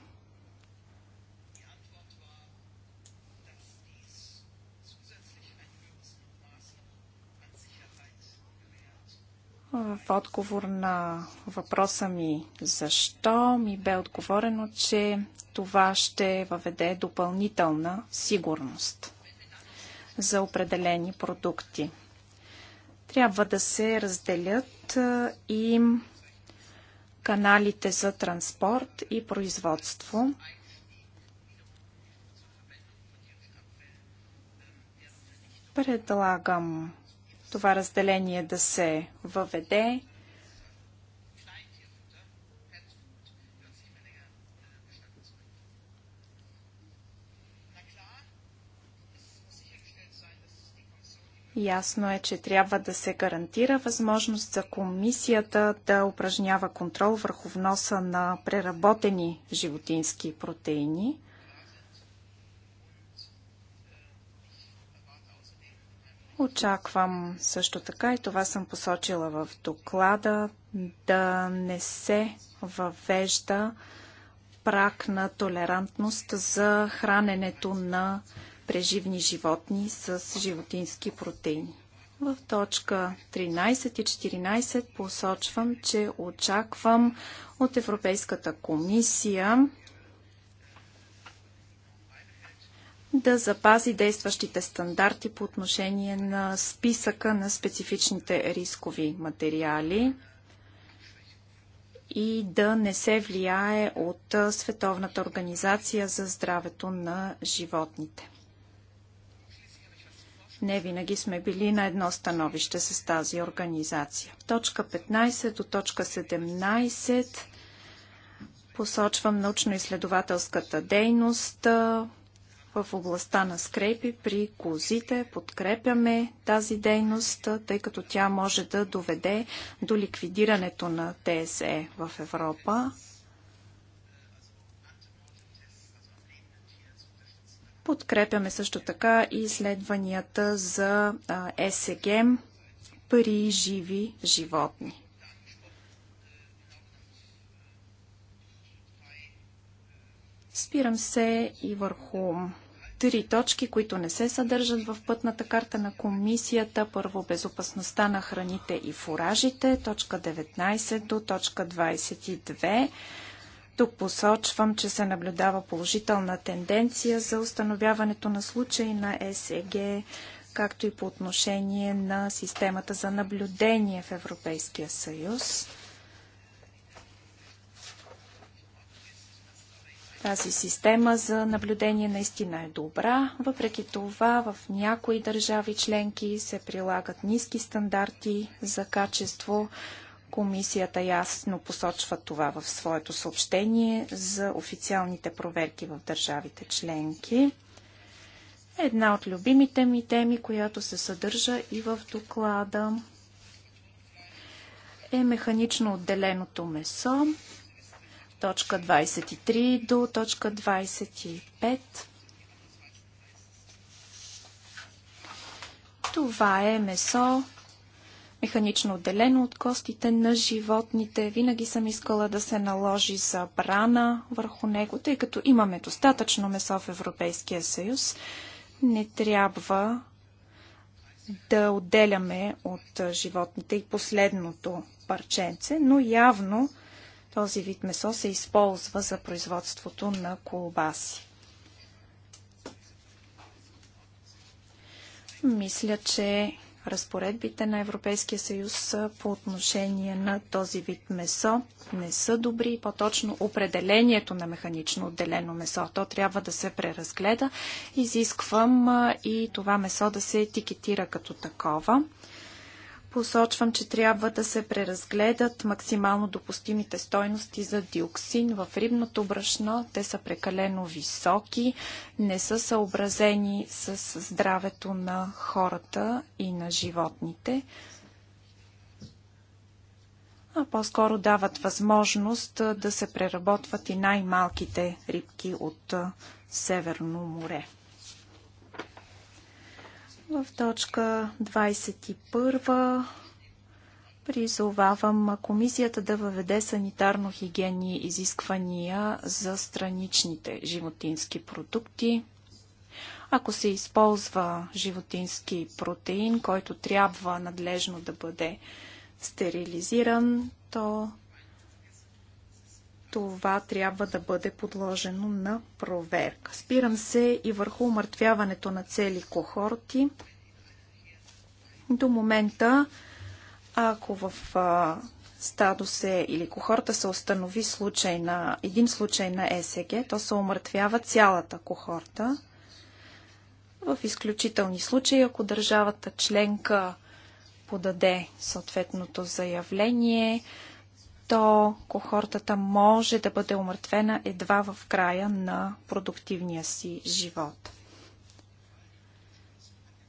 В отговор на въпроса ми защо ми бе отговорено, че това ще въведе допълнителна сигурност за определени продукти. Трябва да се разделят и каналите за транспорт и производство. Предлагам това разделение да се въведе Ясно е, че трябва да се гарантира възможност за комисията да упражнява контрол върху вноса на преработени животински протеини. Очаквам също така, и това съм посочила в доклада, да не се въвежда прак на толерантност за храненето на преживни животни с животински протеини. В точка 13 и 14 посочвам, че очаквам от Европейската комисия да запази действащите стандарти по отношение на списъка на специфичните рискови материали и да не се влияе от Световната организация за здравето на животните. Не винаги сме били на едно становище с тази организация. Точка 15 до точка 17 посочвам научно-изследователската дейност в областта на скрепи при козите. Подкрепяме тази дейност, тъй като тя може да доведе до ликвидирането на ТСЕ в Европа. Подкрепяме също така и изследванията за ЕСГ при живи животни. Спирам се и върху три точки, които не се съдържат в пътната карта на комисията. Първо, безопасността на храните и фуражите, точка 19 до точка 22. Тук посочвам, че се наблюдава положителна тенденция за установяването на случаи на СЕГ, както и по отношение на системата за наблюдение в Европейския съюз. Тази система за наблюдение наистина е добра, въпреки това в някои държави членки се прилагат ниски стандарти за качество, Комисията ясно посочва това в своето съобщение за официалните проверки в държавите членки. Една от любимите ми теми, която се съдържа и в доклада, е механично отделеното месо, точка 23 до точка 25. Това е месо, механично отделено от костите на животните. Винаги съм искала да се наложи забрана върху него, тъй като имаме достатъчно месо в Европейския съюз. Не трябва да отделяме от животните и последното парченце, но явно този вид месо се използва за производството на колбаси. Мисля, че разпоредбите на Европейския съюз по отношение на този вид месо не са добри. По-точно определението на механично отделено месо. То трябва да се преразгледа. Изисквам и това месо да се етикетира като такова. Посочвам, че трябва да се преразгледат максимално допустимите стойности за диоксин в рибното брашно. Те са прекалено високи, не са съобразени с здравето на хората и на животните а по-скоро дават възможност да се преработват и най-малките рибки от Северно море. В точка 21 призовавам комисията да въведе санитарно-хигиенни изисквания за страничните животински продукти. Ако се използва животински протеин, който трябва надлежно да бъде стерилизиран, то това трябва да бъде подложено на проверка. Спирам се и върху умъртвяването на цели кохорти. До момента, ако в стадо се или кохорта се установи случай на, един случай на ЕСГ, то се умъртвява цялата кохорта. В изключителни случаи, ако държавата членка подаде съответното заявление, то кохортата може да бъде умъртвена едва в края на продуктивния си живот.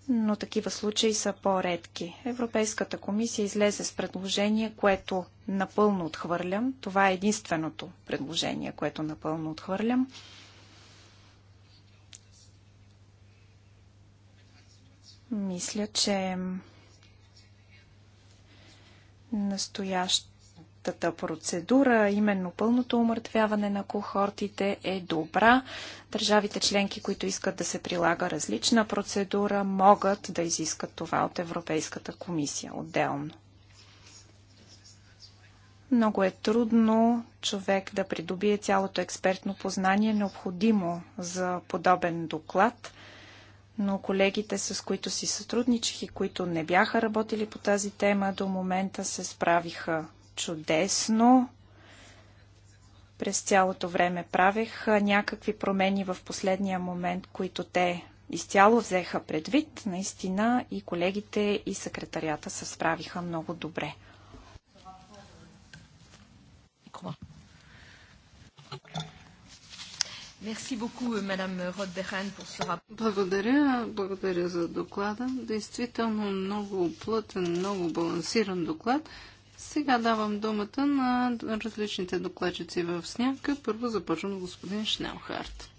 Но такива случаи са по-редки. Европейската комисия излезе с предложение, което напълно отхвърлям. Това е единственото предложение, което напълно отхвърлям. Мисля, че настоящ същата процедура, именно пълното умъртвяване на кохортите е добра. Държавите членки, които искат да се прилага различна процедура, могат да изискат това от Европейската комисия отделно. Много е трудно човек да придобие цялото експертно познание, необходимо за подобен доклад – но колегите, с които си сътрудничих и които не бяха работили по тази тема до момента, се справиха чудесно. През цялото време правех някакви промени в последния момент, които те изцяло взеха предвид. Наистина и колегите и секретарията се справиха много добре. Euh, благодаря, благодаря за доклада. Действително много плътен, много балансиран доклад. Сега давам думата на различните докладчици в снявка. Първо започвам с господин Шнелхарт.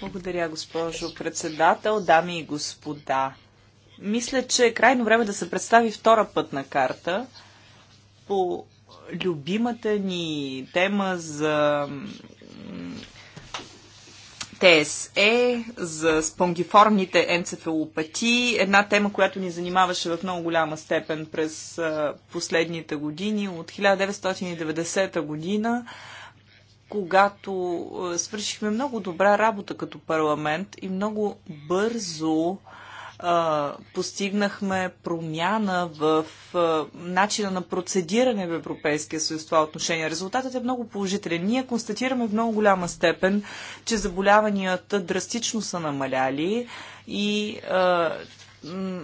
Благодаря, госпожо председател, дами и господа. Мисля, че е крайно време да се представи втора пътна карта по любимата ни тема за ТСЕ, за спонгиформните енцефалопатии, една тема, която ни занимаваше в много голяма степен през последните години, от 1990 година, когато свършихме много добра работа като парламент и много бързо а, постигнахме промяна в а, начина на процедиране в Европейския съюз това отношение. Резултатът е много положителен. Ние констатираме в много голяма степен, че заболяванията драстично са намаляли и а,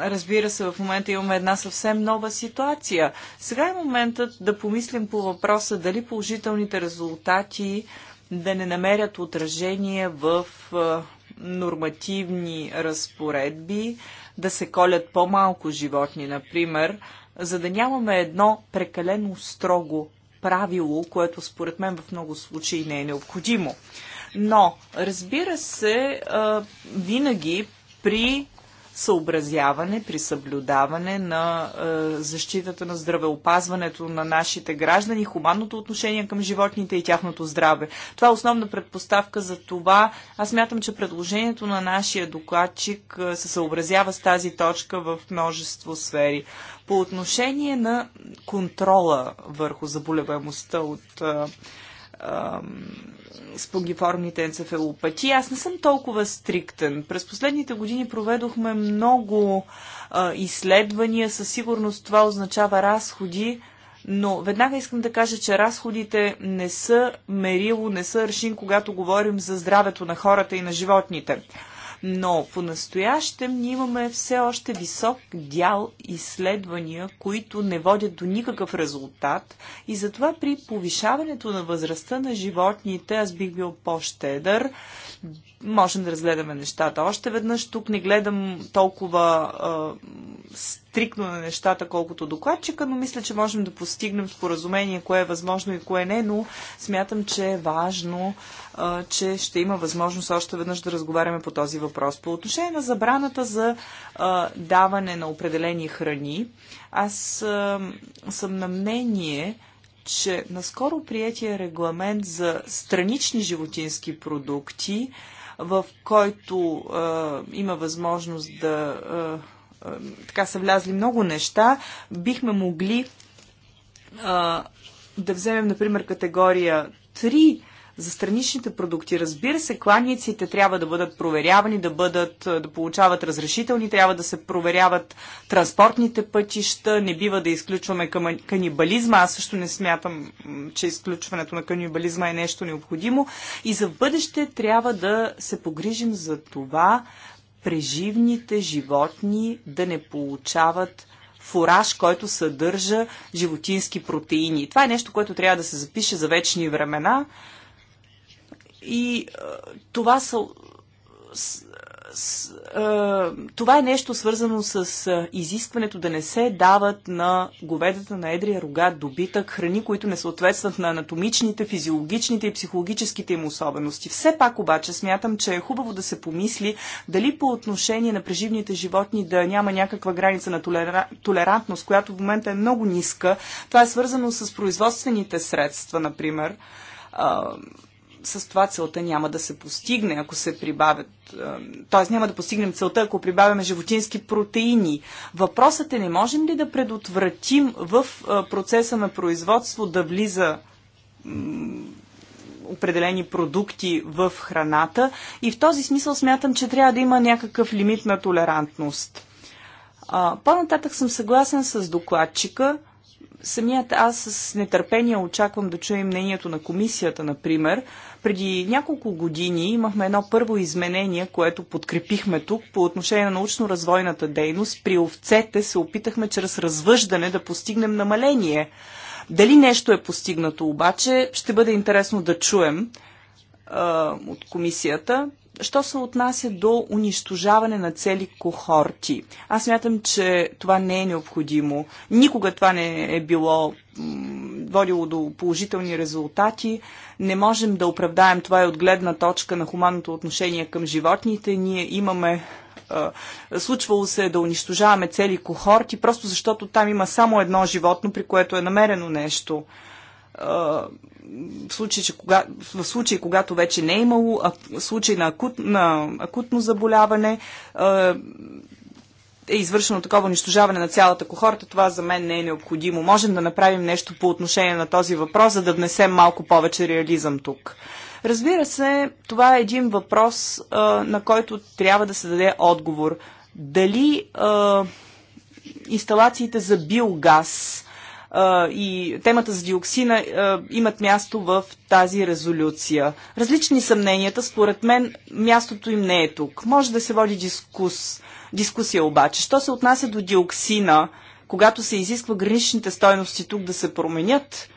разбира се, в момента имаме една съвсем нова ситуация. Сега е моментът да помислим по въпроса дали положителните резултати да не намерят отражение в нормативни разпоредби, да се колят по-малко животни, например, за да нямаме едно прекалено строго правило, което според мен в много случаи не е необходимо. Но, разбира се, винаги при съобразяване, при съблюдаване на е, защитата на здравеопазването на нашите граждани, хуманното отношение към животните и тяхното здраве. Това е основна предпоставка за това. Аз мятам, че предложението на нашия докладчик е, се съобразява с тази точка в множество сфери. По отношение на контрола върху заболеваемостта от е, е, спонгиформните енцефалопатии. Аз не съм толкова стриктен. През последните години проведохме много а, изследвания. Със сигурност това означава разходи, но веднага искам да кажа, че разходите не са мерило, не са аршин, когато говорим за здравето на хората и на животните но по-настоящем ние имаме все още висок дял изследвания, които не водят до никакъв резултат и затова при повишаването на възрастта на животните аз бих бил по-щедър можем да разгледаме нещата. Още веднъж тук не гледам толкова а, стрикно на нещата, колкото докладчика, но мисля, че можем да постигнем споразумение, кое е възможно и кое не, но смятам, че е важно, а, че ще има възможност още веднъж да разговаряме по този въпрос. По отношение на забраната за а, даване на определени храни, аз а, съм на мнение, че наскоро приятия регламент за странични животински продукти, в който а, има възможност да. А, така са влязли много неща, бихме могли а, да вземем, например, категория 3 за страничните продукти, разбира се, кланиците трябва да бъдат проверявани, да, бъдат, да получават разрешителни, трябва да се проверяват транспортните пътища, не бива да изключваме канибализма. Аз също не смятам, че изключването на канибализма е нещо необходимо. И за бъдеще трябва да се погрижим за това преживните животни да не получават фураж, който съдържа животински протеини. Това е нещо, което трябва да се запише за вечни времена и това са това е нещо свързано с изискването да не се дават на говедата на едрия рога добитък храни, които не съответстват на анатомичните, физиологичните и психологическите им особености. Все пак обаче смятам, че е хубаво да се помисли дали по отношение на преживните животни да няма някаква граница на толера... толерантност, която в момента е много ниска. Това е свързано с производствените средства, например с това целта няма да се постигне, ако се прибавят. Т.е. няма да постигнем целта, ако прибавяме животински протеини. Въпросът е, не можем ли да предотвратим в процеса на производство да влиза определени продукти в храната и в този смисъл смятам, че трябва да има някакъв лимит на толерантност. По-нататък съм съгласен с докладчика. Самият аз с нетърпение очаквам да чуя мнението на комисията, например, преди няколко години имахме едно първо изменение, което подкрепихме тук по отношение на научно-развойната дейност. При овцете се опитахме чрез развъждане да постигнем намаление. Дали нещо е постигнато обаче, ще бъде интересно да чуем от комисията що се отнася до унищожаване на цели кохорти? Аз мятам, че това не е необходимо. Никога това не е било водило до положителни резултати. Не можем да оправдаем това и от гледна точка на хуманното отношение към животните. Ние имаме случвало се да унищожаваме цели кохорти, просто защото там има само едно животно, при което е намерено нещо в случай, че кога, в случай, когато вече не е имало а, в случай на, акут, на акутно заболяване, а, е, е извършено такова унищожаване на цялата кохорта, това за мен не е необходимо. Можем да направим нещо по отношение на този въпрос, за да внесем малко повече реализъм тук. Разбира се, това е един въпрос, а, на който трябва да се даде отговор. Дали а, инсталациите за биогаз и темата за диоксина имат място в тази резолюция. Различни са мненията, според мен мястото им не е тук. Може да се води дискус, дискусия обаче. Що се отнася до диоксина, когато се изисква граничните стойности тук да се променят,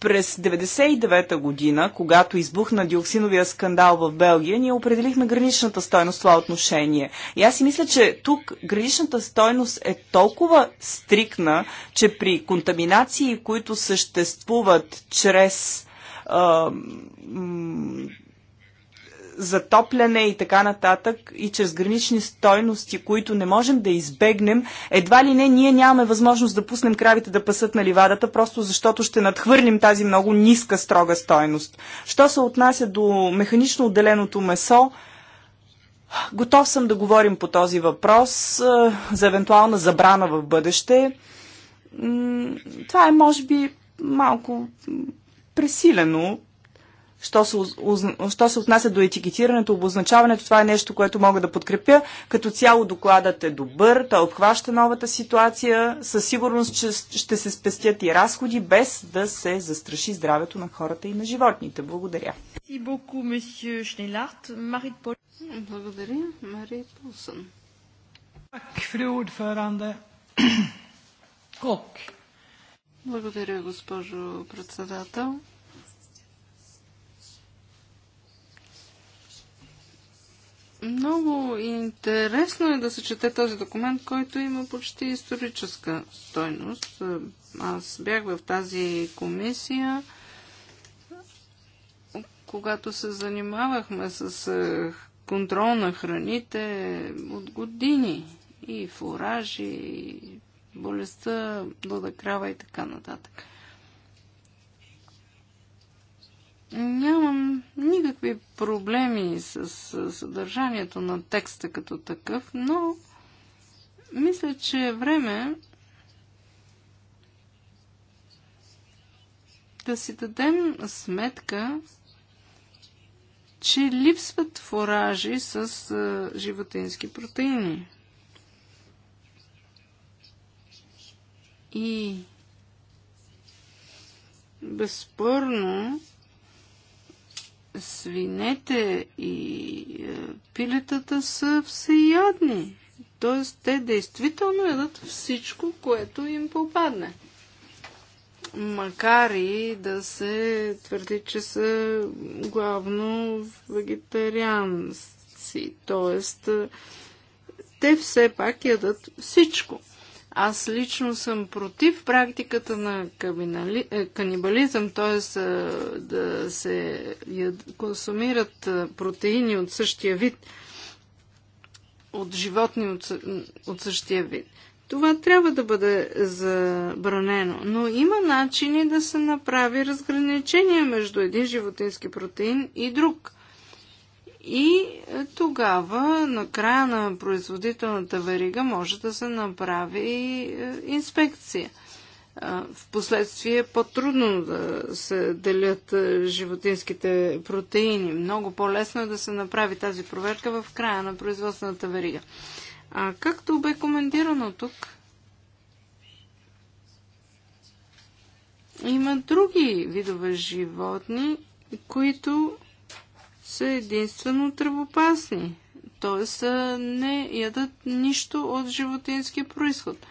през 1999 година, когато избухна диоксиновия скандал в Белгия, ние определихме граничната стойност в това отношение. И аз си мисля, че тук граничната стойност е толкова стрикна, че при контаминации, които съществуват чрез а, затопляне и така нататък и чрез гранични стойности, които не можем да избегнем, едва ли не ние нямаме възможност да пуснем кравите да пасат на ливадата, просто защото ще надхвърлим тази много ниска строга стойност. Що се отнася до механично отделеното месо, готов съм да говорим по този въпрос за евентуална забрана в бъдеще. Това е, може би, малко пресилено, Що се, що се отнася до етикетирането, обозначаването, това е нещо, което мога да подкрепя. Като цяло докладът е добър, той обхваща новата ситуация, със сигурност че ще се спестят и разходи, без да се застраши здравето на хората и на животните. Благодаря. Благодаря, Мари Полсън. Благодаря, госпожо председател. Много интересно е да се чете този документ, който има почти историческа стойност. Аз бях в тази комисия, когато се занимавахме с е, контрол на храните от години. И фуражи, и болестта, луда крава и така нататък. Нямам никакви проблеми с съдържанието на текста като такъв, но мисля, че е време да си дадем сметка, че липсват фуражи с животински протеини. И безспорно, свинете и е, пилетата са всеядни. Т.е. те действително ядат всичко, което им попадне. Макар и да се твърди, че са главно вегетарианци. Т.е. те все пак ядат всичко. Аз лично съм против практиката на е, канибализъм, т.е. Е, да се консумират е, протеини от същия вид, от животни от, от същия вид. Това трябва да бъде забранено, но има начини да се направи разграничение между един животински протеин и друг. И е, тогава, на края на производителната верига, може да се направи е, инспекция. Впоследствие е по-трудно да се делят е, животинските протеини. Много по-лесно е да се направи тази проверка в края на производствената верига. А както бе коментирано тук, има други видове животни, които са единствено тръбопасни, т.е. не ядат нищо от животински происход.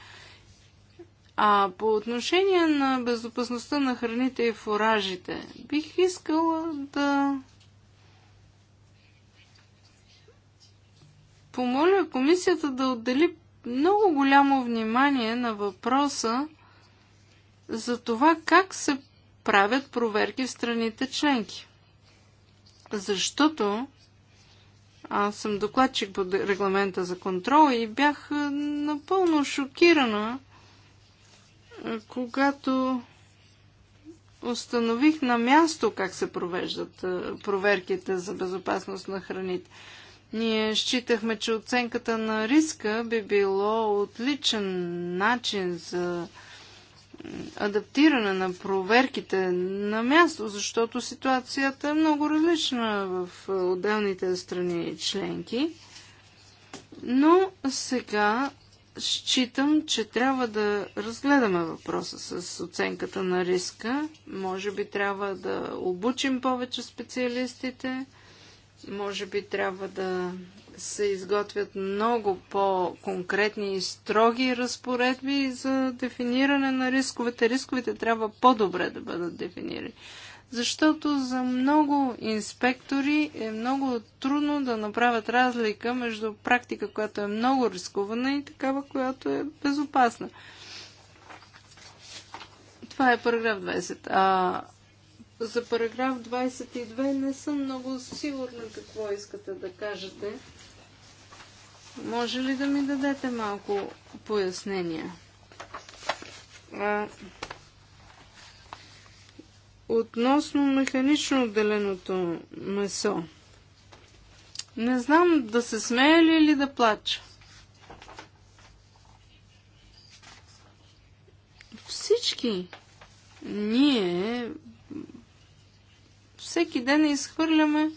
А по отношение на безопасността на храните и фуражите, бих искала да помоля комисията да отдели много голямо внимание на въпроса за това как се правят проверки в страните членки защото аз съм докладчик по регламента за контрол и бях напълно шокирана, когато установих на място как се провеждат проверките за безопасност на храните. Ние считахме, че оценката на риска би било отличен начин за адаптиране на проверките на място, защото ситуацията е много различна в е, отделните страни и членки. Но сега считам, че трябва да разгледаме въпроса с оценката на риска. Може би трябва да обучим повече специалистите, може би трябва да се изготвят много по-конкретни и строги разпоредби за дефиниране на рисковете. Рисковете трябва по-добре да бъдат дефинирани. Защото за много инспектори е много трудно да направят разлика между практика, която е много рискована и такава, която е безопасна. Това е параграф 20. А, за параграф 22 не съм много сигурна какво искате да кажете. Може ли да ми дадете малко пояснения? А, относно механично отделеното месо. Не знам да се смея ли или да плача. Всички ние всеки ден изхвърляме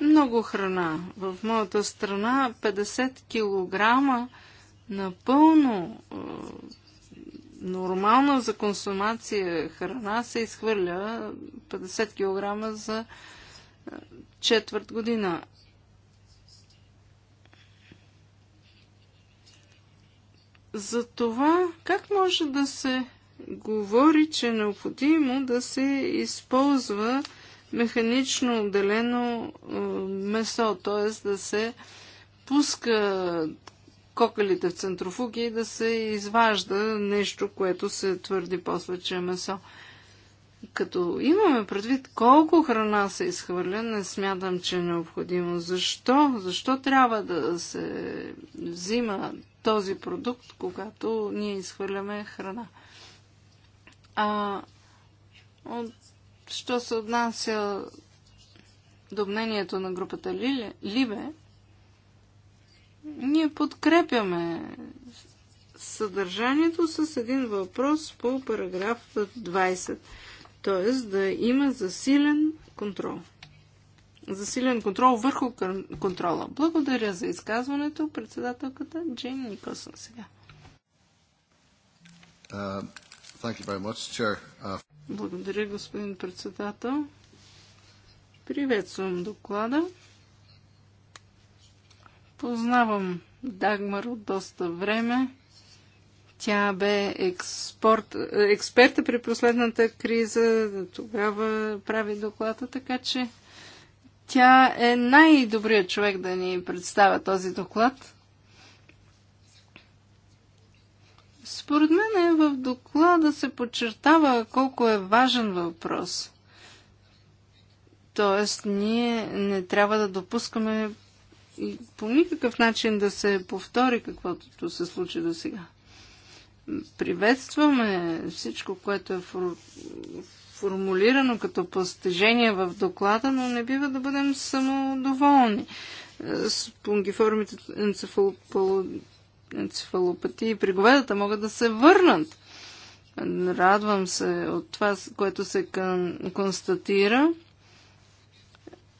много храна. В моята страна 50 кг напълно нормална за консумация храна се изхвърля 50 кг за четвърт година. За това как може да се говори, че е необходимо да се използва механично отделено месо, т.е. да се пуска кокалите в центрофуги и да се изважда нещо, което се твърди после, че е месо. Като имаме предвид колко храна се изхвърля, не смятам, че е необходимо. Защо? Защо трябва да се взима този продукт, когато ние изхвърляме храна? А от Що се отнася до мнението на групата Либе, ние подкрепяме съдържанието с един въпрос по параграф 20. Т.е. да има засилен контрол. Засилен контрол върху контрола. Благодаря за изказването. Председателката Джейн Николсън сега. Uh, much, uh... Благодаря, господин председател. Приветствам доклада. Познавам Дагмар от доста време. Тя бе експорт, експерта при последната криза, тогава прави доклада, така че тя е най-добрият човек да ни представя този доклад. Според мен е, в доклада се подчертава колко е важен въпрос. Тоест, ние не трябва да допускаме и по никакъв начин да се повтори каквото се случи до сега. Приветстваме всичко, което е фор... формулирано като постижение в доклада, но не бива да бъдем самодоволни. Е, Спонгиформите енцефалопалоди енцефалопатии при говедата могат да се върнат. Радвам се от това, което се констатира,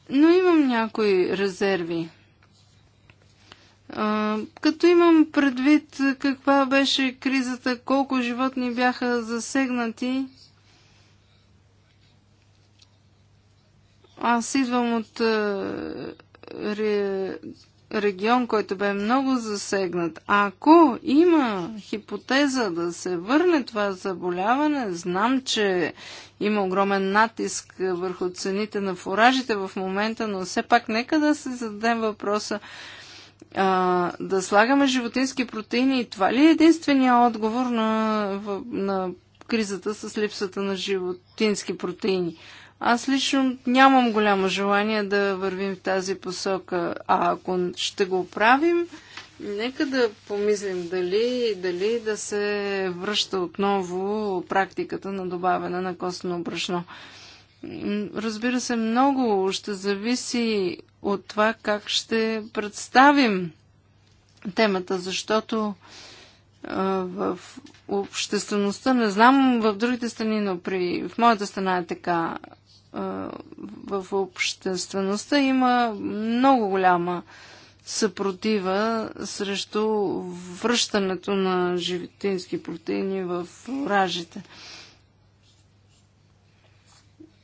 но имам някои резерви. А, като имам предвид каква беше кризата, колко животни бяха засегнати, аз идвам от ре регион, който бе много засегнат, ако има хипотеза да се върне това заболяване, знам, че има огромен натиск върху цените на фуражите в момента, но все пак нека да се зададем въпроса а, да слагаме животински протеини. Това ли е единствения отговор на, на кризата с липсата на животински протеини? Аз лично нямам голямо желание да вървим в тази посока, а ако ще го правим, нека да помислим дали, дали да се връща отново практиката на добавяне на костно брашно. Разбира се, много ще зависи от това как ще представим темата, защото в обществеността, не знам в другите страни, но при, в моята страна е така в обществеността има много голяма съпротива срещу връщането на животински протеини в ражите.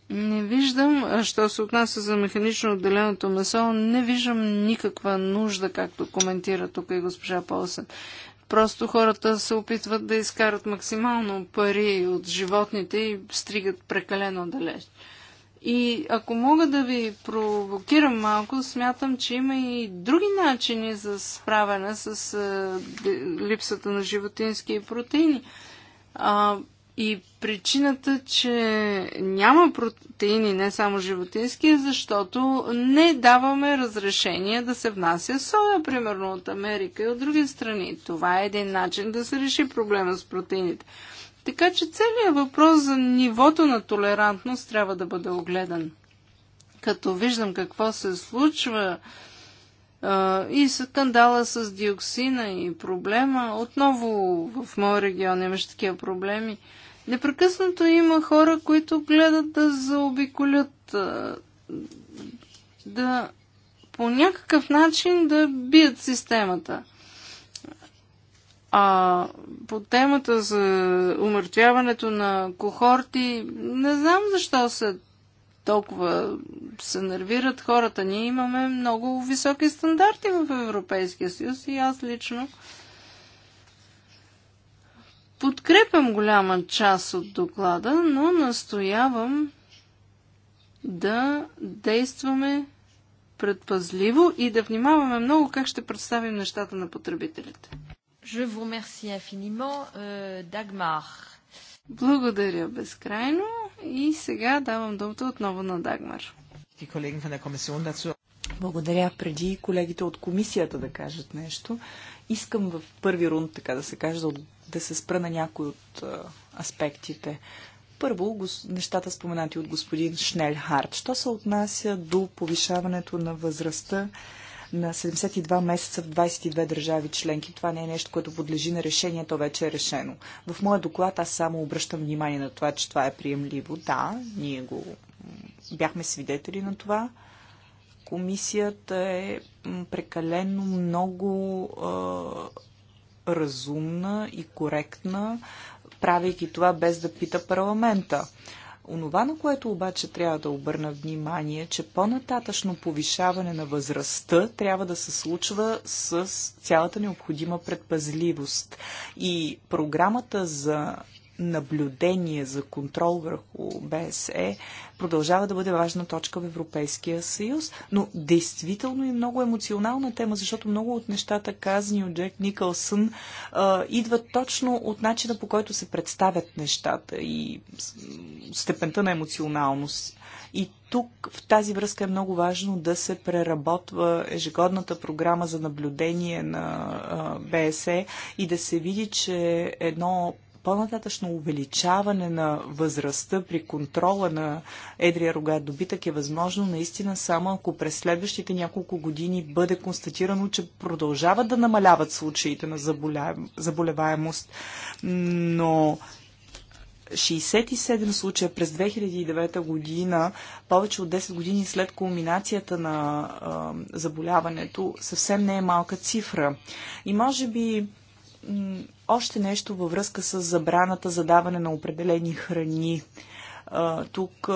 Не виждам, що се отнася за механично отделеното месо, не виждам никаква нужда, както коментира тук и госпожа Полсен. Просто хората се опитват да изкарат максимално пари от животните и стригат прекалено далеч. И ако мога да ви провокирам малко, смятам, че има и други начини за справяне с е, липсата на животински протеини. А, и причината, че няма протеини, не само животински, е защото не даваме разрешение да се внася соя, примерно от Америка и от други страни. Това е един начин да се реши проблема с протеините. Така че целият въпрос за нивото на толерантност трябва да бъде огледан. Като виждам какво се случва и скандала с диоксина и проблема, отново в моя регион имаше такива проблеми. Непрекъснато има хора, които гледат да заобиколят, да по някакъв начин да бият системата. А по темата за умъртвяването на кохорти, не знам защо се толкова се нервират хората. Ние имаме много високи стандарти в Европейския съюз и аз лично подкрепям голяма част от доклада, но настоявам да действаме предпазливо и да внимаваме много как ще представим нещата на потребителите. Je vous remercie infiniment, euh, Dagmar. Благодаря безкрайно и сега давам думата отново на Дагмар. Благодаря преди колегите от комисията да кажат нещо. Искам в първи рунд, така да се каже, да, се спра на някои от аспектите. Първо, нещата споменати от господин Шнелхарт. Що се отнася до повишаването на възрастта на 72 месеца в 22 държави членки. Това не е нещо, което подлежи на решение, то вече е решено. В моя доклад аз само обръщам внимание на това, че това е приемливо. Да, ние го бяхме свидетели на това. Комисията е прекалено много е, разумна и коректна, правейки това без да пита парламента. Е, Онова, на което обаче трябва да обърна внимание, че по-нататъчно повишаване на възрастта трябва да се случва с цялата необходима предпазливост. И програмата за наблюдение, за контрол върху БСЕ продължава да бъде важна точка в Европейския съюз, но действително и много емоционална тема, защото много от нещата, казани от Джек Никълсън, идват точно от начина по който се представят нещата и степента на емоционалност. И тук в тази връзка е много важно да се преработва ежегодната програма за наблюдение на БСЕ и да се види, че едно по-нататъчно увеличаване на възрастта при контрола на едрия рога добитък е възможно наистина само ако през следващите няколко години бъде констатирано, че продължават да намаляват случаите на заболеваемост. Но 67 случая през 2009 година, повече от 10 години след кулминацията на а, заболяването, съвсем не е малка цифра. И може би още нещо във връзка с забраната за даване на определени храни. Тук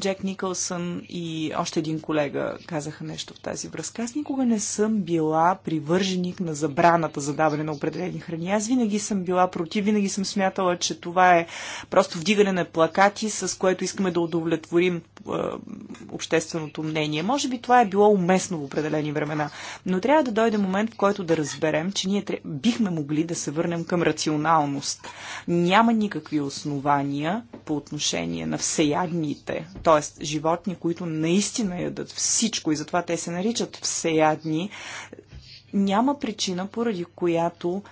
Джек Никълсън и още един колега казаха нещо в тази връзка. Аз никога не съм била привърженик на забраната за даване на определени храни. Аз винаги съм била против, винаги съм смятала, че това е просто вдигане на плакати, с което искаме да удовлетворим общественото мнение. Може би това е било уместно в определени времена, но трябва да дойде момент, в който да разберем, че ние бихме могли да се върнем към рационалност. Няма никакви основания по отношение на всеядните, т.е. животни, които наистина ядат всичко и затова те се наричат всеядни, няма причина, поради която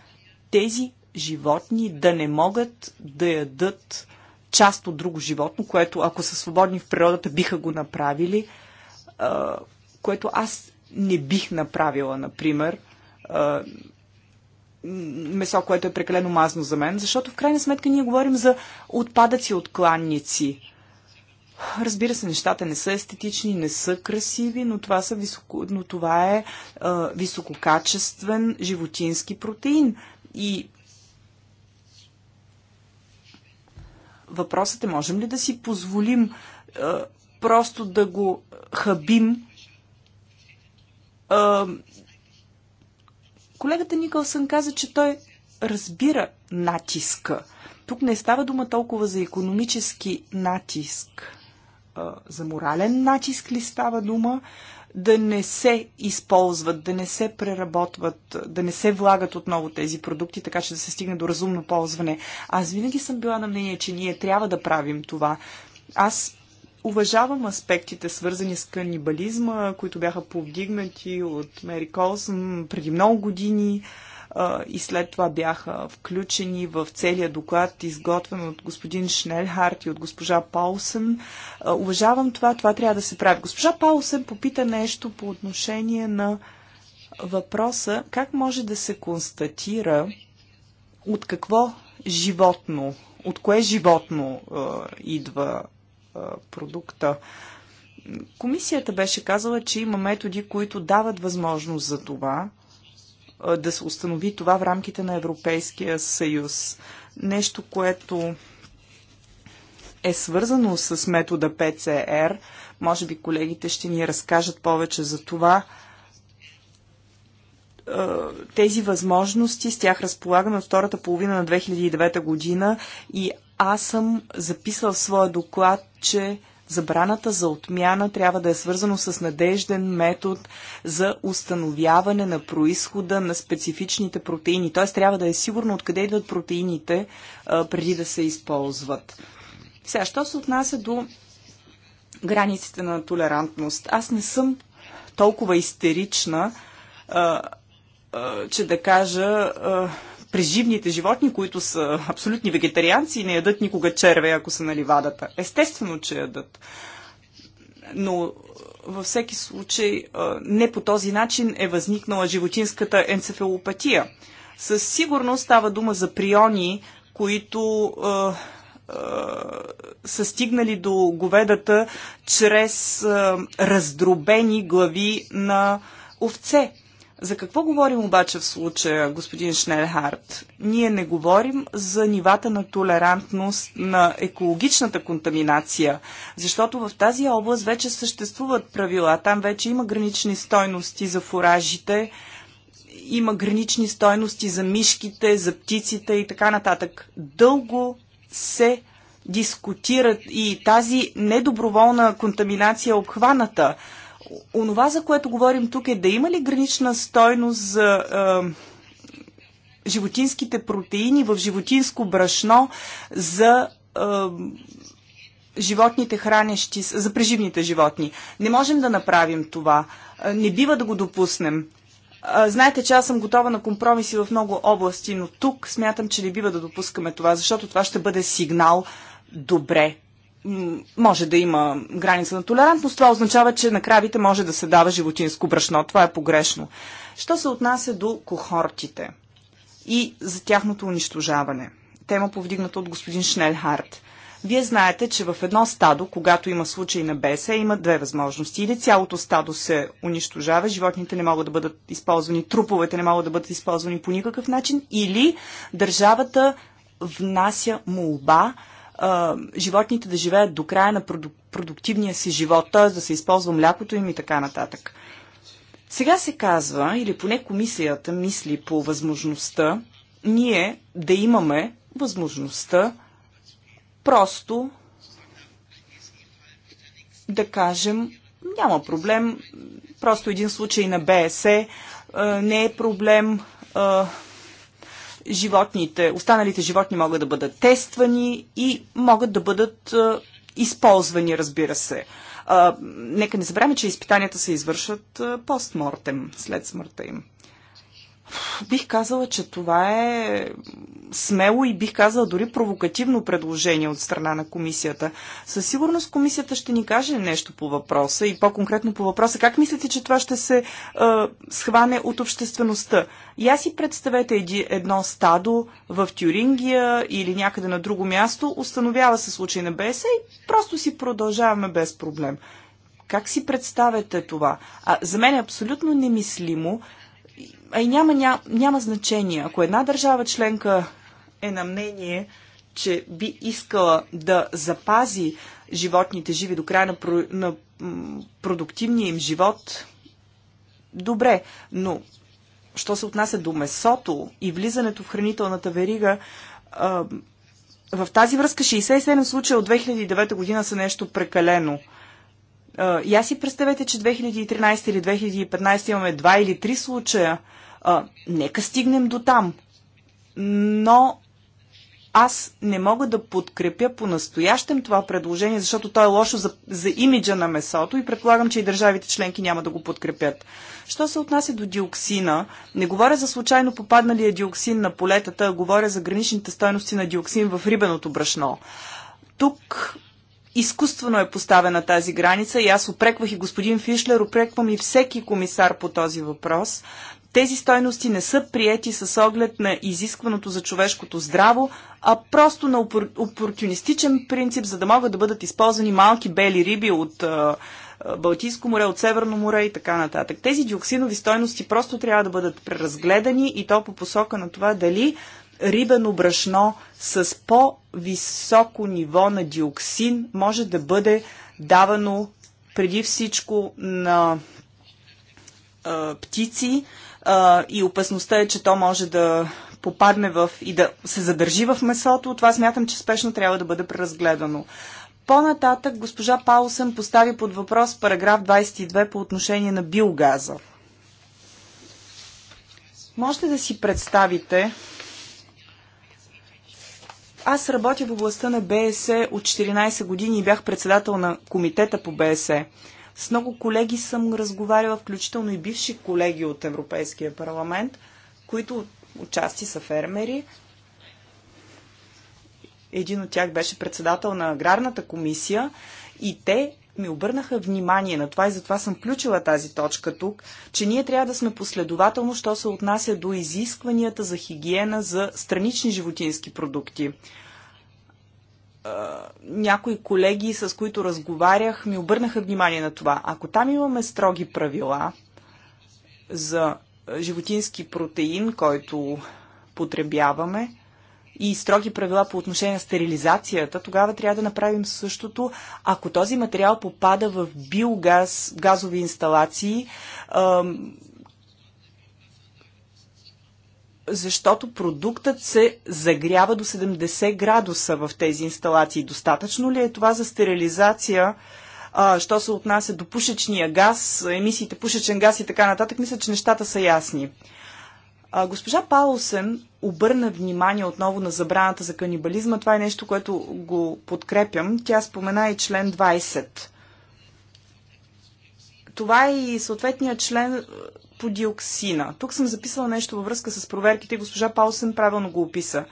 тези животни да не могат да ядат част от друго животно, което ако са свободни в природата биха го направили, което аз не бих направила, например, месо, което е прекалено мазно за мен, защото в крайна сметка ние говорим за отпадъци от кланници. Разбира се, нещата не са естетични, не са красиви, но това, са високо, но това е а, висококачествен животински протеин. И въпросът е, можем ли да си позволим а, просто да го хабим Колегата Никълсън каза, че той разбира натиска. Тук не става дума толкова за економически натиск. За морален натиск ли става дума? Да не се използват, да не се преработват, да не се влагат отново тези продукти, така че да се стигне до разумно ползване. Аз винаги съм била на мнение, че ние трябва да правим това. Аз Уважавам аспектите, свързани с канибализма, които бяха повдигнати от Мери Колсън преди много години и след това бяха включени в целия доклад, изготвен от господин Шнелхарт и от госпожа Паусен. Уважавам това, това трябва да се прави. Госпожа Паусен попита нещо по отношение на въпроса как може да се констатира от какво животно, от кое животно а, идва продукта. Комисията беше казала, че има методи, които дават възможност за това, да се установи това в рамките на Европейския съюз. Нещо, което е свързано с метода ПЦР. Може би колегите ще ни разкажат повече за това. Тези възможности с тях разполагаме от втората половина на 2009 година и аз съм записал в своя доклад че забраната за отмяна трябва да е свързано с надежден метод за установяване на происхода на специфичните протеини. Т.е. трябва да е сигурно откъде идват протеините а, преди да се използват. Сега, що се отнася до границите на толерантност? Аз не съм толкова истерична, а, а, че да кажа, а, преживните животни, които са абсолютни вегетарианци и не ядат никога черве, ако са на ливадата. Естествено, че ядат. Но във всеки случай не по този начин е възникнала животинската енцефалопатия. Със сигурност става дума за приони, които са стигнали до говедата чрез раздробени глави на овце. За какво говорим обаче в случая, господин Шнелхарт? Ние не говорим за нивата на толерантност на екологичната контаминация, защото в тази област вече съществуват правила. Там вече има гранични стойности за фуражите, има гранични стойности за мишките, за птиците и така нататък. Дълго се дискутират и тази недоброволна контаминация е обхваната онова, за което говорим тук е да има ли гранична стойност за а, животинските протеини в животинско брашно за а, животните хранещи, за преживните животни. Не можем да направим това. Не бива да го допуснем. Знаете, че аз съм готова на компромиси в много области, но тук смятам, че не бива да допускаме това, защото това ще бъде сигнал добре, може да има граница на толерантност, това означава, че на кравите може да се дава животинско брашно. Това е погрешно. Що се отнася до кохортите и за тяхното унищожаване? Тема повдигната от господин Шнелхарт. Вие знаете, че в едно стадо, когато има случай на бесе, има две възможности. Или цялото стадо се унищожава, животните не могат да бъдат използвани, труповете не могат да бъдат използвани по никакъв начин, или държавата внася молба а, животните да живеят до края на продук- продуктивния си живот, т.е. да се използва млякото им и така нататък. Сега се казва, или поне комисията мисли по възможността, ние да имаме възможността просто да кажем, няма проблем, просто един случай на БСЕ не е проблем, животните, останалите животни могат да бъдат тествани и могат да бъдат използвани, разбира се. нека не забравяме, че изпитанията се извършат постмортем, след смъртта им. Бих казала, че това е смело и бих казала дори провокативно предложение от страна на комисията. Със сигурност комисията ще ни каже нещо по въпроса и по-конкретно по въпроса. Как мислите, че това ще се е, схване от обществеността? Я си представете еди, едно стадо в Тюрингия или някъде на друго място, установява се случай на БСА и просто си продължаваме без проблем. Как си представяте това? А, за мен е абсолютно немислимо а и няма, няма, няма значение. Ако една държава членка е на мнение, че би искала да запази животните живи до края на, про, на продуктивния им живот, добре, но що се отнася до месото и влизането в хранителната верига, а, в тази връзка 67 случая от 2009 година са нещо прекалено. И аз си представете, че 2013 или 2015 имаме два или три случая. Нека стигнем до там. Но аз не мога да подкрепя по-настоящем това предложение, защото то е лошо за, за имиджа на месото и предполагам, че и държавите членки няма да го подкрепят. Що се отнася до диоксина, не говоря за случайно попадналия диоксин на полетата, а говоря за граничните стойности на диоксин в рибеното брашно. Тук изкуствено е поставена тази граница и аз опреквах и господин Фишлер, опреквам и всеки комисар по този въпрос. Тези стойности не са приети с оглед на изискваното за човешкото здраво, а просто на опор... опортунистичен принцип, за да могат да бъдат използвани малки бели риби от а, Балтийско море, от Северно море и така нататък. Тези диоксинови стойности просто трябва да бъдат преразгледани и то по посока на това дали рибено брашно с по-високо ниво на диоксин може да бъде давано преди всичко на а, птици а, и опасността е, че то може да попадне в и да се задържи в месото. Това смятам, че спешно трябва да бъде преразгледано. По-нататък госпожа Паусен постави под въпрос параграф 22 по отношение на биогаза. Можете да си представите, аз работя в областта на БСЕ от 14 години и бях председател на комитета по БСЕ. С много колеги съм разговаряла, включително и бивши колеги от Европейския парламент, които отчасти са фермери. Един от тях беше председател на Аграрната комисия и те ми обърнаха внимание на това и затова съм включила тази точка тук, че ние трябва да сме последователно, що се отнася до изискванията за хигиена за странични животински продукти. Някои колеги, с които разговарях, ми обърнаха внимание на това. Ако там имаме строги правила за животински протеин, който потребяваме, и строги правила по отношение на стерилизацията, тогава трябва да направим същото. Ако този материал попада в биогаз, газови инсталации, защото продуктът се загрява до 70 градуса в тези инсталации. Достатъчно ли е това за стерилизация? А, що се отнася до пушечния газ, емисиите пушечен газ и така нататък, мисля, че нещата са ясни. А, госпожа Паулсен обърна внимание отново на забраната за канибализма. Това е нещо, което го подкрепям. Тя спомена и член 20. Това е и съответният член по диоксина. Тук съм записала нещо във връзка с проверките и госпожа Паулсен правилно го описа.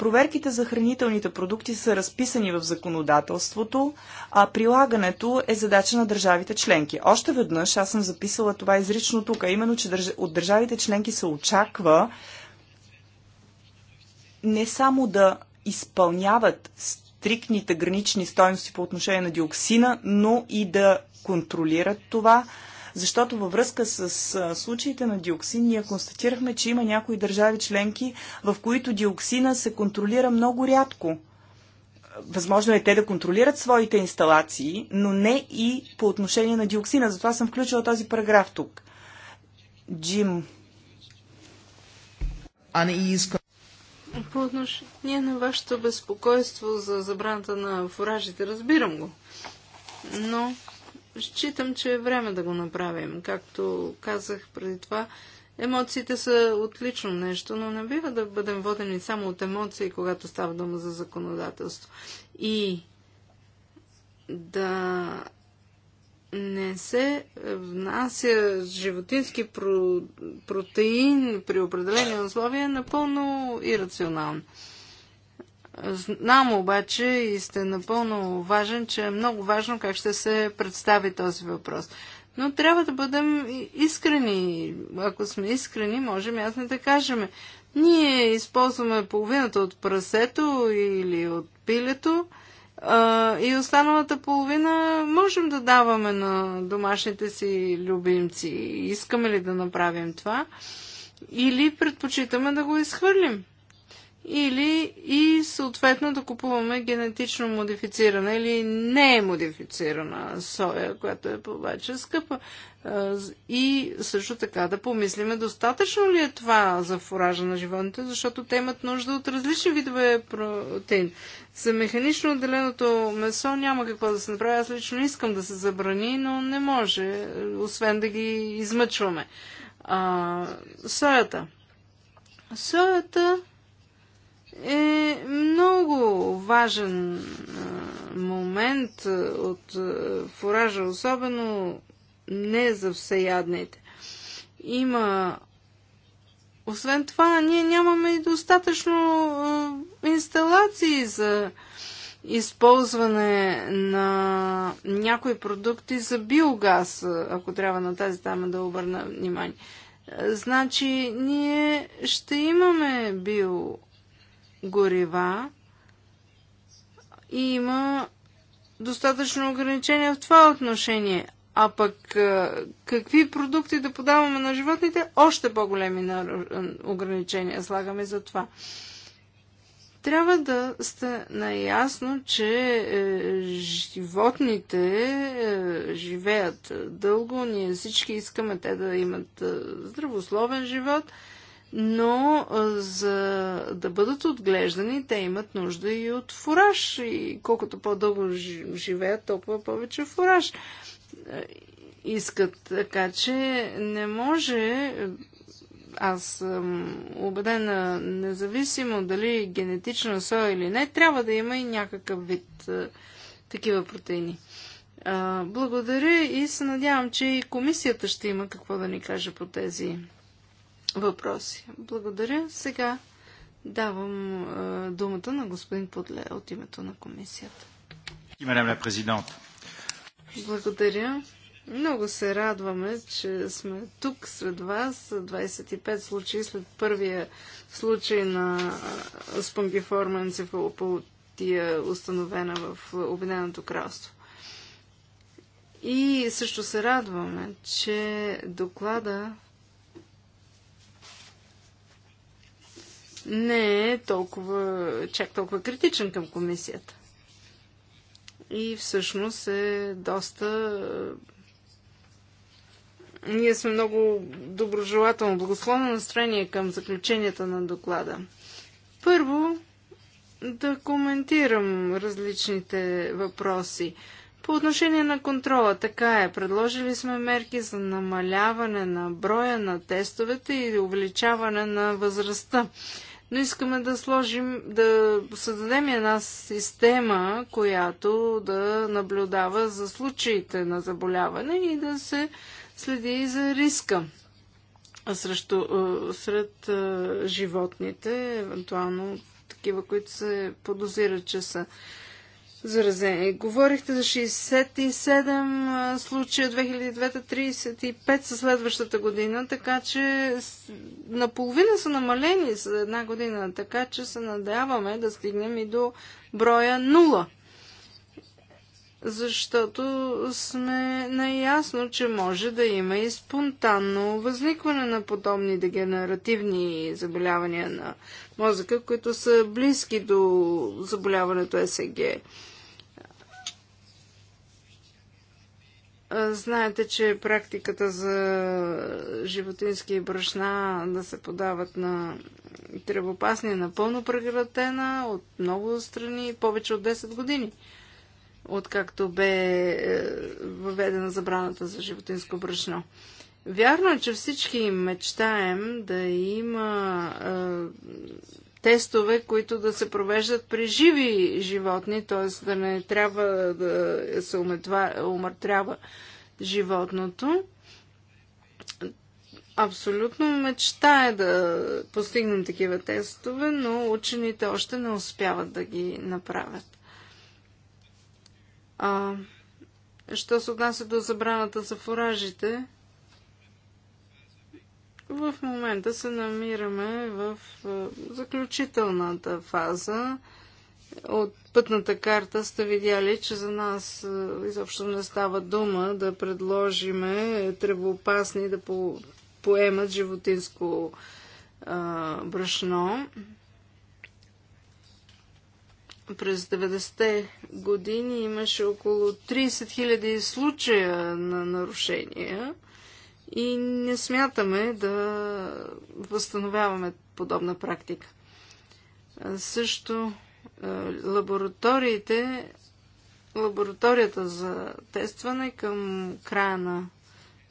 Проверките за хранителните продукти са разписани в законодателството, а прилагането е задача на държавите членки. Още веднъж аз съм записала това изрично тук, именно, че от държавите членки се очаква не само да изпълняват стриктните гранични стоености по отношение на диоксина, но и да контролират това, защото във връзка с случаите на диоксин, ние констатирахме, че има някои държави членки, в които диоксина се контролира много рядко. Възможно е те да контролират своите инсталации, но не и по отношение на диоксина. Затова съм включила този параграф тук. Джим. По отношение на вашето безпокойство за забраната на фуражите, разбирам го. Но Считам, че е време да го направим. Както казах преди това, емоциите са отлично нещо, но не бива да бъдем водени само от емоции, когато става дума за законодателство. И да не се внася животински протеин при определени условия е напълно ирационално. Знам обаче и сте напълно важен, че е много важно как ще се представи този въпрос. Но трябва да бъдем искрени. Ако сме искрени, можем ясно да кажем. Ние използваме половината от прасето или от пилето а, и останалата половина можем да даваме на домашните си любимци. Искаме ли да направим това? Или предпочитаме да го изхвърлим? или и съответно да купуваме генетично модифицирана или не е модифицирана соя, която е повече скъпа. И също така да помислиме достатъчно ли е това за фуража на животните, защото те имат нужда от различни видове протеин. За механично отделеното месо няма какво да се направи. Аз лично искам да се забрани, но не може, освен да ги измъчваме. А, соята. Соята е много важен момент от фуража, особено не за всеядните. Има освен това, ние нямаме и достатъчно инсталации за използване на някои продукти за биогаз, ако трябва на тази тема да обърна внимание. Значи, ние ще имаме биогаз горива и има достатъчно ограничения в това отношение. А пък какви продукти да подаваме на животните, още по-големи ограничения слагаме за това. Трябва да сте наясно, че е, животните е, живеят дълго, ние всички искаме те да имат е, здравословен живот – но за да бъдат отглеждани, те имат нужда и от фураж. И колкото по-дълго живеят, толкова повече фураж искат. Така че не може. Аз съм убедена, независимо дали генетична соя или не, трябва да има и някакъв вид такива протеини. благодаря и се надявам, че и комисията ще има какво да ни каже по тези въпроси. Благодаря. Сега давам е, думата на господин Подле от името на комисията. И мадам Благодаря. Много се радваме, че сме тук сред вас. 25 случаи след първия случай на спонгиформа енцефалопатия, установена в Обединеното кралство. И също се радваме, че доклада не е толкова, чак толкова критичен към комисията. И всъщност е доста е, ние сме много доброжелателно, благословно настроение към заключенията на доклада. Първо, да коментирам различните въпроси. По отношение на контрола, така е. Предложили сме мерки за намаляване на броя на тестовете и увеличаване на възрастта но искаме да сложим, да създадем една система, която да наблюдава за случаите на заболяване и да се следи и за риска срещу, сред животните, евентуално такива, които се подозират, че са заразени. Говорихте за 67 случая 2235 са следващата година, така че наполовина са намалени за една година, така че се надяваме да стигнем и до броя 0. Защото сме наясно, че може да има и спонтанно възникване на подобни дегенеративни заболявания на мозъка, които са близки до заболяването СГ. Знаете, че практиката за животински брашна да се подават на тревопасни е напълно прекратена от много страни, повече от 10 години, откакто бе е, въведена забраната за животинско брашно. Вярно е, че всички мечтаем да има е, тестове, които да се провеждат при живи животни, т.е. да не трябва да се умъртрява животното. Абсолютно мечта е да постигнем такива тестове, но учените още не успяват да ги направят. А, що се отнася до забраната за фуражите, в момента се намираме в заключителната фаза. От пътната карта сте видяли, че за нас изобщо не става дума да предложиме тревоопасни да по, поемат животинско а, брашно. През 90-те години имаше около 30 000 случая на нарушения и не смятаме да възстановяваме подобна практика. Също лабораториите, лабораторията за тестване към края на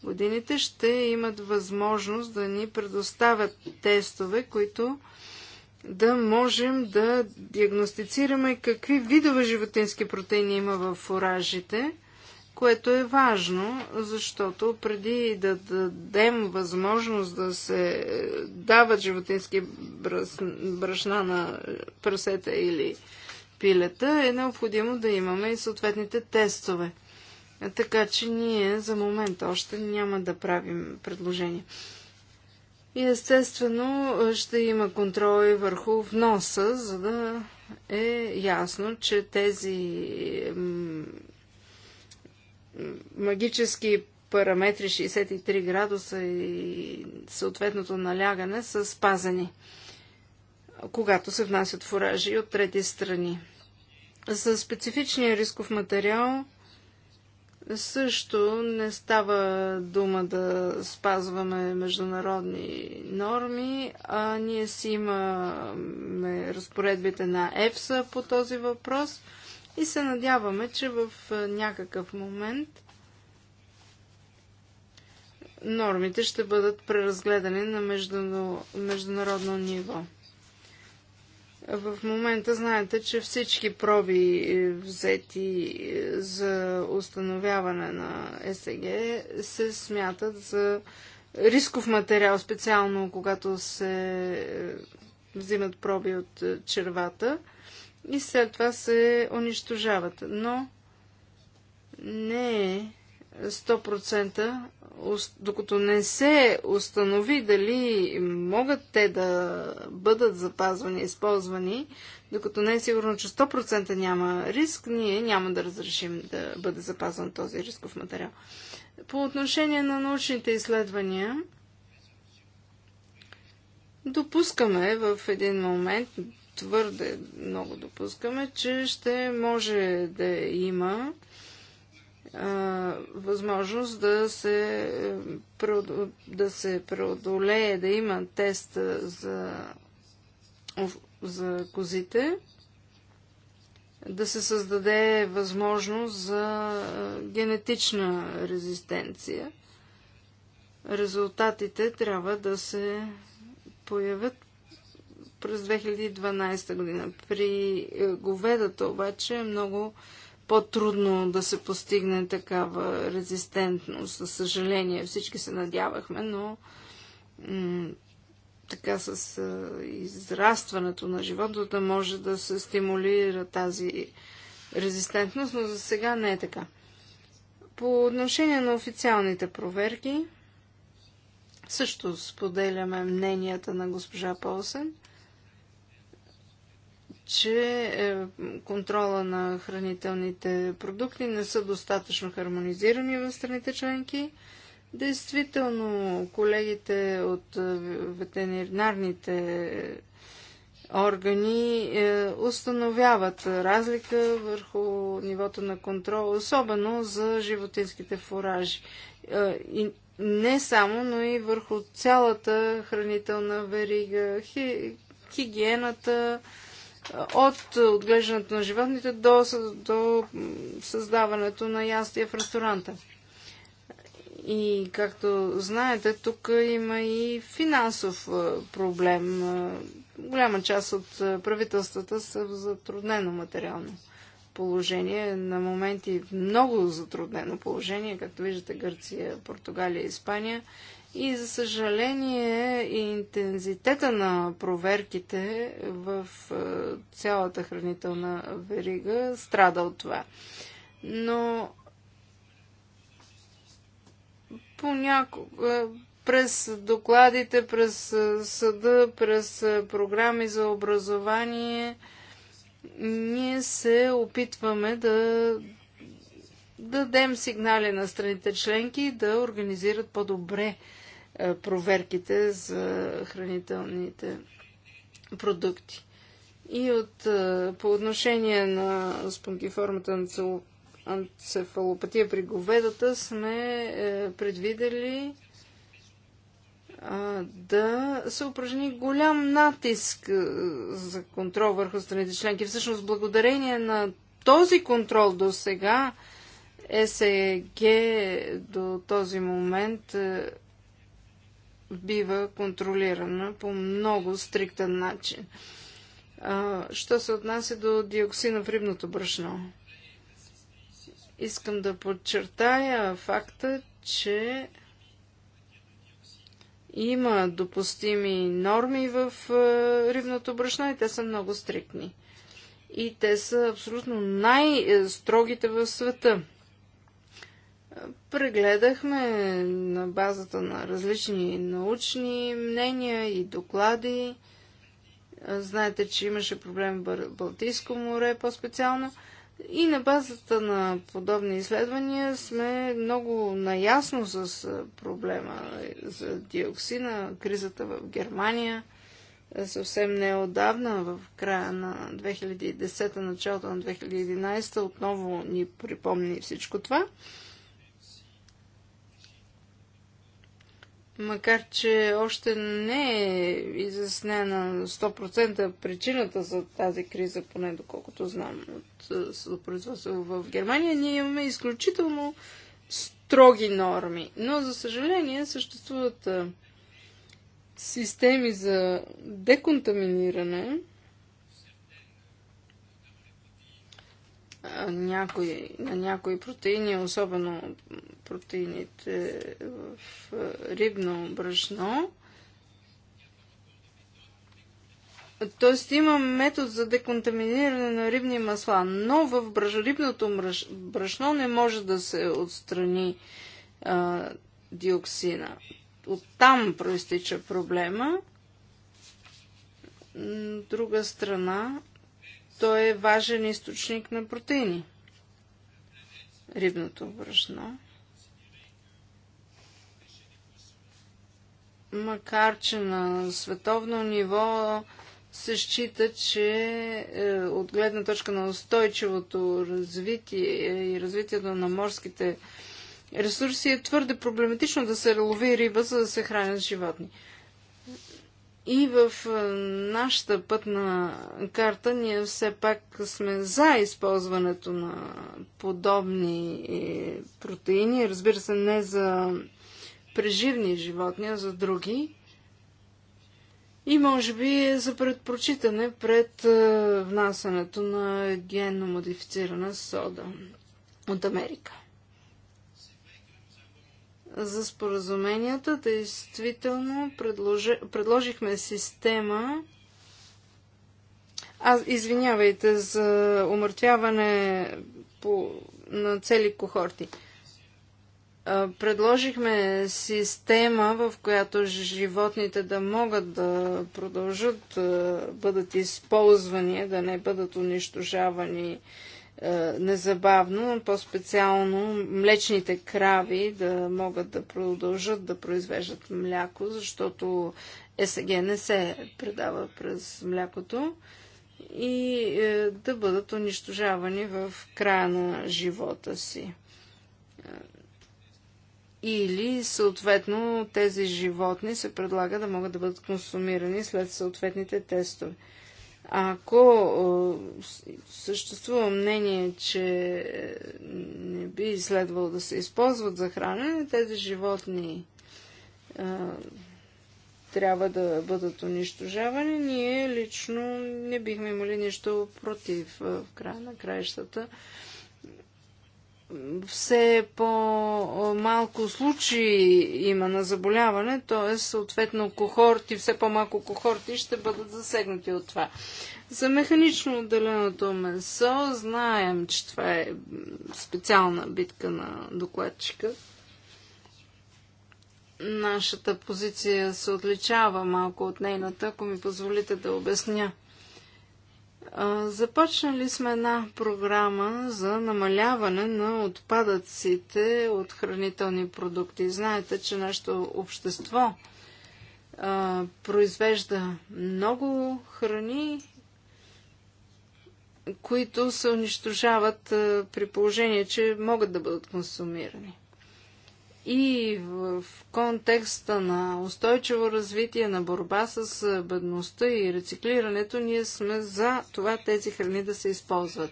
годините ще имат възможност да ни предоставят тестове, които да можем да диагностицираме какви видове животински протеини има в фуражите – което е важно, защото преди да дадем възможност да се дават животински брашна на прасета или пилета, е необходимо да имаме и съответните тестове. Така че ние за момент още няма да правим предложение. И естествено ще има контрол и върху вноса, за да е ясно, че тези магически параметри 63 градуса и съответното налягане са спазени, когато се внасят фуражи от трети страни. За специфичния рисков материал също не става дума да спазваме международни норми, а ние си имаме разпоредбите на ЕФСА по този въпрос – и се надяваме, че в някакъв момент нормите ще бъдат преразгледани на международно ниво. В момента знаете, че всички проби е, взети е, за установяване на СГ се смятат за рисков материал, специално когато се е, взимат проби от червата и след това се унищожават. Но не е 100%, докато не се установи дали могат те да бъдат запазвани, използвани, докато не е сигурно, че 100% няма риск, ние няма да разрешим да бъде запазван този рисков материал. По отношение на научните изследвания, допускаме в един момент твърде много допускаме, че ще може да има а, възможност да се, да се преодолее, да има тест за, за козите, да се създаде възможност за генетична резистенция. Резултатите трябва да се появят през 2012 година. При е, говедата обаче е много по-трудно да се постигне такава резистентност. За съжаление, всички се надявахме, но така с а, е, израстването на живота да може да се стимулира тази резистентност, но за сега не е така. По отношение на официалните проверки, също споделяме мненията на госпожа Полсен – че е, контрола на хранителните продукти не са достатъчно хармонизирани в страните членки. Действително, колегите от е, ветеринарните органи е, установяват разлика върху нивото на контрол, особено за животинските фуражи. И не само, но и върху цялата хранителна верига, хигиената, от отглеждането на животните до, до създаването на ястия в ресторанта. И както знаете, тук има и финансов проблем. Голяма част от правителствата са в затруднено материално положение, на моменти много затруднено положение, както виждате Гърция, Португалия, Испания. И за съжаление, интензитета на проверките в е, цялата хранителна верига страда от това. Но понякога е, през докладите, през е, съда, през програми за образование, ние се опитваме да дадем сигнали на страните членки да организират по-добре е, проверките за хранителните продукти. И от, е, по отношение на спонгиформата анцефалопатия при говедата сме е, предвидели да се упражни голям натиск за контрол върху страните членки. Всъщност, благодарение на този контрол до сега, СЕГ до този момент бива контролирана по много стриктен начин. Що се отнася до диоксина в рибното брашно? Искам да подчертая факта, че има допустими норми в рибното брашно и те са много стриктни. И те са абсолютно най-строгите в света. Прегледахме на базата на различни научни мнения и доклади. Знаете, че имаше проблем в Балтийско море по-специално. И на базата на подобни изследвания сме много наясно с проблема за диоксина, кризата в Германия. Е съвсем неодавна, в края на 2010, началото на 2011, отново ни припомни всичко това. макар че още не е изяснена 100% причината за тази криза, поне доколкото знам от е, съдопроизводство в Германия, ние имаме изключително строги норми. Но, за съжаление, съществуват е, системи за деконтаминиране, някои, на някои протеини, особено протеините в рибно брашно. Тоест има метод за деконтаминиране на рибни масла, но в рибното брашно не може да се отстрани а, диоксина. Оттам проистича проблема. Друга страна, той е важен източник на протеини. Рибното брашно. Макар, че на световно ниво се счита, че е, от гледна точка на устойчивото развитие и развитието на морските ресурси е твърде проблематично да се лови риба, за да се хранят животни. И в е, нашата пътна карта ние все пак сме за използването на подобни е, протеини, разбира се, не за преживни животни, а за други. И може би е за предпочитане пред е, внасянето на генно модифицирана сода от Америка за споразуменията, действително предложи, предложихме система. А, извинявайте за умъртвяване по, на цели кохорти. А, предложихме система, в която животните да могат да продължат да бъдат използвани, да не бъдат унищожавани е, незабавно, по-специално млечните крави да могат да продължат да произвеждат мляко, защото ЕСГ не се предава през млякото и е, да бъдат унищожавани в края на живота си. Е, или, съответно, тези животни се предлага да могат да бъдат консумирани след съответните тестове. Ако съществува мнение, че е, не би следвало да се използват за хранене, тези животни трябва да бъдат унищожавани, ние лично не бихме имали нищо против в края на краищата все по-малко случаи има на заболяване, т.е. съответно кохорти, все по-малко кохорти ще бъдат засегнати от това. За механично отделеното месо знаем, че това е специална битка на докладчика. Нашата позиция се отличава малко от нейната, ако ми позволите да обясня. Започнали сме една програма за намаляване на отпадъците от хранителни продукти. Знаете, че нашето общество а, произвежда много храни, които се унищожават а, при положение, че могат да бъдат консумирани и в контекста на устойчиво развитие, на борба с бедността и рециклирането, ние сме за това тези храни да се използват.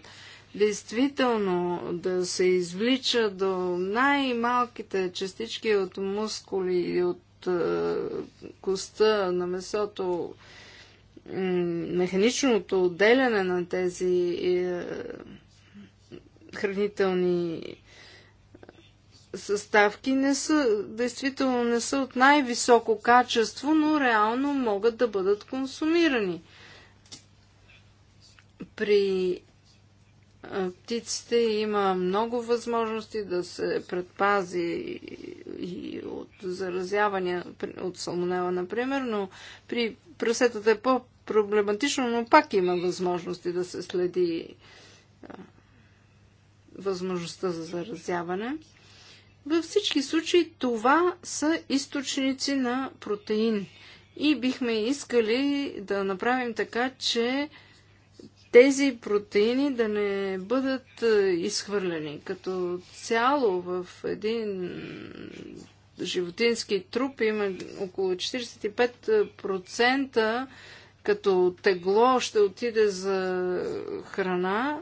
Действително да се извлича до най-малките частички от мускули и от е, коста на месото, механичното отделяне на тези е, хранителни съставки не са, действително не са от най-високо качество, но реално могат да бъдат консумирани. При птиците има много възможности да се предпази и от заразявания от салмонела, например, но при прасетата е по-проблематично, но пак има възможности да се следи възможността за заразяване. Във всички случаи това са източници на протеин. И бихме искали да направим така, че тези протеини да не бъдат е, изхвърлени. Като цяло в един животински труп има около 45% като тегло ще отиде за храна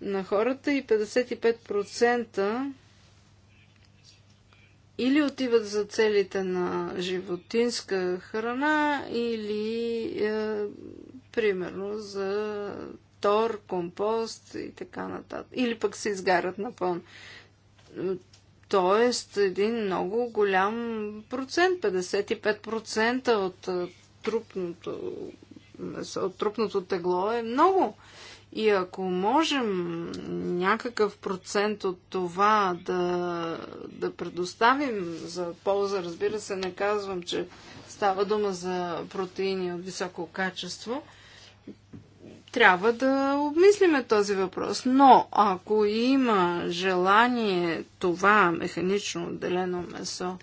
на хората и 55% или отиват за целите на животинска храна, или е, примерно за тор, компост и така нататък. Или пък се изгарят напълно. Тоест, един много голям процент, 55% от е, трупното месо, от трупното тегло е много. И ако можем някакъв процент от това да, да предоставим за полза, разбира се, не казвам, че става дума за протеини от високо качество, трябва да обмислиме този въпрос. Но ако има желание това механично отделено месо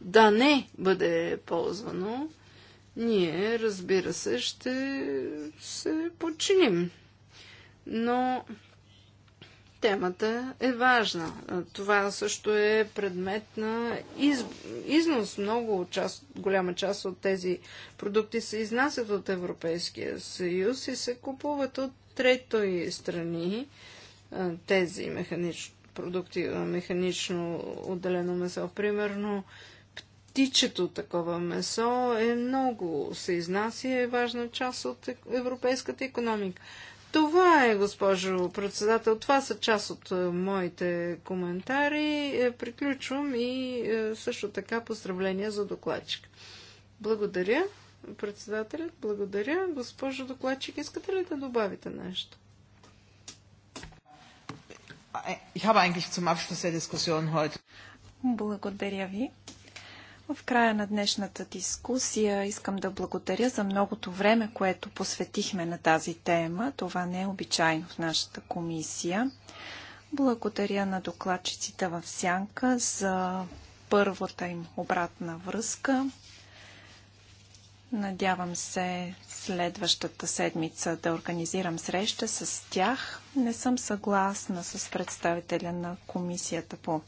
да не бъде ползвано, ние, разбира се, ще се подчиним но темата е важна. Това също е предмет на из... износ. Много част, голяма част от тези продукти се изнасят от Европейския съюз и се купуват от трети страни тези механич... продукти механично отделено месо. Примерно птичето такова месо е много се изнася и е важна част от европейската економика. Това е, госпожо председател. Това са част от моите коментари. Приключвам и също така поздравления за докладчик. Благодаря, председателят. Благодаря. Госпожо докладчик, искате ли да добавите нещо? Ich habe eigentlich zum Abschluss der Diskussion heute. Благодаря ви. В края на днешната дискусия искам да благодаря за многото време, което посветихме на тази тема. Това не е обичайно в нашата комисия. Благодаря на докладчиците в Сянка за първата им обратна връзка. Надявам се следващата седмица да организирам среща с тях. Не съм съгласна с представителя на комисията по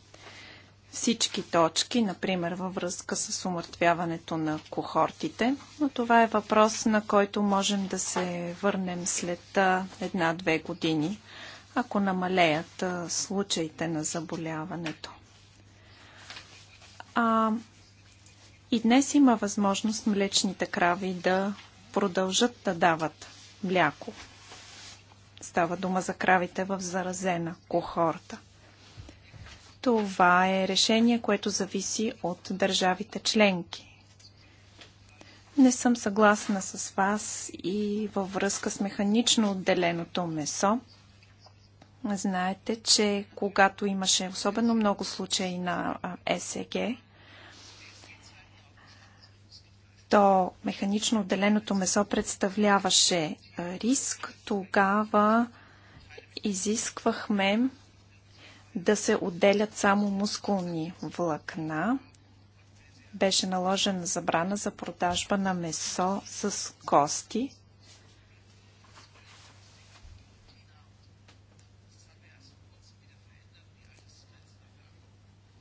всички точки, например във връзка с умъртвяването на кохортите, но това е въпрос, на който можем да се върнем след една-две години, ако намалеят случаите на заболяването. А, и днес има възможност млечните крави да продължат да дават мляко. Става дума за кравите в заразена кохорта – това е решение, което зависи от държавите членки. Не съм съгласна с вас и във връзка с механично отделеното месо. Знаете, че когато имаше особено много случаи на СЕГ, то механично отделеното месо представляваше риск. Тогава изисквахме да се отделят само мускулни влакна. Беше наложена забрана за продажба на месо с кости.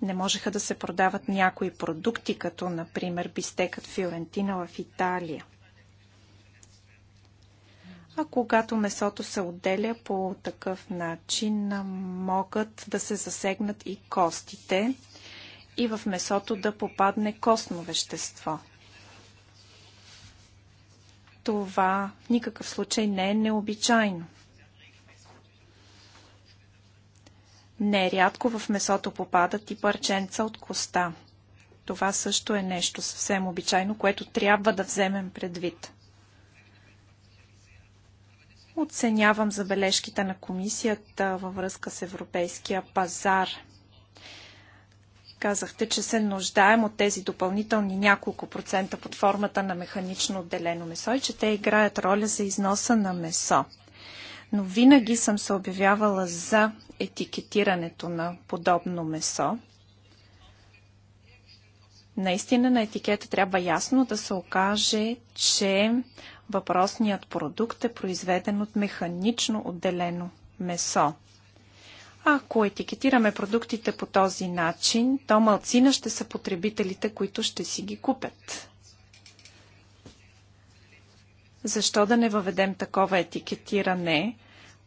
Не можеха да се продават някои продукти, като например бистекът Фиорентина в Италия а когато месото се отделя по такъв начин, могат да се засегнат и костите и в месото да попадне костно вещество. Това в никакъв случай не е необичайно. Нерядко в месото попадат и парченца от коста. Това също е нещо съвсем обичайно, което трябва да вземем предвид оценявам забележките на комисията във връзка с европейския пазар. Казахте, че се нуждаем от тези допълнителни няколко процента под формата на механично отделено месо и че те играят роля за износа на месо. Но винаги съм се обявявала за етикетирането на подобно месо. Наистина на етикета трябва ясно да се окаже, че въпросният продукт е произведен от механично отделено месо. Ако етикетираме продуктите по този начин, то малцина ще са потребителите, които ще си ги купят. Защо да не въведем такова етикетиране,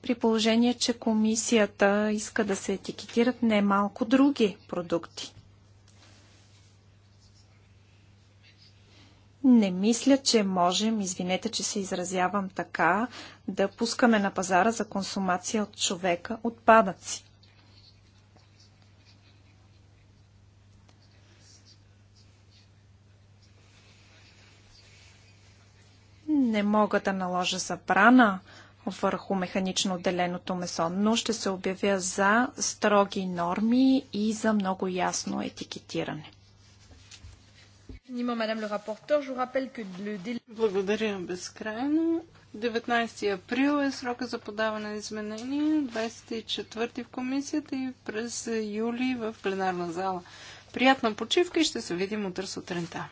при положение, че комисията иска да се етикетират немалко други продукти? Не мисля, че можем, извинете, че се изразявам така, да пускаме на пазара за консумация от човека отпадъци. Не мога да наложа забрана върху механично отделеното месо, но ще се обявя за строги норми и за много ясно етикетиране. Благодаря безкрайно. 19 април е срока за подаване на изменения, 24 в комисията и през юли в пленарна зала. Приятна почивка и ще се видим утре сутринта.